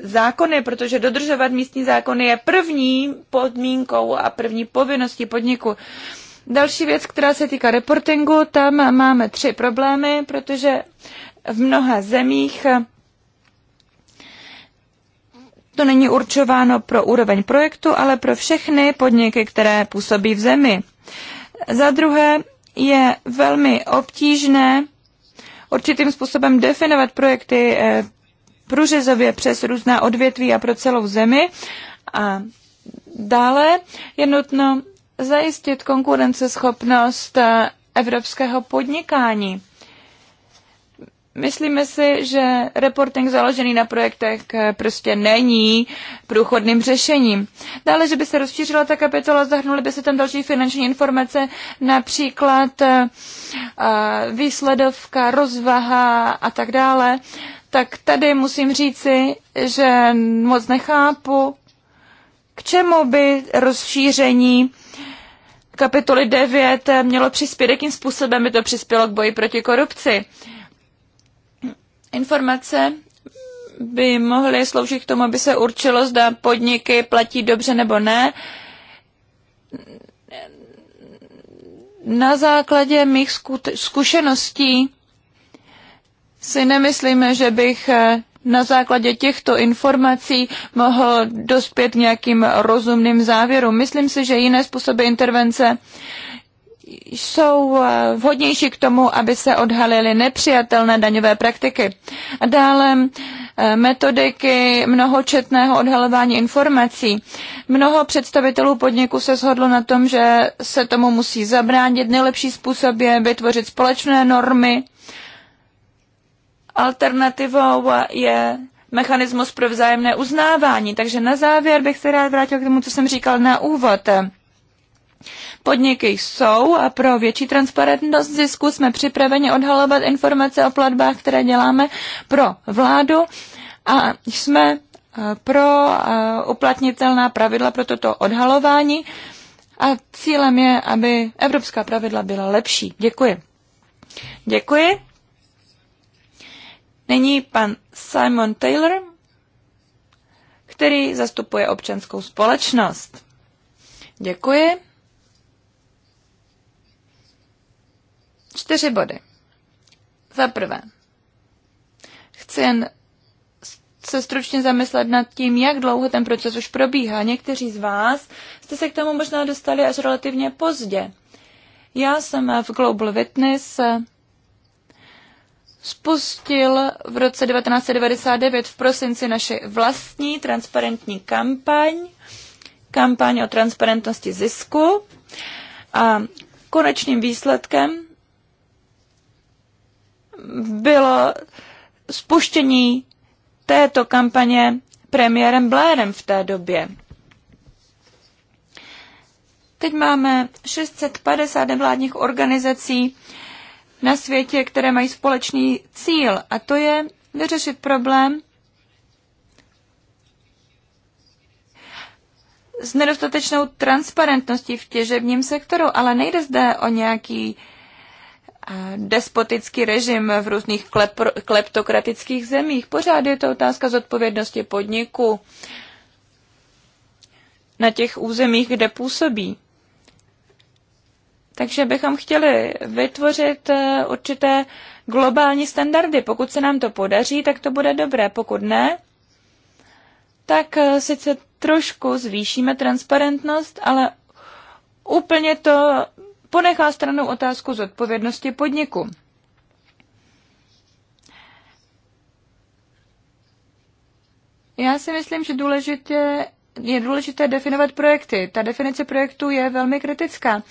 zákony, protože dodržovat místní zákony je první podmínkou a první povinností podniku. Další věc, která se týká reportingu, tam máme tři problémy, protože v mnoha zemích to není určováno pro úroveň projektu, ale pro všechny podniky, které působí v zemi. Za druhé je velmi obtížné určitým způsobem definovat projekty eh, průřezově přes různá odvětví a pro celou zemi. A dále je nutno zajistit konkurenceschopnost eh, evropského podnikání. Myslíme si, že reporting založený na projektech eh, prostě není průchodným řešením. Dále, že by se rozšířila ta kapitola, zahrnuly by se tam další finanční informace, například eh, výsledovka, rozvaha a tak dále tak tady musím říci, že moc nechápu, k čemu by rozšíření kapitoly 9 mělo přispět, jakým způsobem by to přispělo k boji proti korupci. Informace by mohly sloužit k tomu, aby se určilo, zda podniky platí dobře nebo ne. Na základě mých zkušeností si nemyslím, že bych eh, na základě těchto informací mohl dospět nějakým rozumným závěrům. Myslím si, že jiné způsoby intervence jsou eh, vhodnější k tomu, aby se odhalily nepřijatelné daňové praktiky. A dále eh, metodiky mnohočetného odhalování informací. Mnoho představitelů podniku se shodlo na tom, že se tomu musí zabránit. Nejlepší způsob je vytvořit společné normy, Alternativou je mechanismus pro vzájemné uznávání. Takže na závěr bych se rád vrátil k tomu, co jsem říkal na úvod. Podniky jsou a pro větší transparentnost zisku jsme připraveni odhalovat informace o platbách, které děláme pro vládu a jsme eh, pro eh, uplatnitelná pravidla pro toto odhalování a cílem je, aby evropská pravidla byla lepší. Děkuji. Děkuji. Není pan Simon Taylor, který zastupuje občanskou společnost. Děkuji. Čtyři body. Za prvé, chci jen se stručně zamyslet nad tím, jak dlouho ten proces už probíhá. Někteří z vás jste se k tomu možná dostali až relativně pozdě. Já jsem v Global Witness spustil v roce 1999 v prosinci naše vlastní transparentní kampaň, kampaň o transparentnosti zisku a konečným výsledkem bylo spuštění této kampaně premiérem Blairem v té době. Teď máme 650 nevládních organizací, na světě, které mají společný cíl a to je vyřešit problém s nedostatečnou transparentností v těžebním sektoru, ale nejde zde o nějaký eh, despotický režim v různých kleptokratických zemích. Pořád je to otázka zodpovědnosti podniku na těch územích, kde působí. Takže bychom chtěli vytvořit eh, určité globální standardy. Pokud se nám to podaří, tak to bude dobré. Pokud ne, tak eh, sice trošku zvýšíme transparentnost, ale úplně to ponechá stranou otázku zodpovědnosti podniku. Já si myslím, že důležité je důležité definovat projekty. Ta definice projektu je velmi kritická.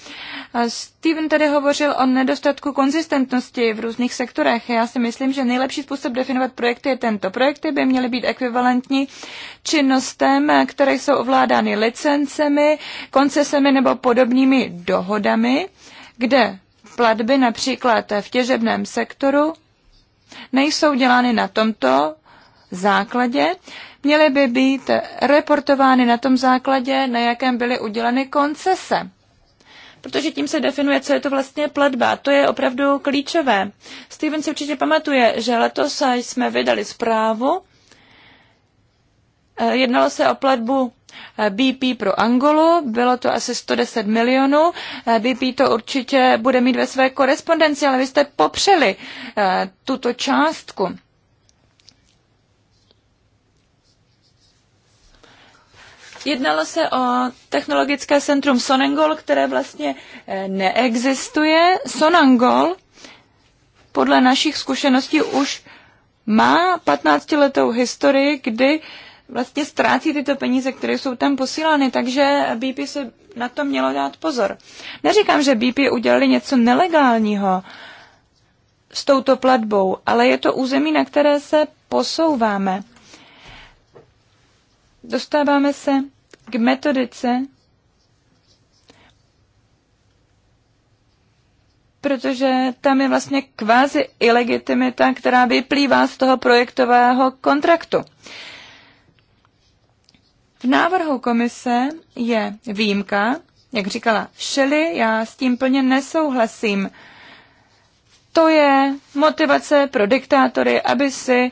Steven tady hovořil o nedostatku konzistentnosti v různých sektorech. Já si myslím, že nejlepší způsob definovat projekty je tento. Projekty by měly být ekvivalentní činnostem, které jsou ovládány licencemi, koncesemi nebo podobnými dohodami, kde platby například v těžebném sektoru nejsou dělány na tomto základě, měly by být reportovány na tom základě, na jakém byly uděleny koncese. Protože tím se definuje, co je to vlastně platba. To je opravdu klíčové. Steven si určitě pamatuje, že letos jsme vydali zprávu. Eh, jednalo se o platbu eh, BP pro Angolu, bylo to asi 110 milionů. Eh, BP to určitě bude mít ve své korespondenci, ale vy jste popřeli tuto částku. Jednalo se o technologické centrum Sonangol, které vlastně eh, neexistuje. Sonangol podle našich zkušeností už má 15-letou historii, kdy vlastně ztrácí tyto peníze, které jsou tam posílány, takže BP se na to mělo dát pozor. Neříkám, že BP udělali něco nelegálního s touto platbou, ale je to území, na které se posouváme. Dostáváme se k metodice, protože tam je vlastně kvázi ilegitimita, která vyplývá z toho projektového kontraktu. V návrhu komise je výjimka, jak říkala Shelley, já s tím plně nesouhlasím. To je motivace pro diktátory, aby si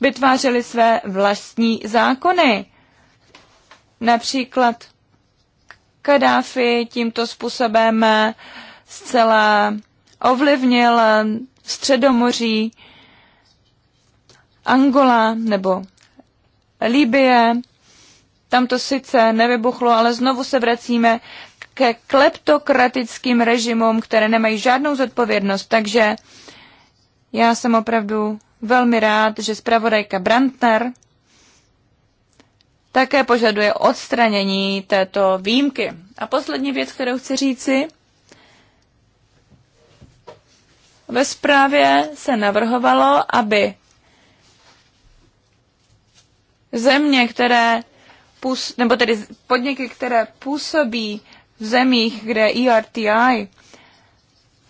vytvářeli své vlastní zákony. Například Kadáfi tímto způsobem eh, zcela ovlivnil eh, Středomoří, Angola nebo Libie. Tam to sice nevybuchlo, ale znovu se vracíme ke kleptokratickým režimům, které nemají žádnou zodpovědnost. Takže já jsem opravdu velmi rád, že zpravodajka Brandner také požaduje odstranění této výjimky. A poslední věc, kterou chci říci, ve zprávě se navrhovalo, aby země, které, pus, nebo tedy podniky, které působí v zemích, kde ERTI,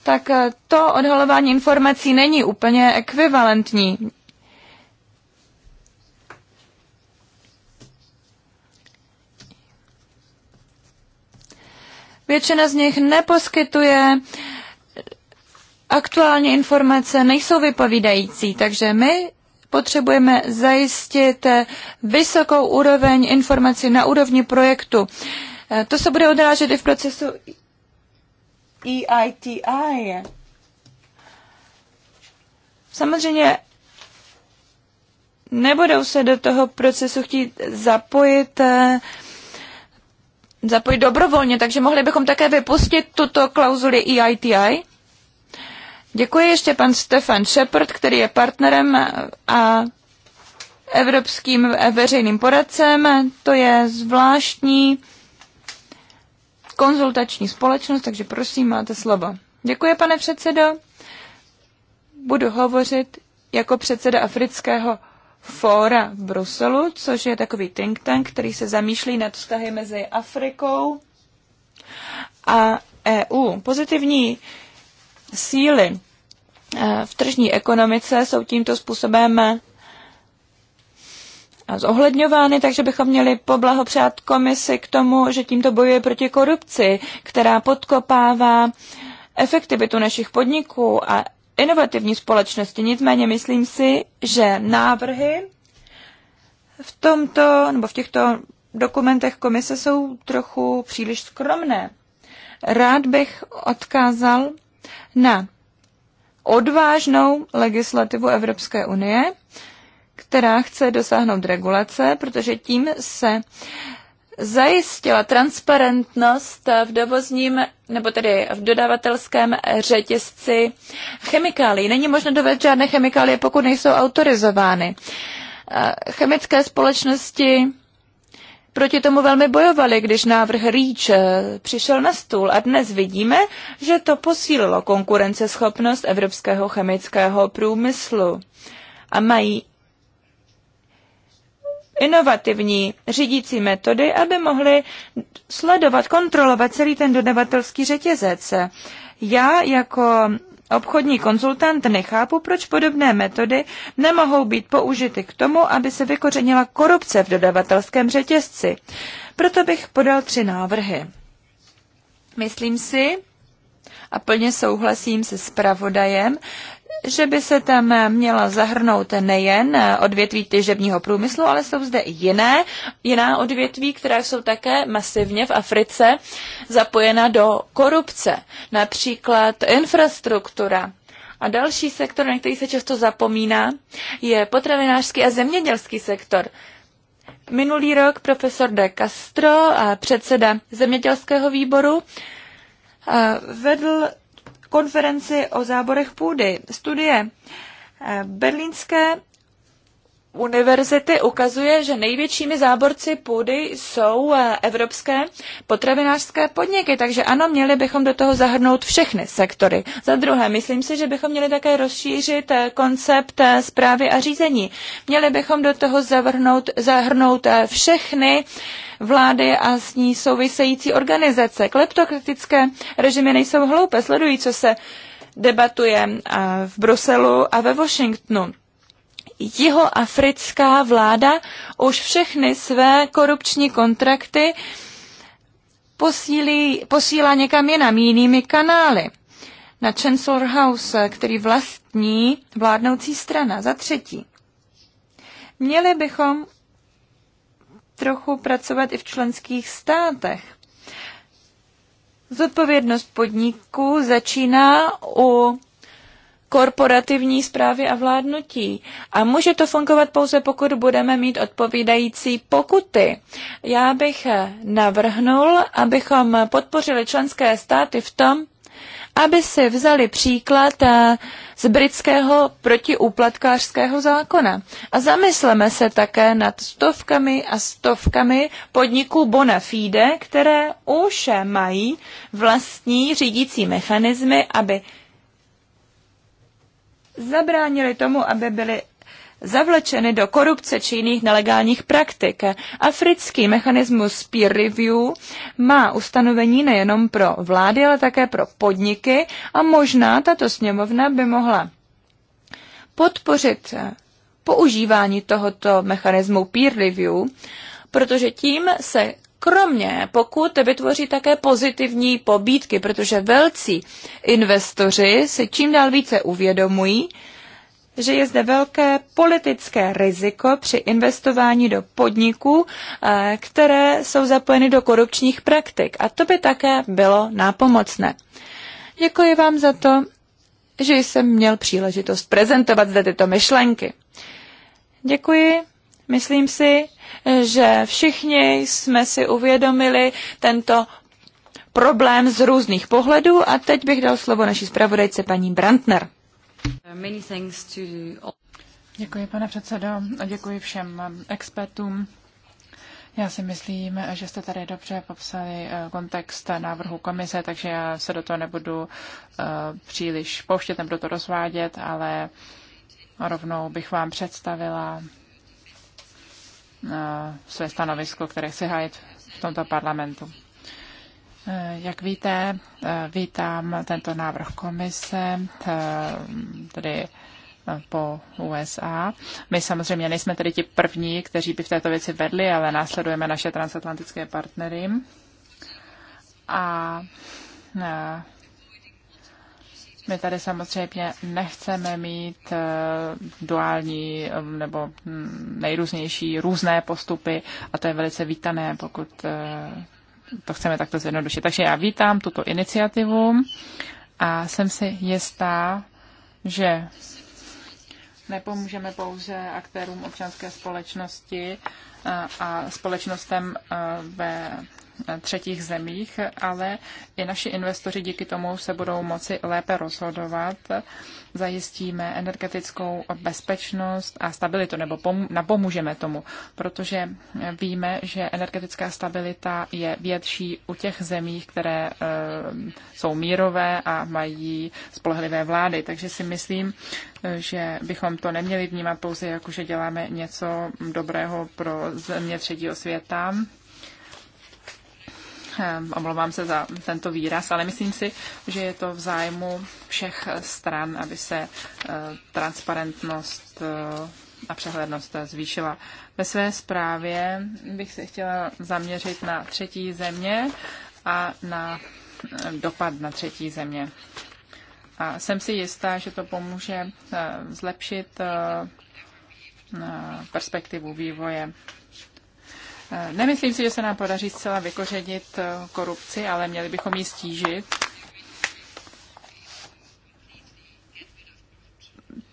tak to odhalování informací není úplně ekvivalentní. Většina z nich neposkytuje aktuální informace, nejsou vypovídající, takže my potřebujeme zajistit vysokou úroveň informací na úrovni projektu. Eh, to se bude odrážet i v procesu EITI. Samozřejmě nebudou se do toho procesu chtít zapojit eh, zapojit dobrovolně, takže mohli bychom také vypustit tuto klauzuli EITI. Děkuji ještě pan Stefan Shepard, který je partnerem a evropským veřejným poradcem. To je zvláštní konzultační společnost, takže prosím, máte slovo. Děkuji, pane předsedo. Budu hovořit jako předseda Afrického fóra v Bruselu, což je takový think tank, který se zamýšlí nad vztahy mezi Afrikou a EU. Pozitivní síly eh, v tržní ekonomice jsou tímto způsobem eh, zohledňovány, takže bychom měli poblahopřát komisi k tomu, že tímto bojuje proti korupci, která podkopává efektivitu našich podniků a inovativní společnosti. Nicméně myslím si, že návrhy v tomto nebo v těchto dokumentech komise jsou trochu příliš skromné. Rád bych odkázal na odvážnou legislativu Evropské unie, která chce dosáhnout regulace, protože tím se zajistila transparentnost v dovozním, nebo tedy v dodavatelském řetězci chemikálií. Není možno dovést žádné chemikálie, pokud nejsou autorizovány. Eh, chemické společnosti proti tomu velmi bojovali, když návrh REACH eh, přišel na stůl a dnes vidíme, že to posílilo konkurenceschopnost evropského chemického průmyslu a mají inovativní řídící metody, aby mohli sledovat, kontrolovat celý ten dodavatelský řetězec. Já jako Obchodní konzultant nechápu, proč podobné metody nemohou být použity k tomu, aby se vykořenila korupce v dodavatelském řetězci. Proto bych podal tři návrhy. Myslím si, a plně souhlasím se zpravodajem, že by se tam měla zahrnout nejen odvětví těžebního průmyslu, ale jsou zde i jiné, jiná odvětví, která jsou také masivně v Africe zapojena do korupce, například infrastruktura. A další sektor, na který se často zapomíná, je potravinářský a zemědělský sektor. Minulý rok profesor De Castro, a předseda zemědělského výboru, eh, vedl konferenci o záborech půdy. Studie eh, berlínské univerzity ukazuje, že největšími záborci půdy jsou eh, evropské potravinářské podniky, takže ano, měli bychom do toho zahrnout všechny sektory. Za druhé, myslím si, že bychom měli také rozšířit eh, koncept eh, zprávy a řízení. Měli bychom do toho zahrnout, zahrnout všechny vlády a s ní související organizace. Kleptokratické režimy nejsou hloupé, sledují, co se debatuje v Bruselu a ve Washingtonu jihoafrická vláda už všechny své korupční kontrakty posílí, posílá někam jinam, jinými kanály. Na Chancellor House, který vlastní vládnoucí strana. Za třetí, měli bychom trochu pracovat i v členských státech. Zodpovědnost podniků začíná u korporativní zprávy a vládnutí. A může to fungovat pouze, pokud budeme mít odpovídající pokuty. Já bych navrhnul, abychom podpořili členské státy v tom, aby si vzali příklad eh, z britského protiúplatkářského zákona. A zamysleme se také nad stovkami a stovkami podniků bona fide, které už mají vlastní řídící mechanismy, aby zabránili tomu, aby byly zavlečeny do korupce či jiných nelegálních praktik. Africký mechanismus peer review má ustanovení nejenom pro vlády, ale také pro podniky a možná tato sněmovna by mohla podpořit používání tohoto mechanismu peer review, protože tím se Kromě pokud vytvoří také pozitivní pobídky, protože velcí investoři si čím dál více uvědomují, že je zde velké politické riziko při investování do podniků, eh, které jsou zapojeny do korupčních praktik. A to by také bylo nápomocné. Děkuji vám za to, že jsem měl příležitost prezentovat zde tyto myšlenky. Děkuji. Myslím si, že všichni jsme si uvědomili tento problém z různých pohledů a teď bych dal slovo naší zpravodajce paní Brandner. Děkuji, pane předsedo, a děkuji všem expertům. Já si myslím, že jste tady dobře popsali eh, kontext návrhu komise, takže já se do toho nebudu eh, příliš pouštět, nebudu to rozvádět, ale rovnou bych vám představila své stanovisko, které chci hájit v tomto parlamentu. Eh, jak víte, eh, vítám tento návrh komise, eh, tedy po USA. My samozřejmě nejsme tedy ti první, kteří by v této věci vedli, ale následujeme naše transatlantické partnery. A my tady samozřejmě nechceme mít eh, duální eh, nebo hm, nejrůznější různé postupy a to je velice vítané, pokud eh, to chceme takto zjednodušit. Takže já vítám tuto iniciativu a jsem si jistá, že nepomůžeme pouze aktérům občanské společnosti a společnostem ve třetích zemích, ale i naši investoři díky tomu se budou moci lépe rozhodovat. Zajistíme energetickou bezpečnost a stabilitu, nebo pom- napomůžeme tomu, protože víme, že energetická stabilita je větší u těch zemí, které e, jsou mírové a mají spolehlivé vlády. Takže si myslím, že bychom to neměli vnímat pouze jako, že děláme něco dobrého pro země třetího světa, Ehm, omlouvám se za tento výraz, ale myslím si, že je to v zájmu všech stran, aby se eh, transparentnost eh, a přehlednost zvýšila. Ve své zprávě bych se chtěla zaměřit na třetí země a na eh, dopad na třetí země. A jsem si jistá, že to pomůže zlepšit perspektivu vývoje Nemyslím si, že se nám podaří zcela vykořenit eh, korupci, ale měli bychom ji stížit.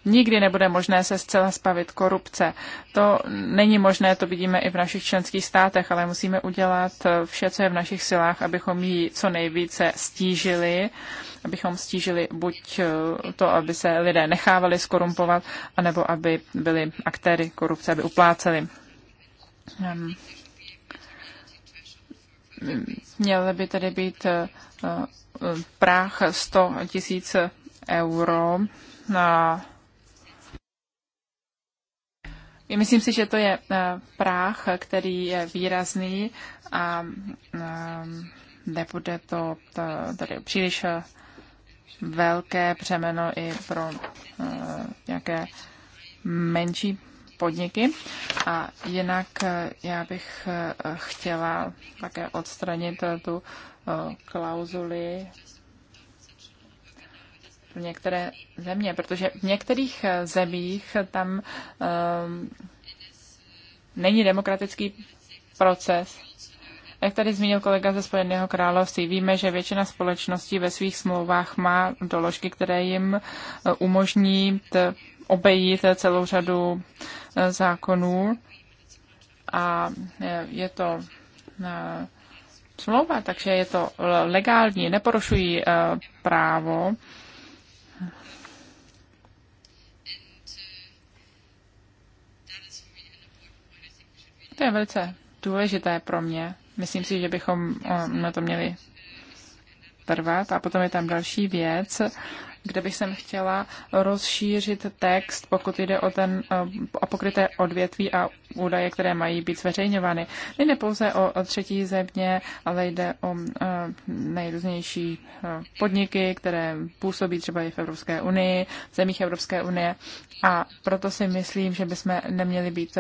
Nikdy nebude možné se zcela spavit korupce. To není možné, to vidíme i v našich členských státech, ale musíme udělat eh, vše, co je v našich silách, abychom ji co nejvíce stížili, abychom stížili buď eh, to, aby se lidé nechávali skorumpovat, anebo aby byli aktéry korupce, aby upláceli. Ehm, měl by tedy být eh, eh, práh 100 tisíc euro na Myslím si, že to je eh, práh, který je výrazný a nebude to tady příliš velké přemeno i pro nějaké menší podniky. A jinak eh, já bych eh, chtěla také odstranit eh, tu klauzuli v některé země, protože v některých zemích tam um, není demokratický proces. Jak tady zmínil kolega ze Spojeného království, víme, že většina společností ve svých smlouvách má doložky, které jim umožní obejít celou řadu eh, zákonů a eh, je to eh, smlouva, takže je to legální, neporušují právo. To je velice důležité pro mě. Myslím si, že bychom na to měli trvat. A potom je tam další věc, kde bych jsem chtěla rozšířit text, pokud jde o ten eh, o pokryté odvětví a údaje, které mají být zveřejňovány. Nejde pouze o třetí země, ale jde o eh, nejrůznější eh, podniky, které působí třeba i v Evropské unii, v zemích Evropské unie. A proto si myslím, že bychom neměli být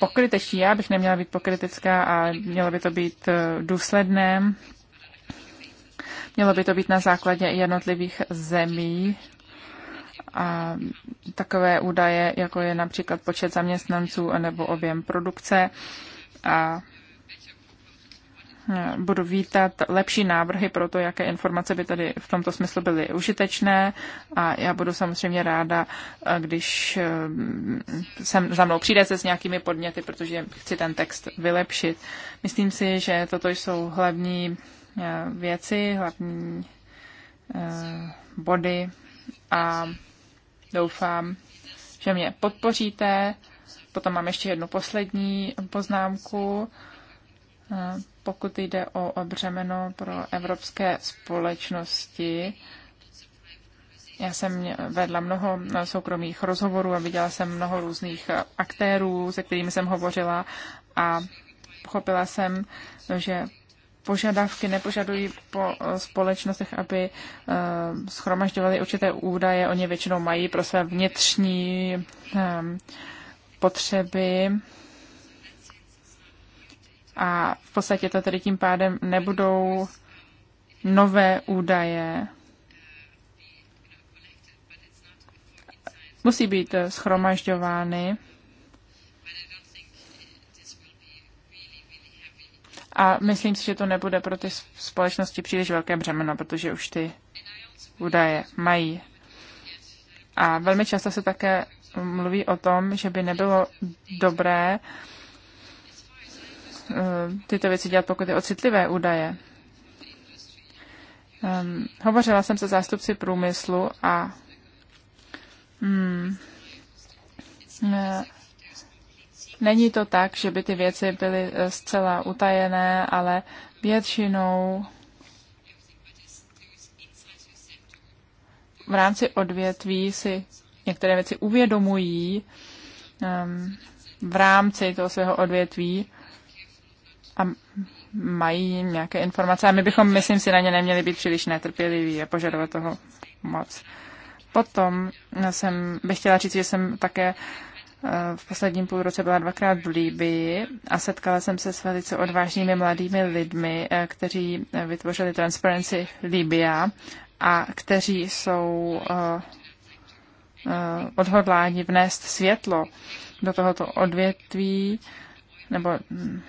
pokrytečtí. Já bych neměla být pokrytecká a mělo by to být důsledné Mělo by to být na základě jednotlivých zemí. A takové údaje, jako je například počet zaměstnanců nebo objem produkce. A e, budu vítat lepší návrhy pro to, jaké informace by tady v tomto smyslu byly užitečné a já budu samozřejmě ráda, e, když e, sem za mnou se s nějakými podněty, protože chci ten text vylepšit. Myslím si, že toto jsou hlavní Eh, věci, hlavní eh, body a doufám, že mě podpoříte. Potom mám ještě jednu poslední poznámku. Eh, pokud jde o obřemeno pro evropské společnosti, já jsem vedla mnoho soukromých rozhovorů a viděla jsem mnoho různých aktérů, se kterými jsem hovořila a pochopila jsem, že požadavky nepožadují po eh, společnostech, aby eh, schromažďovali určité údaje. Oni většinou mají pro své vnitřní ehm, potřeby. A v podstatě to tedy tím pádem nebudou nové údaje. Musí být eh, schromažďovány A myslím si, že to nebude pro ty společnosti příliš velké břemeno, protože už ty údaje mají. A velmi často se také mluví o tom, že by nebylo dobré eh, tyto věci dělat, pokud je o citlivé údaje. Um, hovořila jsem se zástupci průmyslu a hmm, eh, Není to tak, že by ty věci byly eh, zcela utajené, ale většinou v rámci odvětví si některé věci uvědomují um, v rámci toho svého odvětví a mají nějaké informace a my bychom, myslím si, na ně neměli být příliš netrpěliví a požadovat toho moc. Potom jsem bych chtěla říct, že jsem také Eh, v posledním půl roce byla dvakrát v Líbii a setkala jsem se s velice odvážnými mladými lidmi, eh, kteří eh, vytvořili Transparency Libya a kteří jsou odhodláni vnést světlo do tohoto odvětví. Nebo, mm,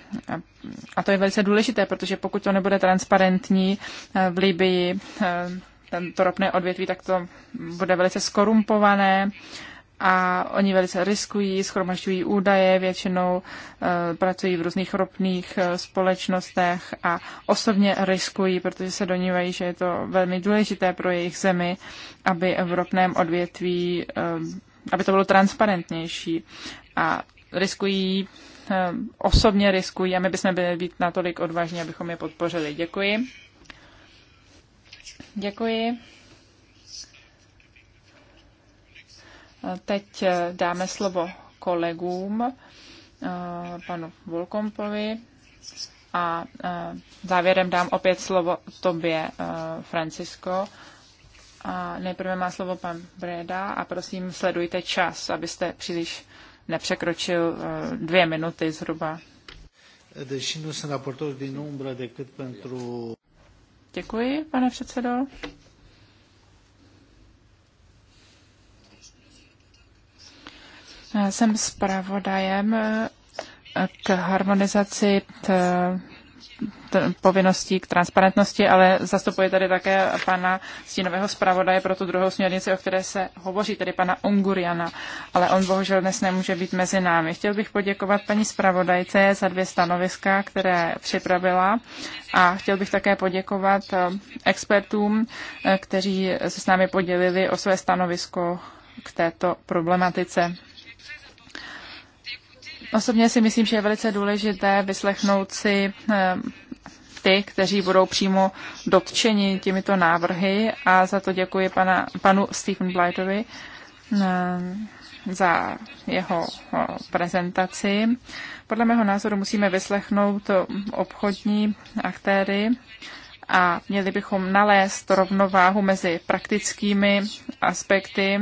a to je velice důležité, protože pokud to nebude transparentní v Libii, to ropné odvětví, tak to bude velice skorumpované a oni velice riskují, schromažďují údaje, většinou e, pracují v různých ropných e, společnostech a osobně riskují, protože se donívají, že je to velmi důležité pro jejich zemi, aby v ropném odvětví, e, aby to bylo transparentnější a riskují osobně riskují a my bychom byli být natolik odvážní, abychom je podpořili. Děkuji. Děkuji. Teď eh, dáme slovo kolegům, eh, panu Volkompovi a eh, závěrem dám opět slovo tobě, Francisco. A nejprve má slovo pan Breda a prosím sledujte čas, abyste příliš nepřekročil dvě minuty zhruba. Děkuji, pane předsedo. jsem zpravodajem eh, k harmonizaci t, t, povinností k transparentnosti, ale zastupuji tady také pana stínového zpravodaje pro tu druhou směrnici, o které se hovoří, tedy pana Unguriana, ale on bohužel dnes nemůže být mezi námi. Chtěl bych poděkovat paní zpravodajce za dvě stanoviska, které připravila a chtěl bych také poděkovat eh, expertům, eh, kteří se s námi podělili o své stanovisko k této problematice. Osobně si myslím, že je velice důležité vyslechnout si eh, ty, kteří budou přímo dotčeni těmito návrhy a za to děkuji pana, panu Stephen Blightovi eh, za jeho eh, prezentaci. Podle mého názoru musíme vyslechnout obchodní aktéry a měli bychom nalézt rovnováhu mezi praktickými aspekty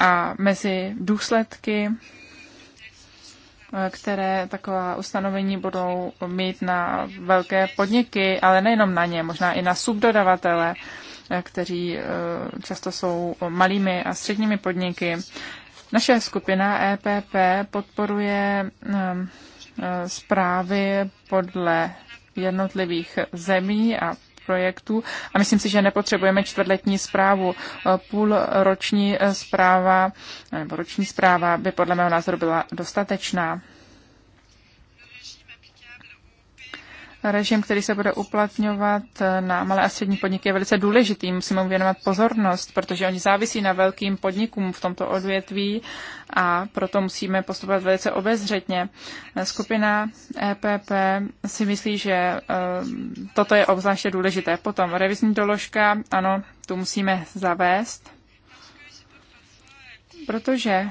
a mezi důsledky které taková ustanovení budou mít na velké podniky, ale nejenom na ně, možná i na subdodavatele, eh, kteří eh, často jsou malými a středními podniky. Naše skupina EPP podporuje eh, zprávy podle jednotlivých zemí a projektů a myslím si, že nepotřebujeme čtvrtletní zprávu. Eh, Půlroční eh, zpráva nebo roční zpráva by podle mého názoru byla dostatečná. režim, který se bude uplatňovat eh, na malé a střední podniky, je velice důležitý. Musíme mu věnovat pozornost, protože oni závisí na velkým podnikům v tomto odvětví a proto musíme postupovat velice obezřetně. Eh, skupina EPP si myslí, že eh, toto je obzvláště důležité. Potom revizní doložka, ano, tu musíme zavést, protože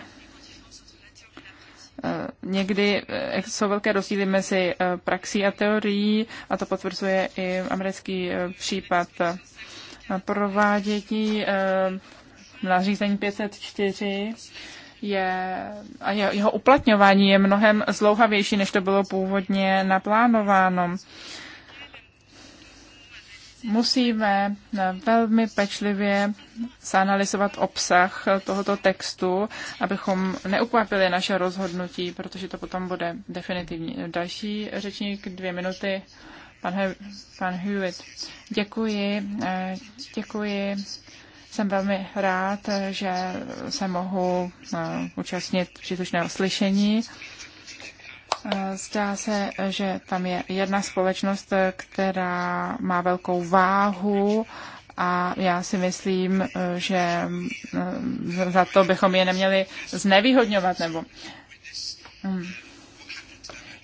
Eh, někdy eh, jsou velké rozdíly mezi eh, praxí a teorií a to potvrzuje i americký případ provádění nařízení 504 je, a jeho uplatňování je mnohem zlouhavější, než to bylo původně naplánováno musíme eh, velmi pečlivě zanalizovat obsah eh, tohoto textu, abychom neukvapili naše rozhodnutí, protože to potom bude definitivní. Další řečník, dvě minuty, pan, He- pan Hewitt. Děkuji, eh, děkuji. Jsem velmi rád, že se mohu účastnit příslušného slyšení. Eh, zdá se, že tam je jedna společnost, eh, která má velkou váhu a já si myslím, eh, že za to bychom je neměli znevýhodňovat. Nebo... Hm.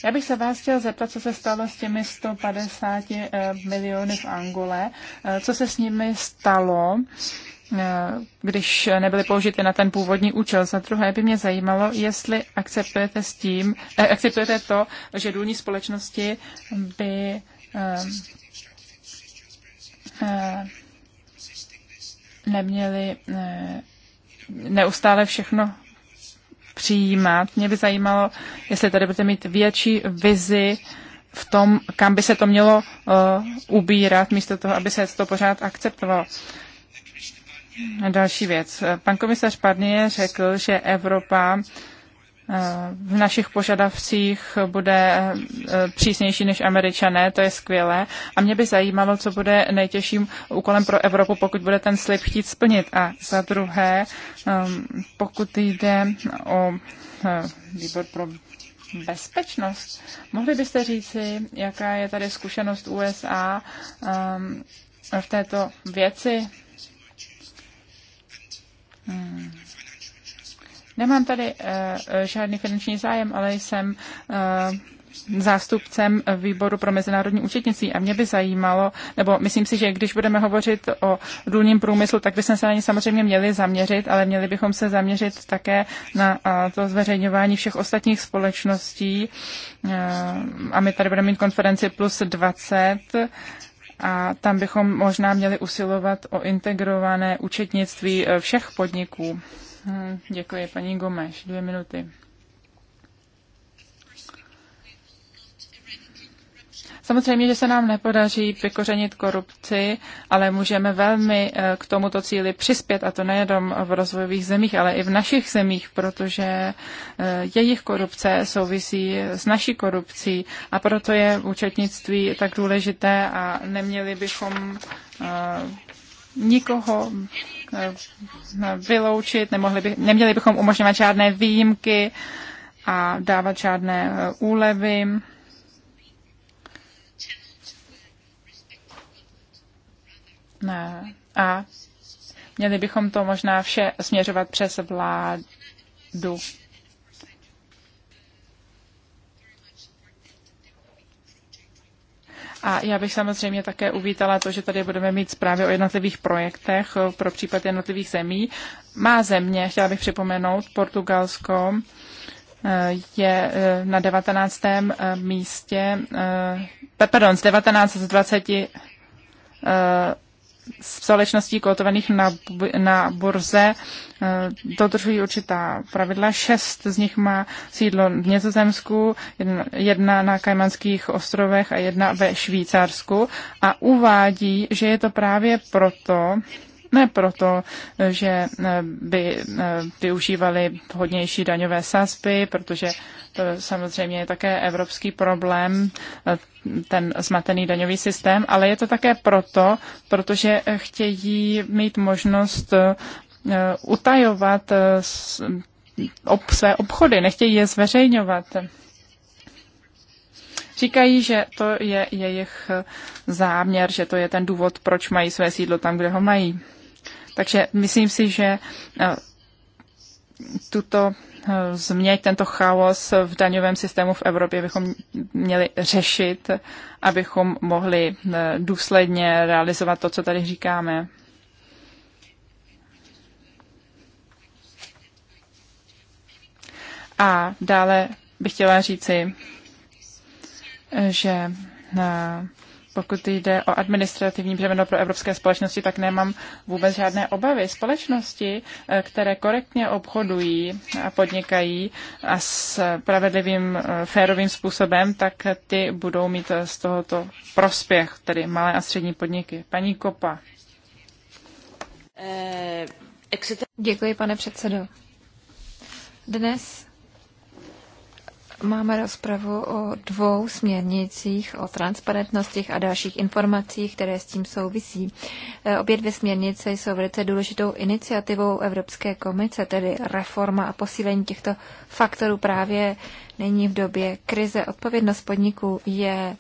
Já bych se vás chtěl zeptat, co se stalo s těmi 150 miliony v Angole, co se s nimi stalo Eh, když nebyly použity na ten původní účel. Za druhé by mě zajímalo, jestli akceptujete, s tím, eh, akceptujete to, že důlní společnosti by eh, eh, neměly eh, neustále všechno přijímat. Mě by zajímalo, jestli tady budete mít větší vizi v tom, kam by se to mělo uh, ubírat, místo toho, aby se to pořád akceptovalo. Uh, Další věc. Pan komisař Parnie řekl, že Evropa eh, v našich požadavcích bude eh, přísnější než američané, to je skvělé. A mě by zajímalo, co bude nejtěžším úkolem pro Evropu, pokud bude ten slib chtít splnit. A za druhé, ehm, pokud jde o eh, výbor pro bezpečnost, mohli byste říci, jaká je tady zkušenost USA ehm, v této věci? Hmm. Nemám tady uh, žádný finanční zájem, ale jsem uh, zástupcem výboru pro mezinárodní účetnictví a mě by zajímalo, nebo myslím si, že když budeme hovořit o důlním průmyslu, tak bychom se na ně samozřejmě měli zaměřit, ale měli bychom se zaměřit také na eh, to zveřejňování všech ostatních společností a my tady budeme mít konferenci plus 20 a tam bychom možná měli usilovat o integrované účetnictví eh, všech podniků. Hm, děkuji, paní Gomeš, dvě minuty. Samozřejmě, že se nám nepodaří vykořenit korupci, ale můžeme velmi eh, k tomuto cíli přispět, a to nejenom v rozvojových zemích, ale i v našich zemích, protože eh, jejich korupce souvisí s naší korupcí a proto je účetnictví tak důležité a neměli bychom eh, nikoho vyloučit, nemohli by, neměli bychom umožňovat žádné výjimky a dávat žádné úlevy. a měli bychom to možná vše směřovat přes vládu. A já bych samozřejmě také uvítala to, že tady budeme mít zprávy o jednotlivých projektech pro případ jednotlivých zemí. Má země, chtěla bych připomenout, Portugalsko eh, je eh, na 19. Eh, místě, pardon, z 19 z 20 společností kotovaných na, na burze eh, dodržují určitá pravidla. Šest z nich má sídlo v Nězozemsku, jedna na Kajmanských ostrovech a jedna ve Švýcarsku. A uvádí, že je to právě proto, ne proto, že eh, by eh, využívali hodnější daňové sazby, protože to samozřejmě je také evropský problém, eh, ten zmatený daňový systém, ale je to také proto, protože chtějí mít možnost utajovat své obchody, nechtějí je zveřejňovat. Říkají, že to je jejich záměr, že to je ten důvod, proč mají své sídlo tam, kde ho mají. Takže myslím si, že eh, tuto eh, změť, tento chaos v daňovém systému v Evropě bychom měli řešit, abychom mohli eh, důsledně realizovat to, co tady říkáme. A dále bych chtěla říci, že pokud jde o administrativní břemeno pro evropské společnosti, tak nemám vůbec žádné obavy. Společnosti, eh, které korektně obchodují a podnikají a s pravedlivým, eh, férovým způsobem, tak ty budou mít eh, z tohoto prospěch, tedy malé a střední podniky. Paní Kopa. Děkuji, pane předsedo. Dnes Máme rozpravu o dvou směrnicích, o transparentnostech a dalších informacích, které s tím souvisí. E, obě dvě směrnice jsou velice důležitou iniciativou Evropské komise, tedy reforma a posílení těchto faktorů právě není v době krize. Odpovědnost podniků je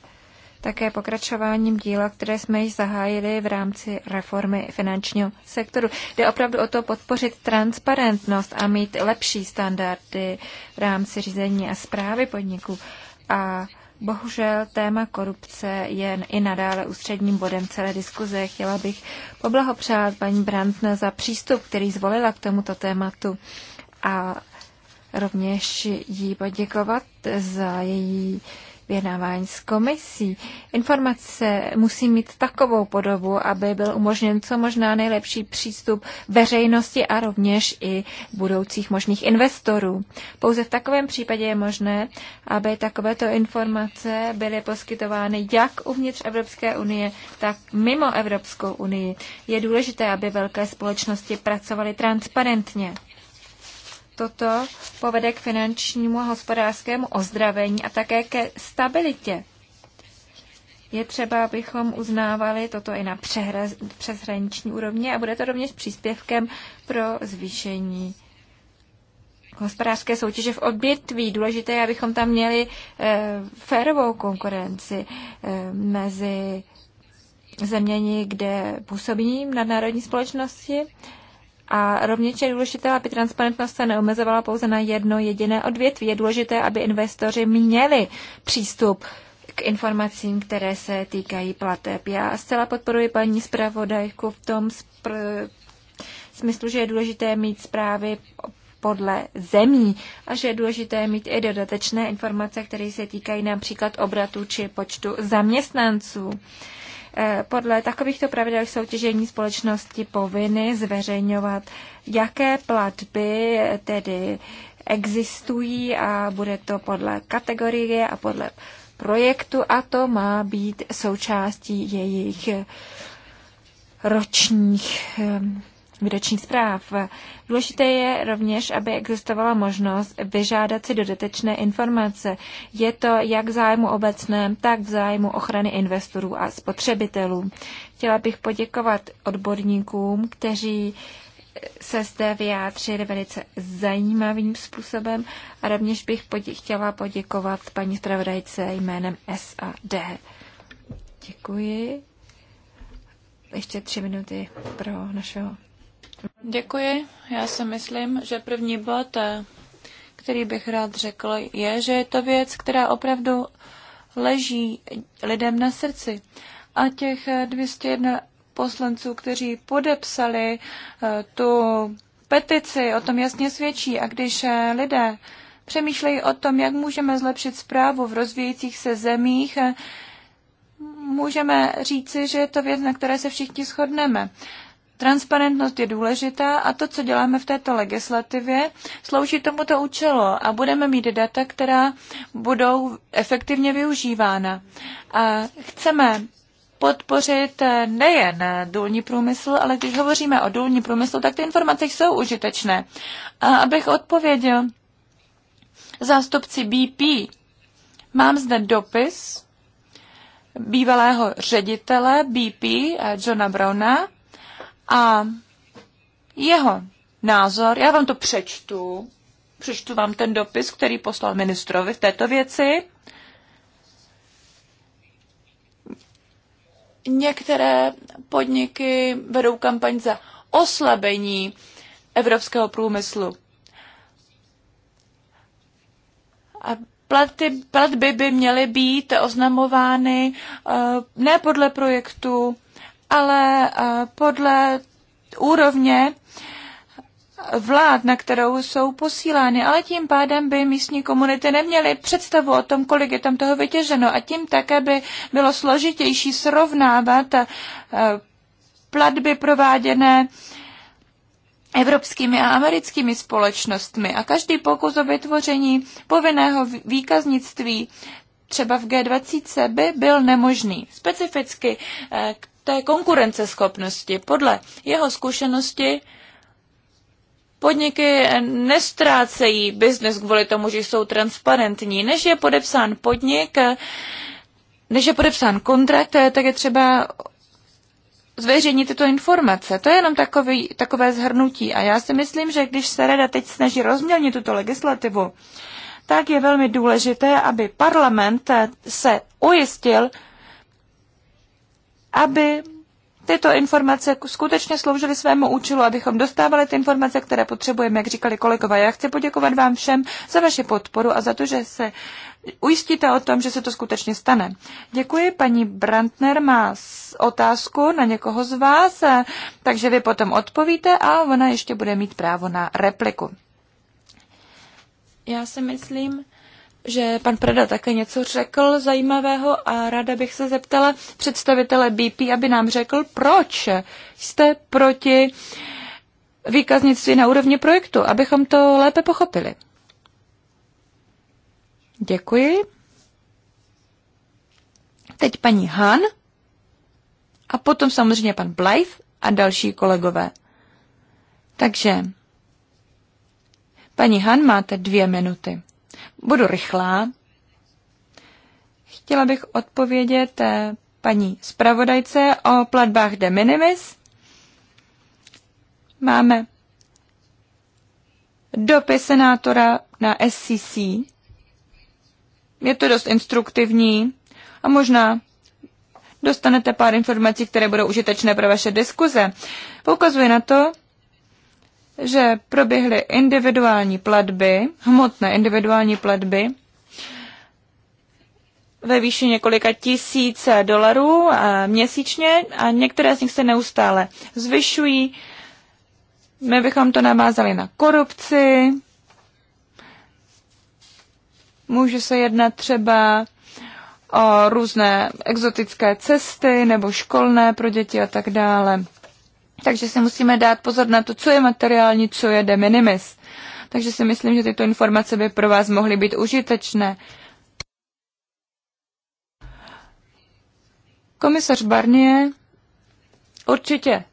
také pokračováním díla, které jsme již zahájili v rámci reformy finančního sektoru. Jde opravdu o to podpořit transparentnost a mít lepší standardy v rámci řízení a zprávy podniků. A Bohužel téma korupce je i nadále ústředním bodem celé diskuze. Chtěla bych poblahopřát paní Brandne za přístup, který zvolila k tomuto tématu a rovněž jí poděkovat za její vyjednávání s komisí. Informace musí mít takovou podobu, aby byl umožněn co možná nejlepší přístup veřejnosti a rovněž i budoucích možných investorů. Pouze v takovém případě je možné, aby takovéto informace byly poskytovány jak uvnitř Evropské unie, tak mimo Evropskou unii. Je důležité, aby velké společnosti pracovaly transparentně. Toto povede k finančnímu a hospodářskému ozdravení a také ke stabilitě. Je třeba, abychom uznávali toto i na přeshraniční úrovni a bude to rovněž příspěvkem pro zvýšení hospodářské soutěže v odbětví. Důležité je, abychom tam měli e, férovou konkurenci e, mezi zeměni, kde působí nadnárodní společnosti a rovněž je důležité, aby transparentnost se neomezovala pouze na jedno jediné odvětví. Je důležité, aby investoři měli přístup k informacím, které se týkají plateb. Já zcela podporuji paní zpravodajku v tom spr- smyslu, že je důležité mít zprávy podle zemí a že je důležité mít i dodatečné informace, které se týkají například obratu či počtu zaměstnanců. Eh, podle takovýchto pravidel jsou těžení společnosti povinny zveřejňovat, jaké platby tedy existují a bude to podle kategorie a podle projektu a to má být součástí jejich ročních eh, výročních zpráv. Důležité je rovněž, aby existovala možnost vyžádat si dodatečné informace. Je to jak v zájmu obecném, tak v zájmu ochrany investorů a spotřebitelů. Chtěla bych poděkovat odborníkům, kteří se zde vyjádřili velice zajímavým způsobem a rovněž bych podě- chtěla poděkovat paní zpravodajce jménem SAD. Děkuji. Ještě tři minuty pro našeho Děkuji. Já si myslím, že první bod, eh, který bych rád řekl, je, že je to věc, která opravdu leží lidem na srdci. A těch 201 eh, poslanců, kteří podepsali eh, tu petici, o tom jasně svědčí. A když lidé přemýšlejí o tom, jak můžeme zlepšit zprávu v rozvíjejících se zemích, můžeme říci, že je to věc, na které se všichni shodneme. Transparentnost je důležitá a to, co děláme v této legislativě, slouží tomuto účelu a budeme mít data, která budou efektivně využívána. A chceme podpořit eh, nejen eh, důlní průmysl, ale když hovoříme o důlní průmyslu, tak ty informace jsou užitečné. A abych odpověděl zástupci BP, mám zde dopis bývalého ředitele BP eh, Johna Browna, a jeho názor, já vám to přečtu, přečtu vám ten dopis, který poslal ministrovi v této věci. Některé podniky vedou kampaň za oslabení evropského průmyslu. A platy, platby by měly být oznamovány eh, ne podle projektu, ale eh, podle úrovně vlád, na kterou jsou posílány, ale tím pádem by místní komunity neměly představu o tom, kolik je tam toho vytěženo a tím také by bylo složitější srovnávat eh, platby prováděné evropskými a americkými společnostmi a každý pokus o vytvoření povinného výkaznictví třeba v G20 by byl nemožný. Specificky k eh, té konkurenceschopnosti. Podle jeho zkušenosti podniky nestrácejí biznes kvůli tomu, že jsou transparentní. Než je podepsán podnik, než je podepsán kontrakt, tak je třeba zveřejnit tyto informace. To je jenom takový, takové zhrnutí. A já si myslím, že když se Rada teď snaží rozmělnit tuto legislativu, tak je velmi důležité, aby parlament se ujistil, aby tyto informace skutečně sloužily svému účelu, abychom dostávali ty informace, které potřebujeme, jak říkali kolegové. Já chci poděkovat vám všem za vaši podporu a za to, že se ujistíte o tom, že se to skutečně stane. Děkuji, paní Brandner má otázku na někoho z vás, eh, takže vy potom odpovíte a ona ještě bude mít právo na repliku. Já si myslím, že pan Preda také něco řekl zajímavého a ráda bych se zeptala představitele BP, aby nám řekl, proč jste proti výkaznictví na úrovni projektu, abychom to lépe pochopili. Děkuji. Teď paní Han a potom samozřejmě pan Blythe a další kolegové. Takže paní Han máte dvě minuty. Budu rychlá. Chtěla bych odpovědět eh, paní zpravodajce o platbách de minimis. Máme dopis senátora na SCC. Je to dost instruktivní a možná dostanete pár informací, které budou užitečné pro vaše diskuze. Poukazuje na to, že proběhly individuální platby, hmotné individuální platby ve výši několika tisíce dolarů eh, měsíčně a některé z nich se neustále zvyšují. My bychom to namázali na korupci. Může se jednat třeba o různé exotické cesty nebo školné pro děti a tak dále. Takže si musíme dát pozor na to, co je materiální, co je de minimis. Takže si myslím, že tyto informace by pro vás mohly být užitečné. Komisař Barnier určitě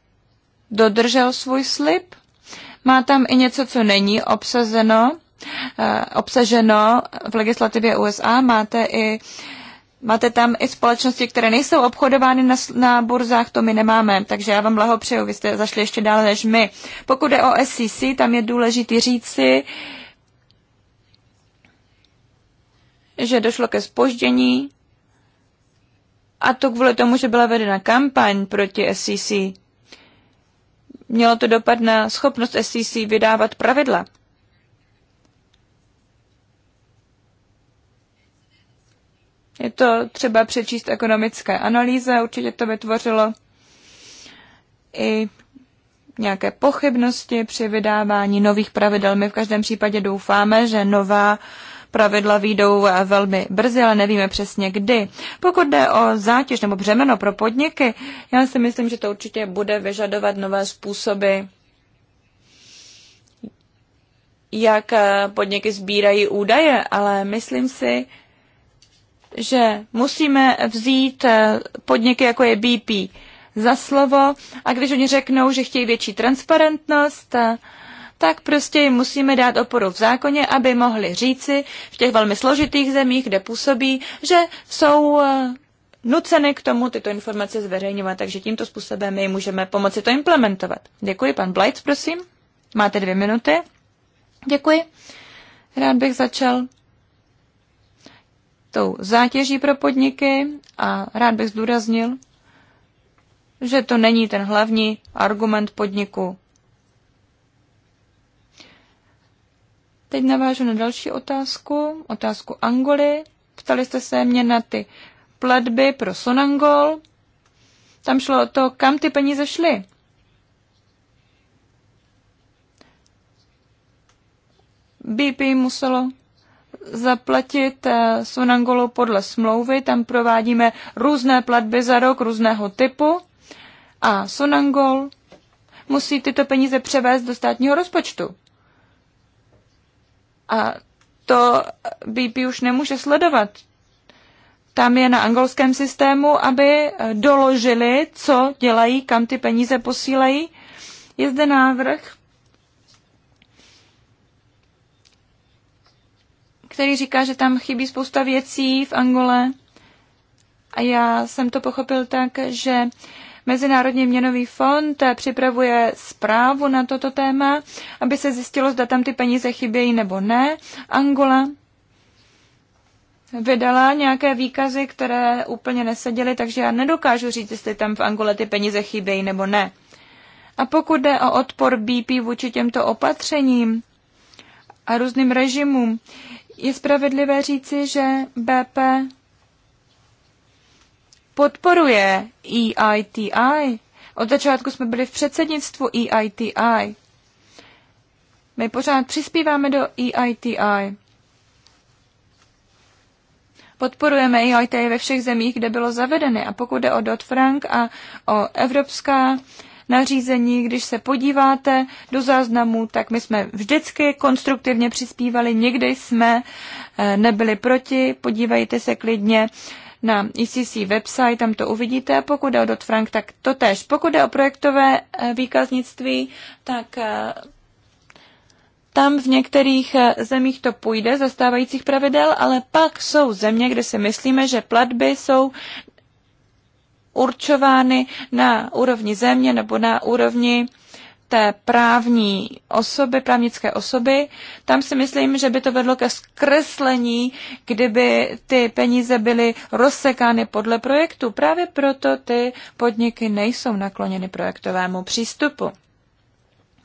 dodržel svůj slib. Má tam i něco, co není obsazeno, eh, obsaženo v legislativě USA. Máte i Máte tam i společnosti, které nejsou obchodovány na, na burzách, to my nemáme, takže já vám blahopřeju, vy jste zašli ještě dále než my. Pokud je o SEC, tam je důležitý říci, že došlo ke spoždění a to kvůli tomu, že byla vedena kampaň proti SEC. Mělo to dopad na schopnost SEC vydávat pravidla. Je to třeba přečíst ekonomické analýze, určitě to vytvořilo i nějaké pochybnosti při vydávání nových pravidel. My v každém případě doufáme, že nová pravidla výjdou velmi brzy, ale nevíme přesně kdy. Pokud jde o zátěž nebo břemeno pro podniky, já si myslím, že to určitě bude vyžadovat nové způsoby jak podniky sbírají údaje, ale myslím si, že musíme vzít eh, podniky, jako je BP, za slovo a když oni řeknou, že chtějí větší transparentnost, eh, tak prostě jim musíme dát oporu v zákoně, aby mohli říci v těch velmi složitých zemích, kde působí, že jsou eh, nuceny k tomu tyto informace zveřejňovat, takže tímto způsobem my můžeme pomoci to implementovat. Děkuji, pan Blights, prosím. Máte dvě minuty. Děkuji. Rád bych začal tou zátěží pro podniky a rád bych zdůraznil, že to není ten hlavní argument podniku. Teď navážu na další otázku, otázku Angoly. Ptali jste se mě na ty platby pro Sonangol. Tam šlo o to, kam ty peníze šly. BP muselo zaplatit eh, Sunangolou podle smlouvy. Tam provádíme různé platby za rok různého typu a Sunangol musí tyto peníze převést do státního rozpočtu. A to BP už nemůže sledovat. Tam je na angolském systému, aby eh, doložili, co dělají, kam ty peníze posílají. Je zde návrh který říká, že tam chybí spousta věcí v Angole. A já jsem to pochopil tak, že Mezinárodní měnový fond připravuje zprávu na toto téma, aby se zjistilo, zda tam ty peníze chybějí nebo ne. Angola vydala nějaké výkazy, které úplně neseděly, takže já nedokážu říct, jestli tam v Angole ty peníze chybějí nebo ne. A pokud jde o odpor BP vůči těmto opatřením a různým režimům, je spravedlivé říci, že BP podporuje EITI. Od začátku jsme byli v předsednictvu EITI. My pořád přispíváme do EITI. Podporujeme EITI ve všech zemích, kde bylo zavedeny. A pokud jde o Dodd-Frank a o evropská nařízení. Když se podíváte do záznamu, tak my jsme vždycky konstruktivně přispívali, nikdy jsme eh, nebyli proti. Podívejte se klidně na ECC website, tam to uvidíte. Pokud jde o Dot frank tak to tež. Pokud jde o projektové eh, výkaznictví, tak eh, tam v některých zemích to půjde zastávajících pravidel, ale pak jsou země, kde si myslíme, že platby jsou určovány na úrovni země nebo na úrovni té právní osoby, právnické osoby, tam si myslím, že by to vedlo ke zkreslení, kdyby ty peníze byly rozsekány podle projektu. Právě proto ty podniky nejsou nakloněny projektovému přístupu.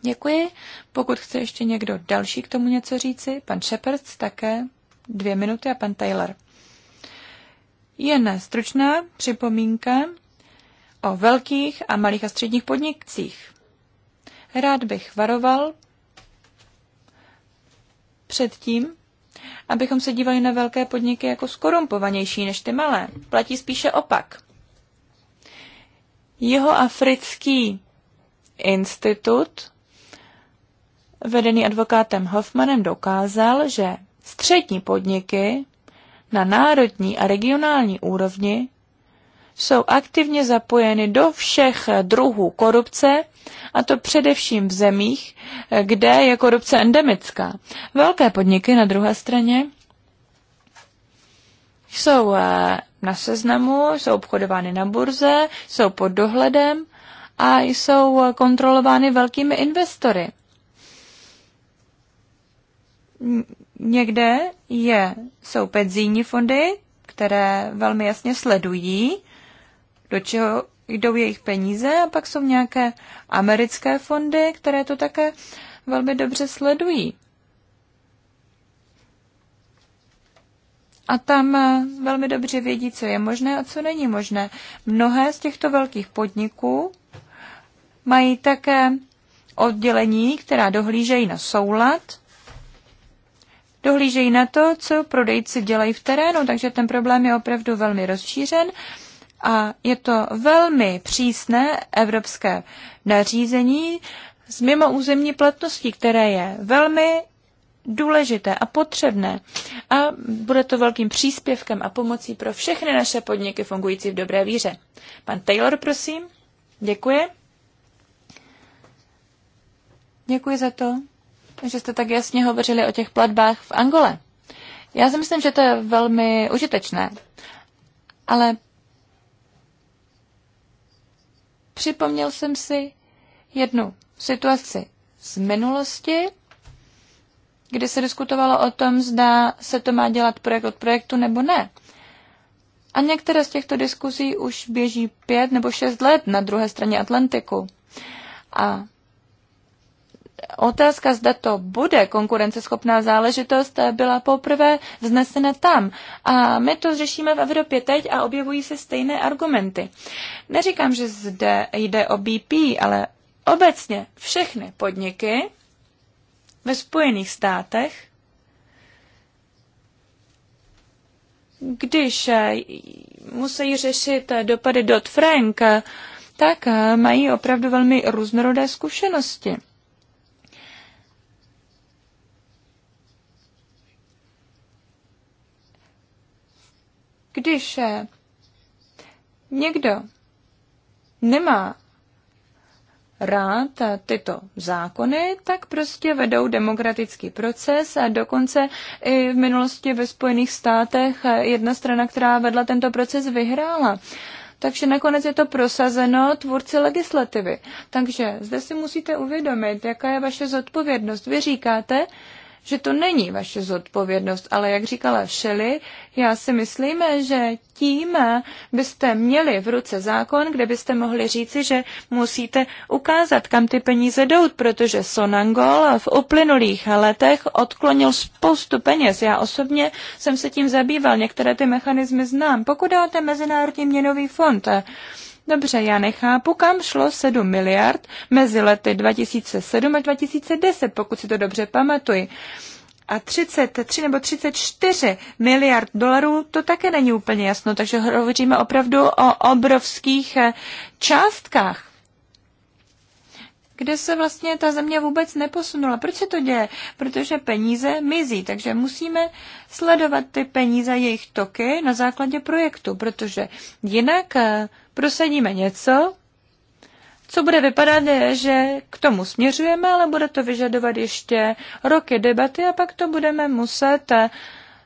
Děkuji. Pokud chce ještě někdo další k tomu něco říci, pan Shepard také dvě minuty a pan Taylor. Jen stručná připomínka o velkých a malých a středních podnikcích. Rád bych varoval před tím, abychom se dívali na velké podniky jako skorumpovanější než ty malé. Platí spíše opak. Jeho africký institut, vedený advokátem Hoffmanem, dokázal, že střední podniky na národní a regionální úrovni jsou aktivně zapojeny do všech druhů korupce, a to především v zemích, kde je korupce endemická. Velké podniky na druhé straně jsou eh, na seznamu, jsou obchodovány na burze, jsou pod dohledem a jsou eh, kontrolovány velkými investory. Někde je, jsou penzijní fondy, které velmi jasně sledují do čeho jdou jejich peníze a pak jsou nějaké americké fondy, které to také velmi dobře sledují. A tam eh, velmi dobře vědí, co je možné a co není možné. Mnohé z těchto velkých podniků mají také oddělení, která dohlížejí na soulad, dohlížejí na to, co prodejci dělají v terénu, takže ten problém je opravdu velmi rozšířen a je to velmi přísné evropské nařízení s mimoúzemní platností, které je velmi důležité a potřebné a bude to velkým příspěvkem a pomocí pro všechny naše podniky fungující v dobré víře. Pan Taylor, prosím. Děkuji. Děkuji za to, že jste tak jasně hovořili o těch platbách v Angole. Já si myslím, že to je velmi užitečné, ale Připomněl jsem si jednu situaci z minulosti, kdy se diskutovalo o tom, zda se to má dělat projekt od projektu nebo ne. A některé z těchto diskuzí už běží pět nebo šest let na druhé straně Atlantiku. A otázka, zda to bude konkurenceschopná záležitost, eh, byla poprvé vznesena tam. A my to řešíme v Evropě teď a objevují se stejné argumenty. Neříkám, že zde jde o BP, ale obecně všechny podniky ve Spojených státech, když eh, musí řešit eh, dopady Dodd-Frank, tak mají opravdu velmi různorodé zkušenosti. Když eh, někdo nemá rád eh, tyto zákony, tak prostě vedou demokratický proces a dokonce i v minulosti ve Spojených státech eh, jedna strana, která vedla tento proces, vyhrála. Takže nakonec je to prosazeno tvůrci legislativy. Takže zde si musíte uvědomit, jaká je vaše zodpovědnost. Vy říkáte, že to není vaše zodpovědnost, ale jak říkala Shelley, já si myslím, že tím byste měli v ruce zákon, kde byste mohli říci, že musíte ukázat, kam ty peníze jdou, protože Sonangol v uplynulých letech odklonil spoustu peněz. Já osobně jsem se tím zabýval, některé ty mechanizmy znám. Pokud jde o ten Mezinárodní měnový fond, Dobře, já nechápu, kam šlo 7 miliard mezi lety 2007 a 2010, pokud si to dobře pamatuji. A 33 nebo 34 miliard dolarů, to také není úplně jasno, takže hovoříme opravdu o obrovských eh, částkách kde se vlastně ta země vůbec neposunula. Proč se to děje? Protože peníze mizí, takže musíme sledovat ty peníze, jejich toky na základě projektu, protože jinak eh, prosadíme něco, co bude vypadat, je, eh, že k tomu směřujeme, ale bude to vyžadovat ještě roky debaty a pak to budeme muset eh,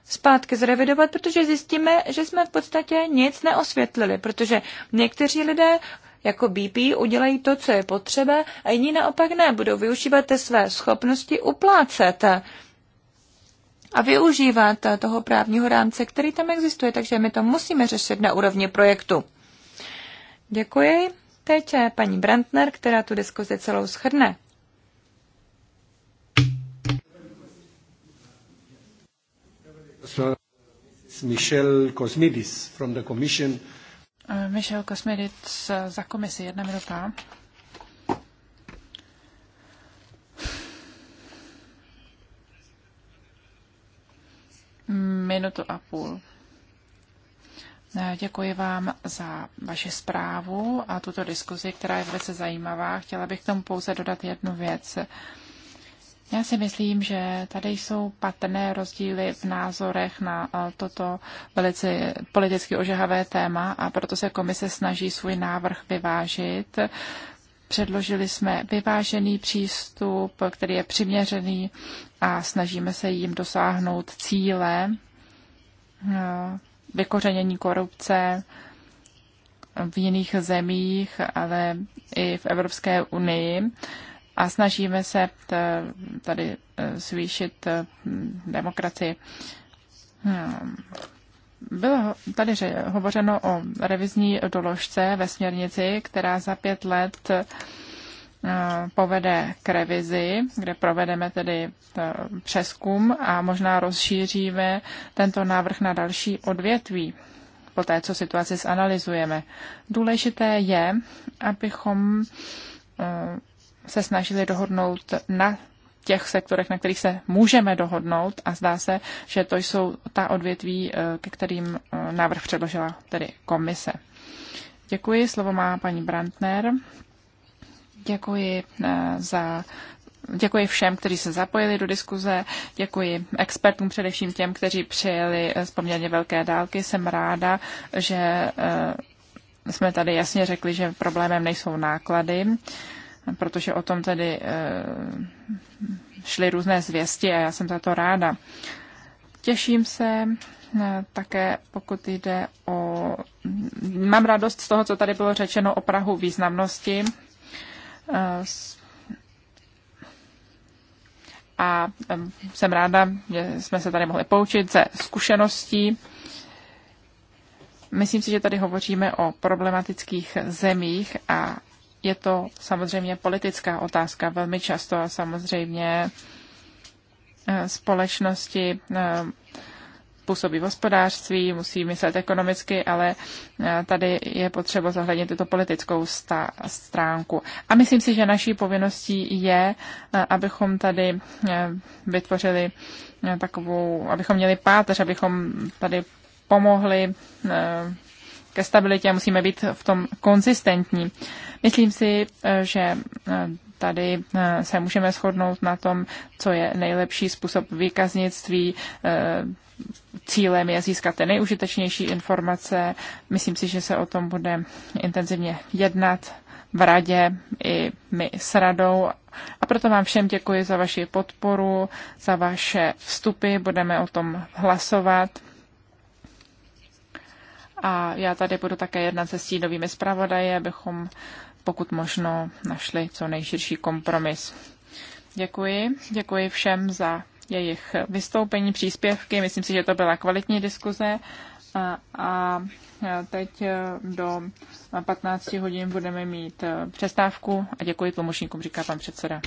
zpátky zrevidovat, protože zjistíme, že jsme v podstatě nic neosvětlili, protože někteří lidé jako BP udělají to, co je potřeba a jiní naopak ne, budou využívat své schopnosti uplácet a využívat toho právního rámce, který tam existuje, takže my to musíme řešit na úrovni projektu. Děkuji. Teď je paní Brandner, která tu diskuzi celou schrne. Michel Cosmidis from the Commission Eh, Michal Kosmedic eh, za komisi, jedna minuta. Minutu a půl. Eh, děkuji vám za vaši zprávu a tuto diskuzi, která je velice zajímavá. Chtěla bych k tomu pouze dodat jednu věc. Já si myslím, že tady jsou patrné rozdíly v názorech na eh, toto velice politicky ožehavé téma a proto se komise snaží svůj návrh vyvážit. Předložili jsme vyvážený přístup, který je přiměřený a snažíme se jim dosáhnout cíle eh, vykořenění korupce v jiných zemích, ale i v Evropské unii a snažíme se eh, tady eh, zvýšit eh, demokracii. Bylo tady že hovořeno o revizní doložce ve směrnici, která za pět let povede k revizi, kde provedeme tedy přeskum a možná rozšíříme tento návrh na další odvětví po té, co situaci zanalizujeme. Důležité je, abychom se snažili dohodnout na těch sektorech, na kterých se můžeme dohodnout a zdá se, že to jsou ta odvětví, eh, ke kterým eh, návrh předložila tedy komise. Děkuji, slovo má paní Brandner. Děkuji eh, za Děkuji všem, kteří se zapojili do diskuze, děkuji expertům, především těm, kteří přijeli z poměrně velké dálky. Jsem ráda, že jsme tady jasně řekli, že problémem nejsou náklady protože o tom tedy eh, šly různé zvěsti a já jsem za to ráda. Těším se eh, také, pokud jde o... Mám radost z toho, co tady bylo řečeno o Prahu významnosti. Eh, a jsem ráda, že jsme se tady mohli poučit ze zkušeností. Myslím si, že tady hovoříme o problematických zemích a je to samozřejmě politická otázka velmi často a samozřejmě eh, společnosti eh, působí v hospodářství, musí myslet ekonomicky, ale eh, tady je potřeba zahlednit tuto politickou stránku. A myslím si, že naší povinností je, abychom tady vytvořili takovou, abychom měli páteř, abychom tady pomohli ke stabilitě a musíme být v tom konzistentní. Myslím si, eh, že eh, tady eh, se můžeme shodnout na tom, co je nejlepší způsob výkaznictví. Cílem je získat ty nejužitečnější informace. Myslím si, že se o tom bude intenzivně jednat v radě i my s radou. A proto vám všem děkuji za vaši podporu, za vaše vstupy. Budeme o tom hlasovat a já tady budu také jednat se stínovými zpravodaji, abychom pokud možno našli co nejširší kompromis. Děkuji. Děkuji všem za jejich vystoupení, příspěvky. Myslím si, že to byla kvalitní diskuze. A, a teď do 15 hodin budeme mít přestávku a děkuji tlumočníkům, říká pan předseda.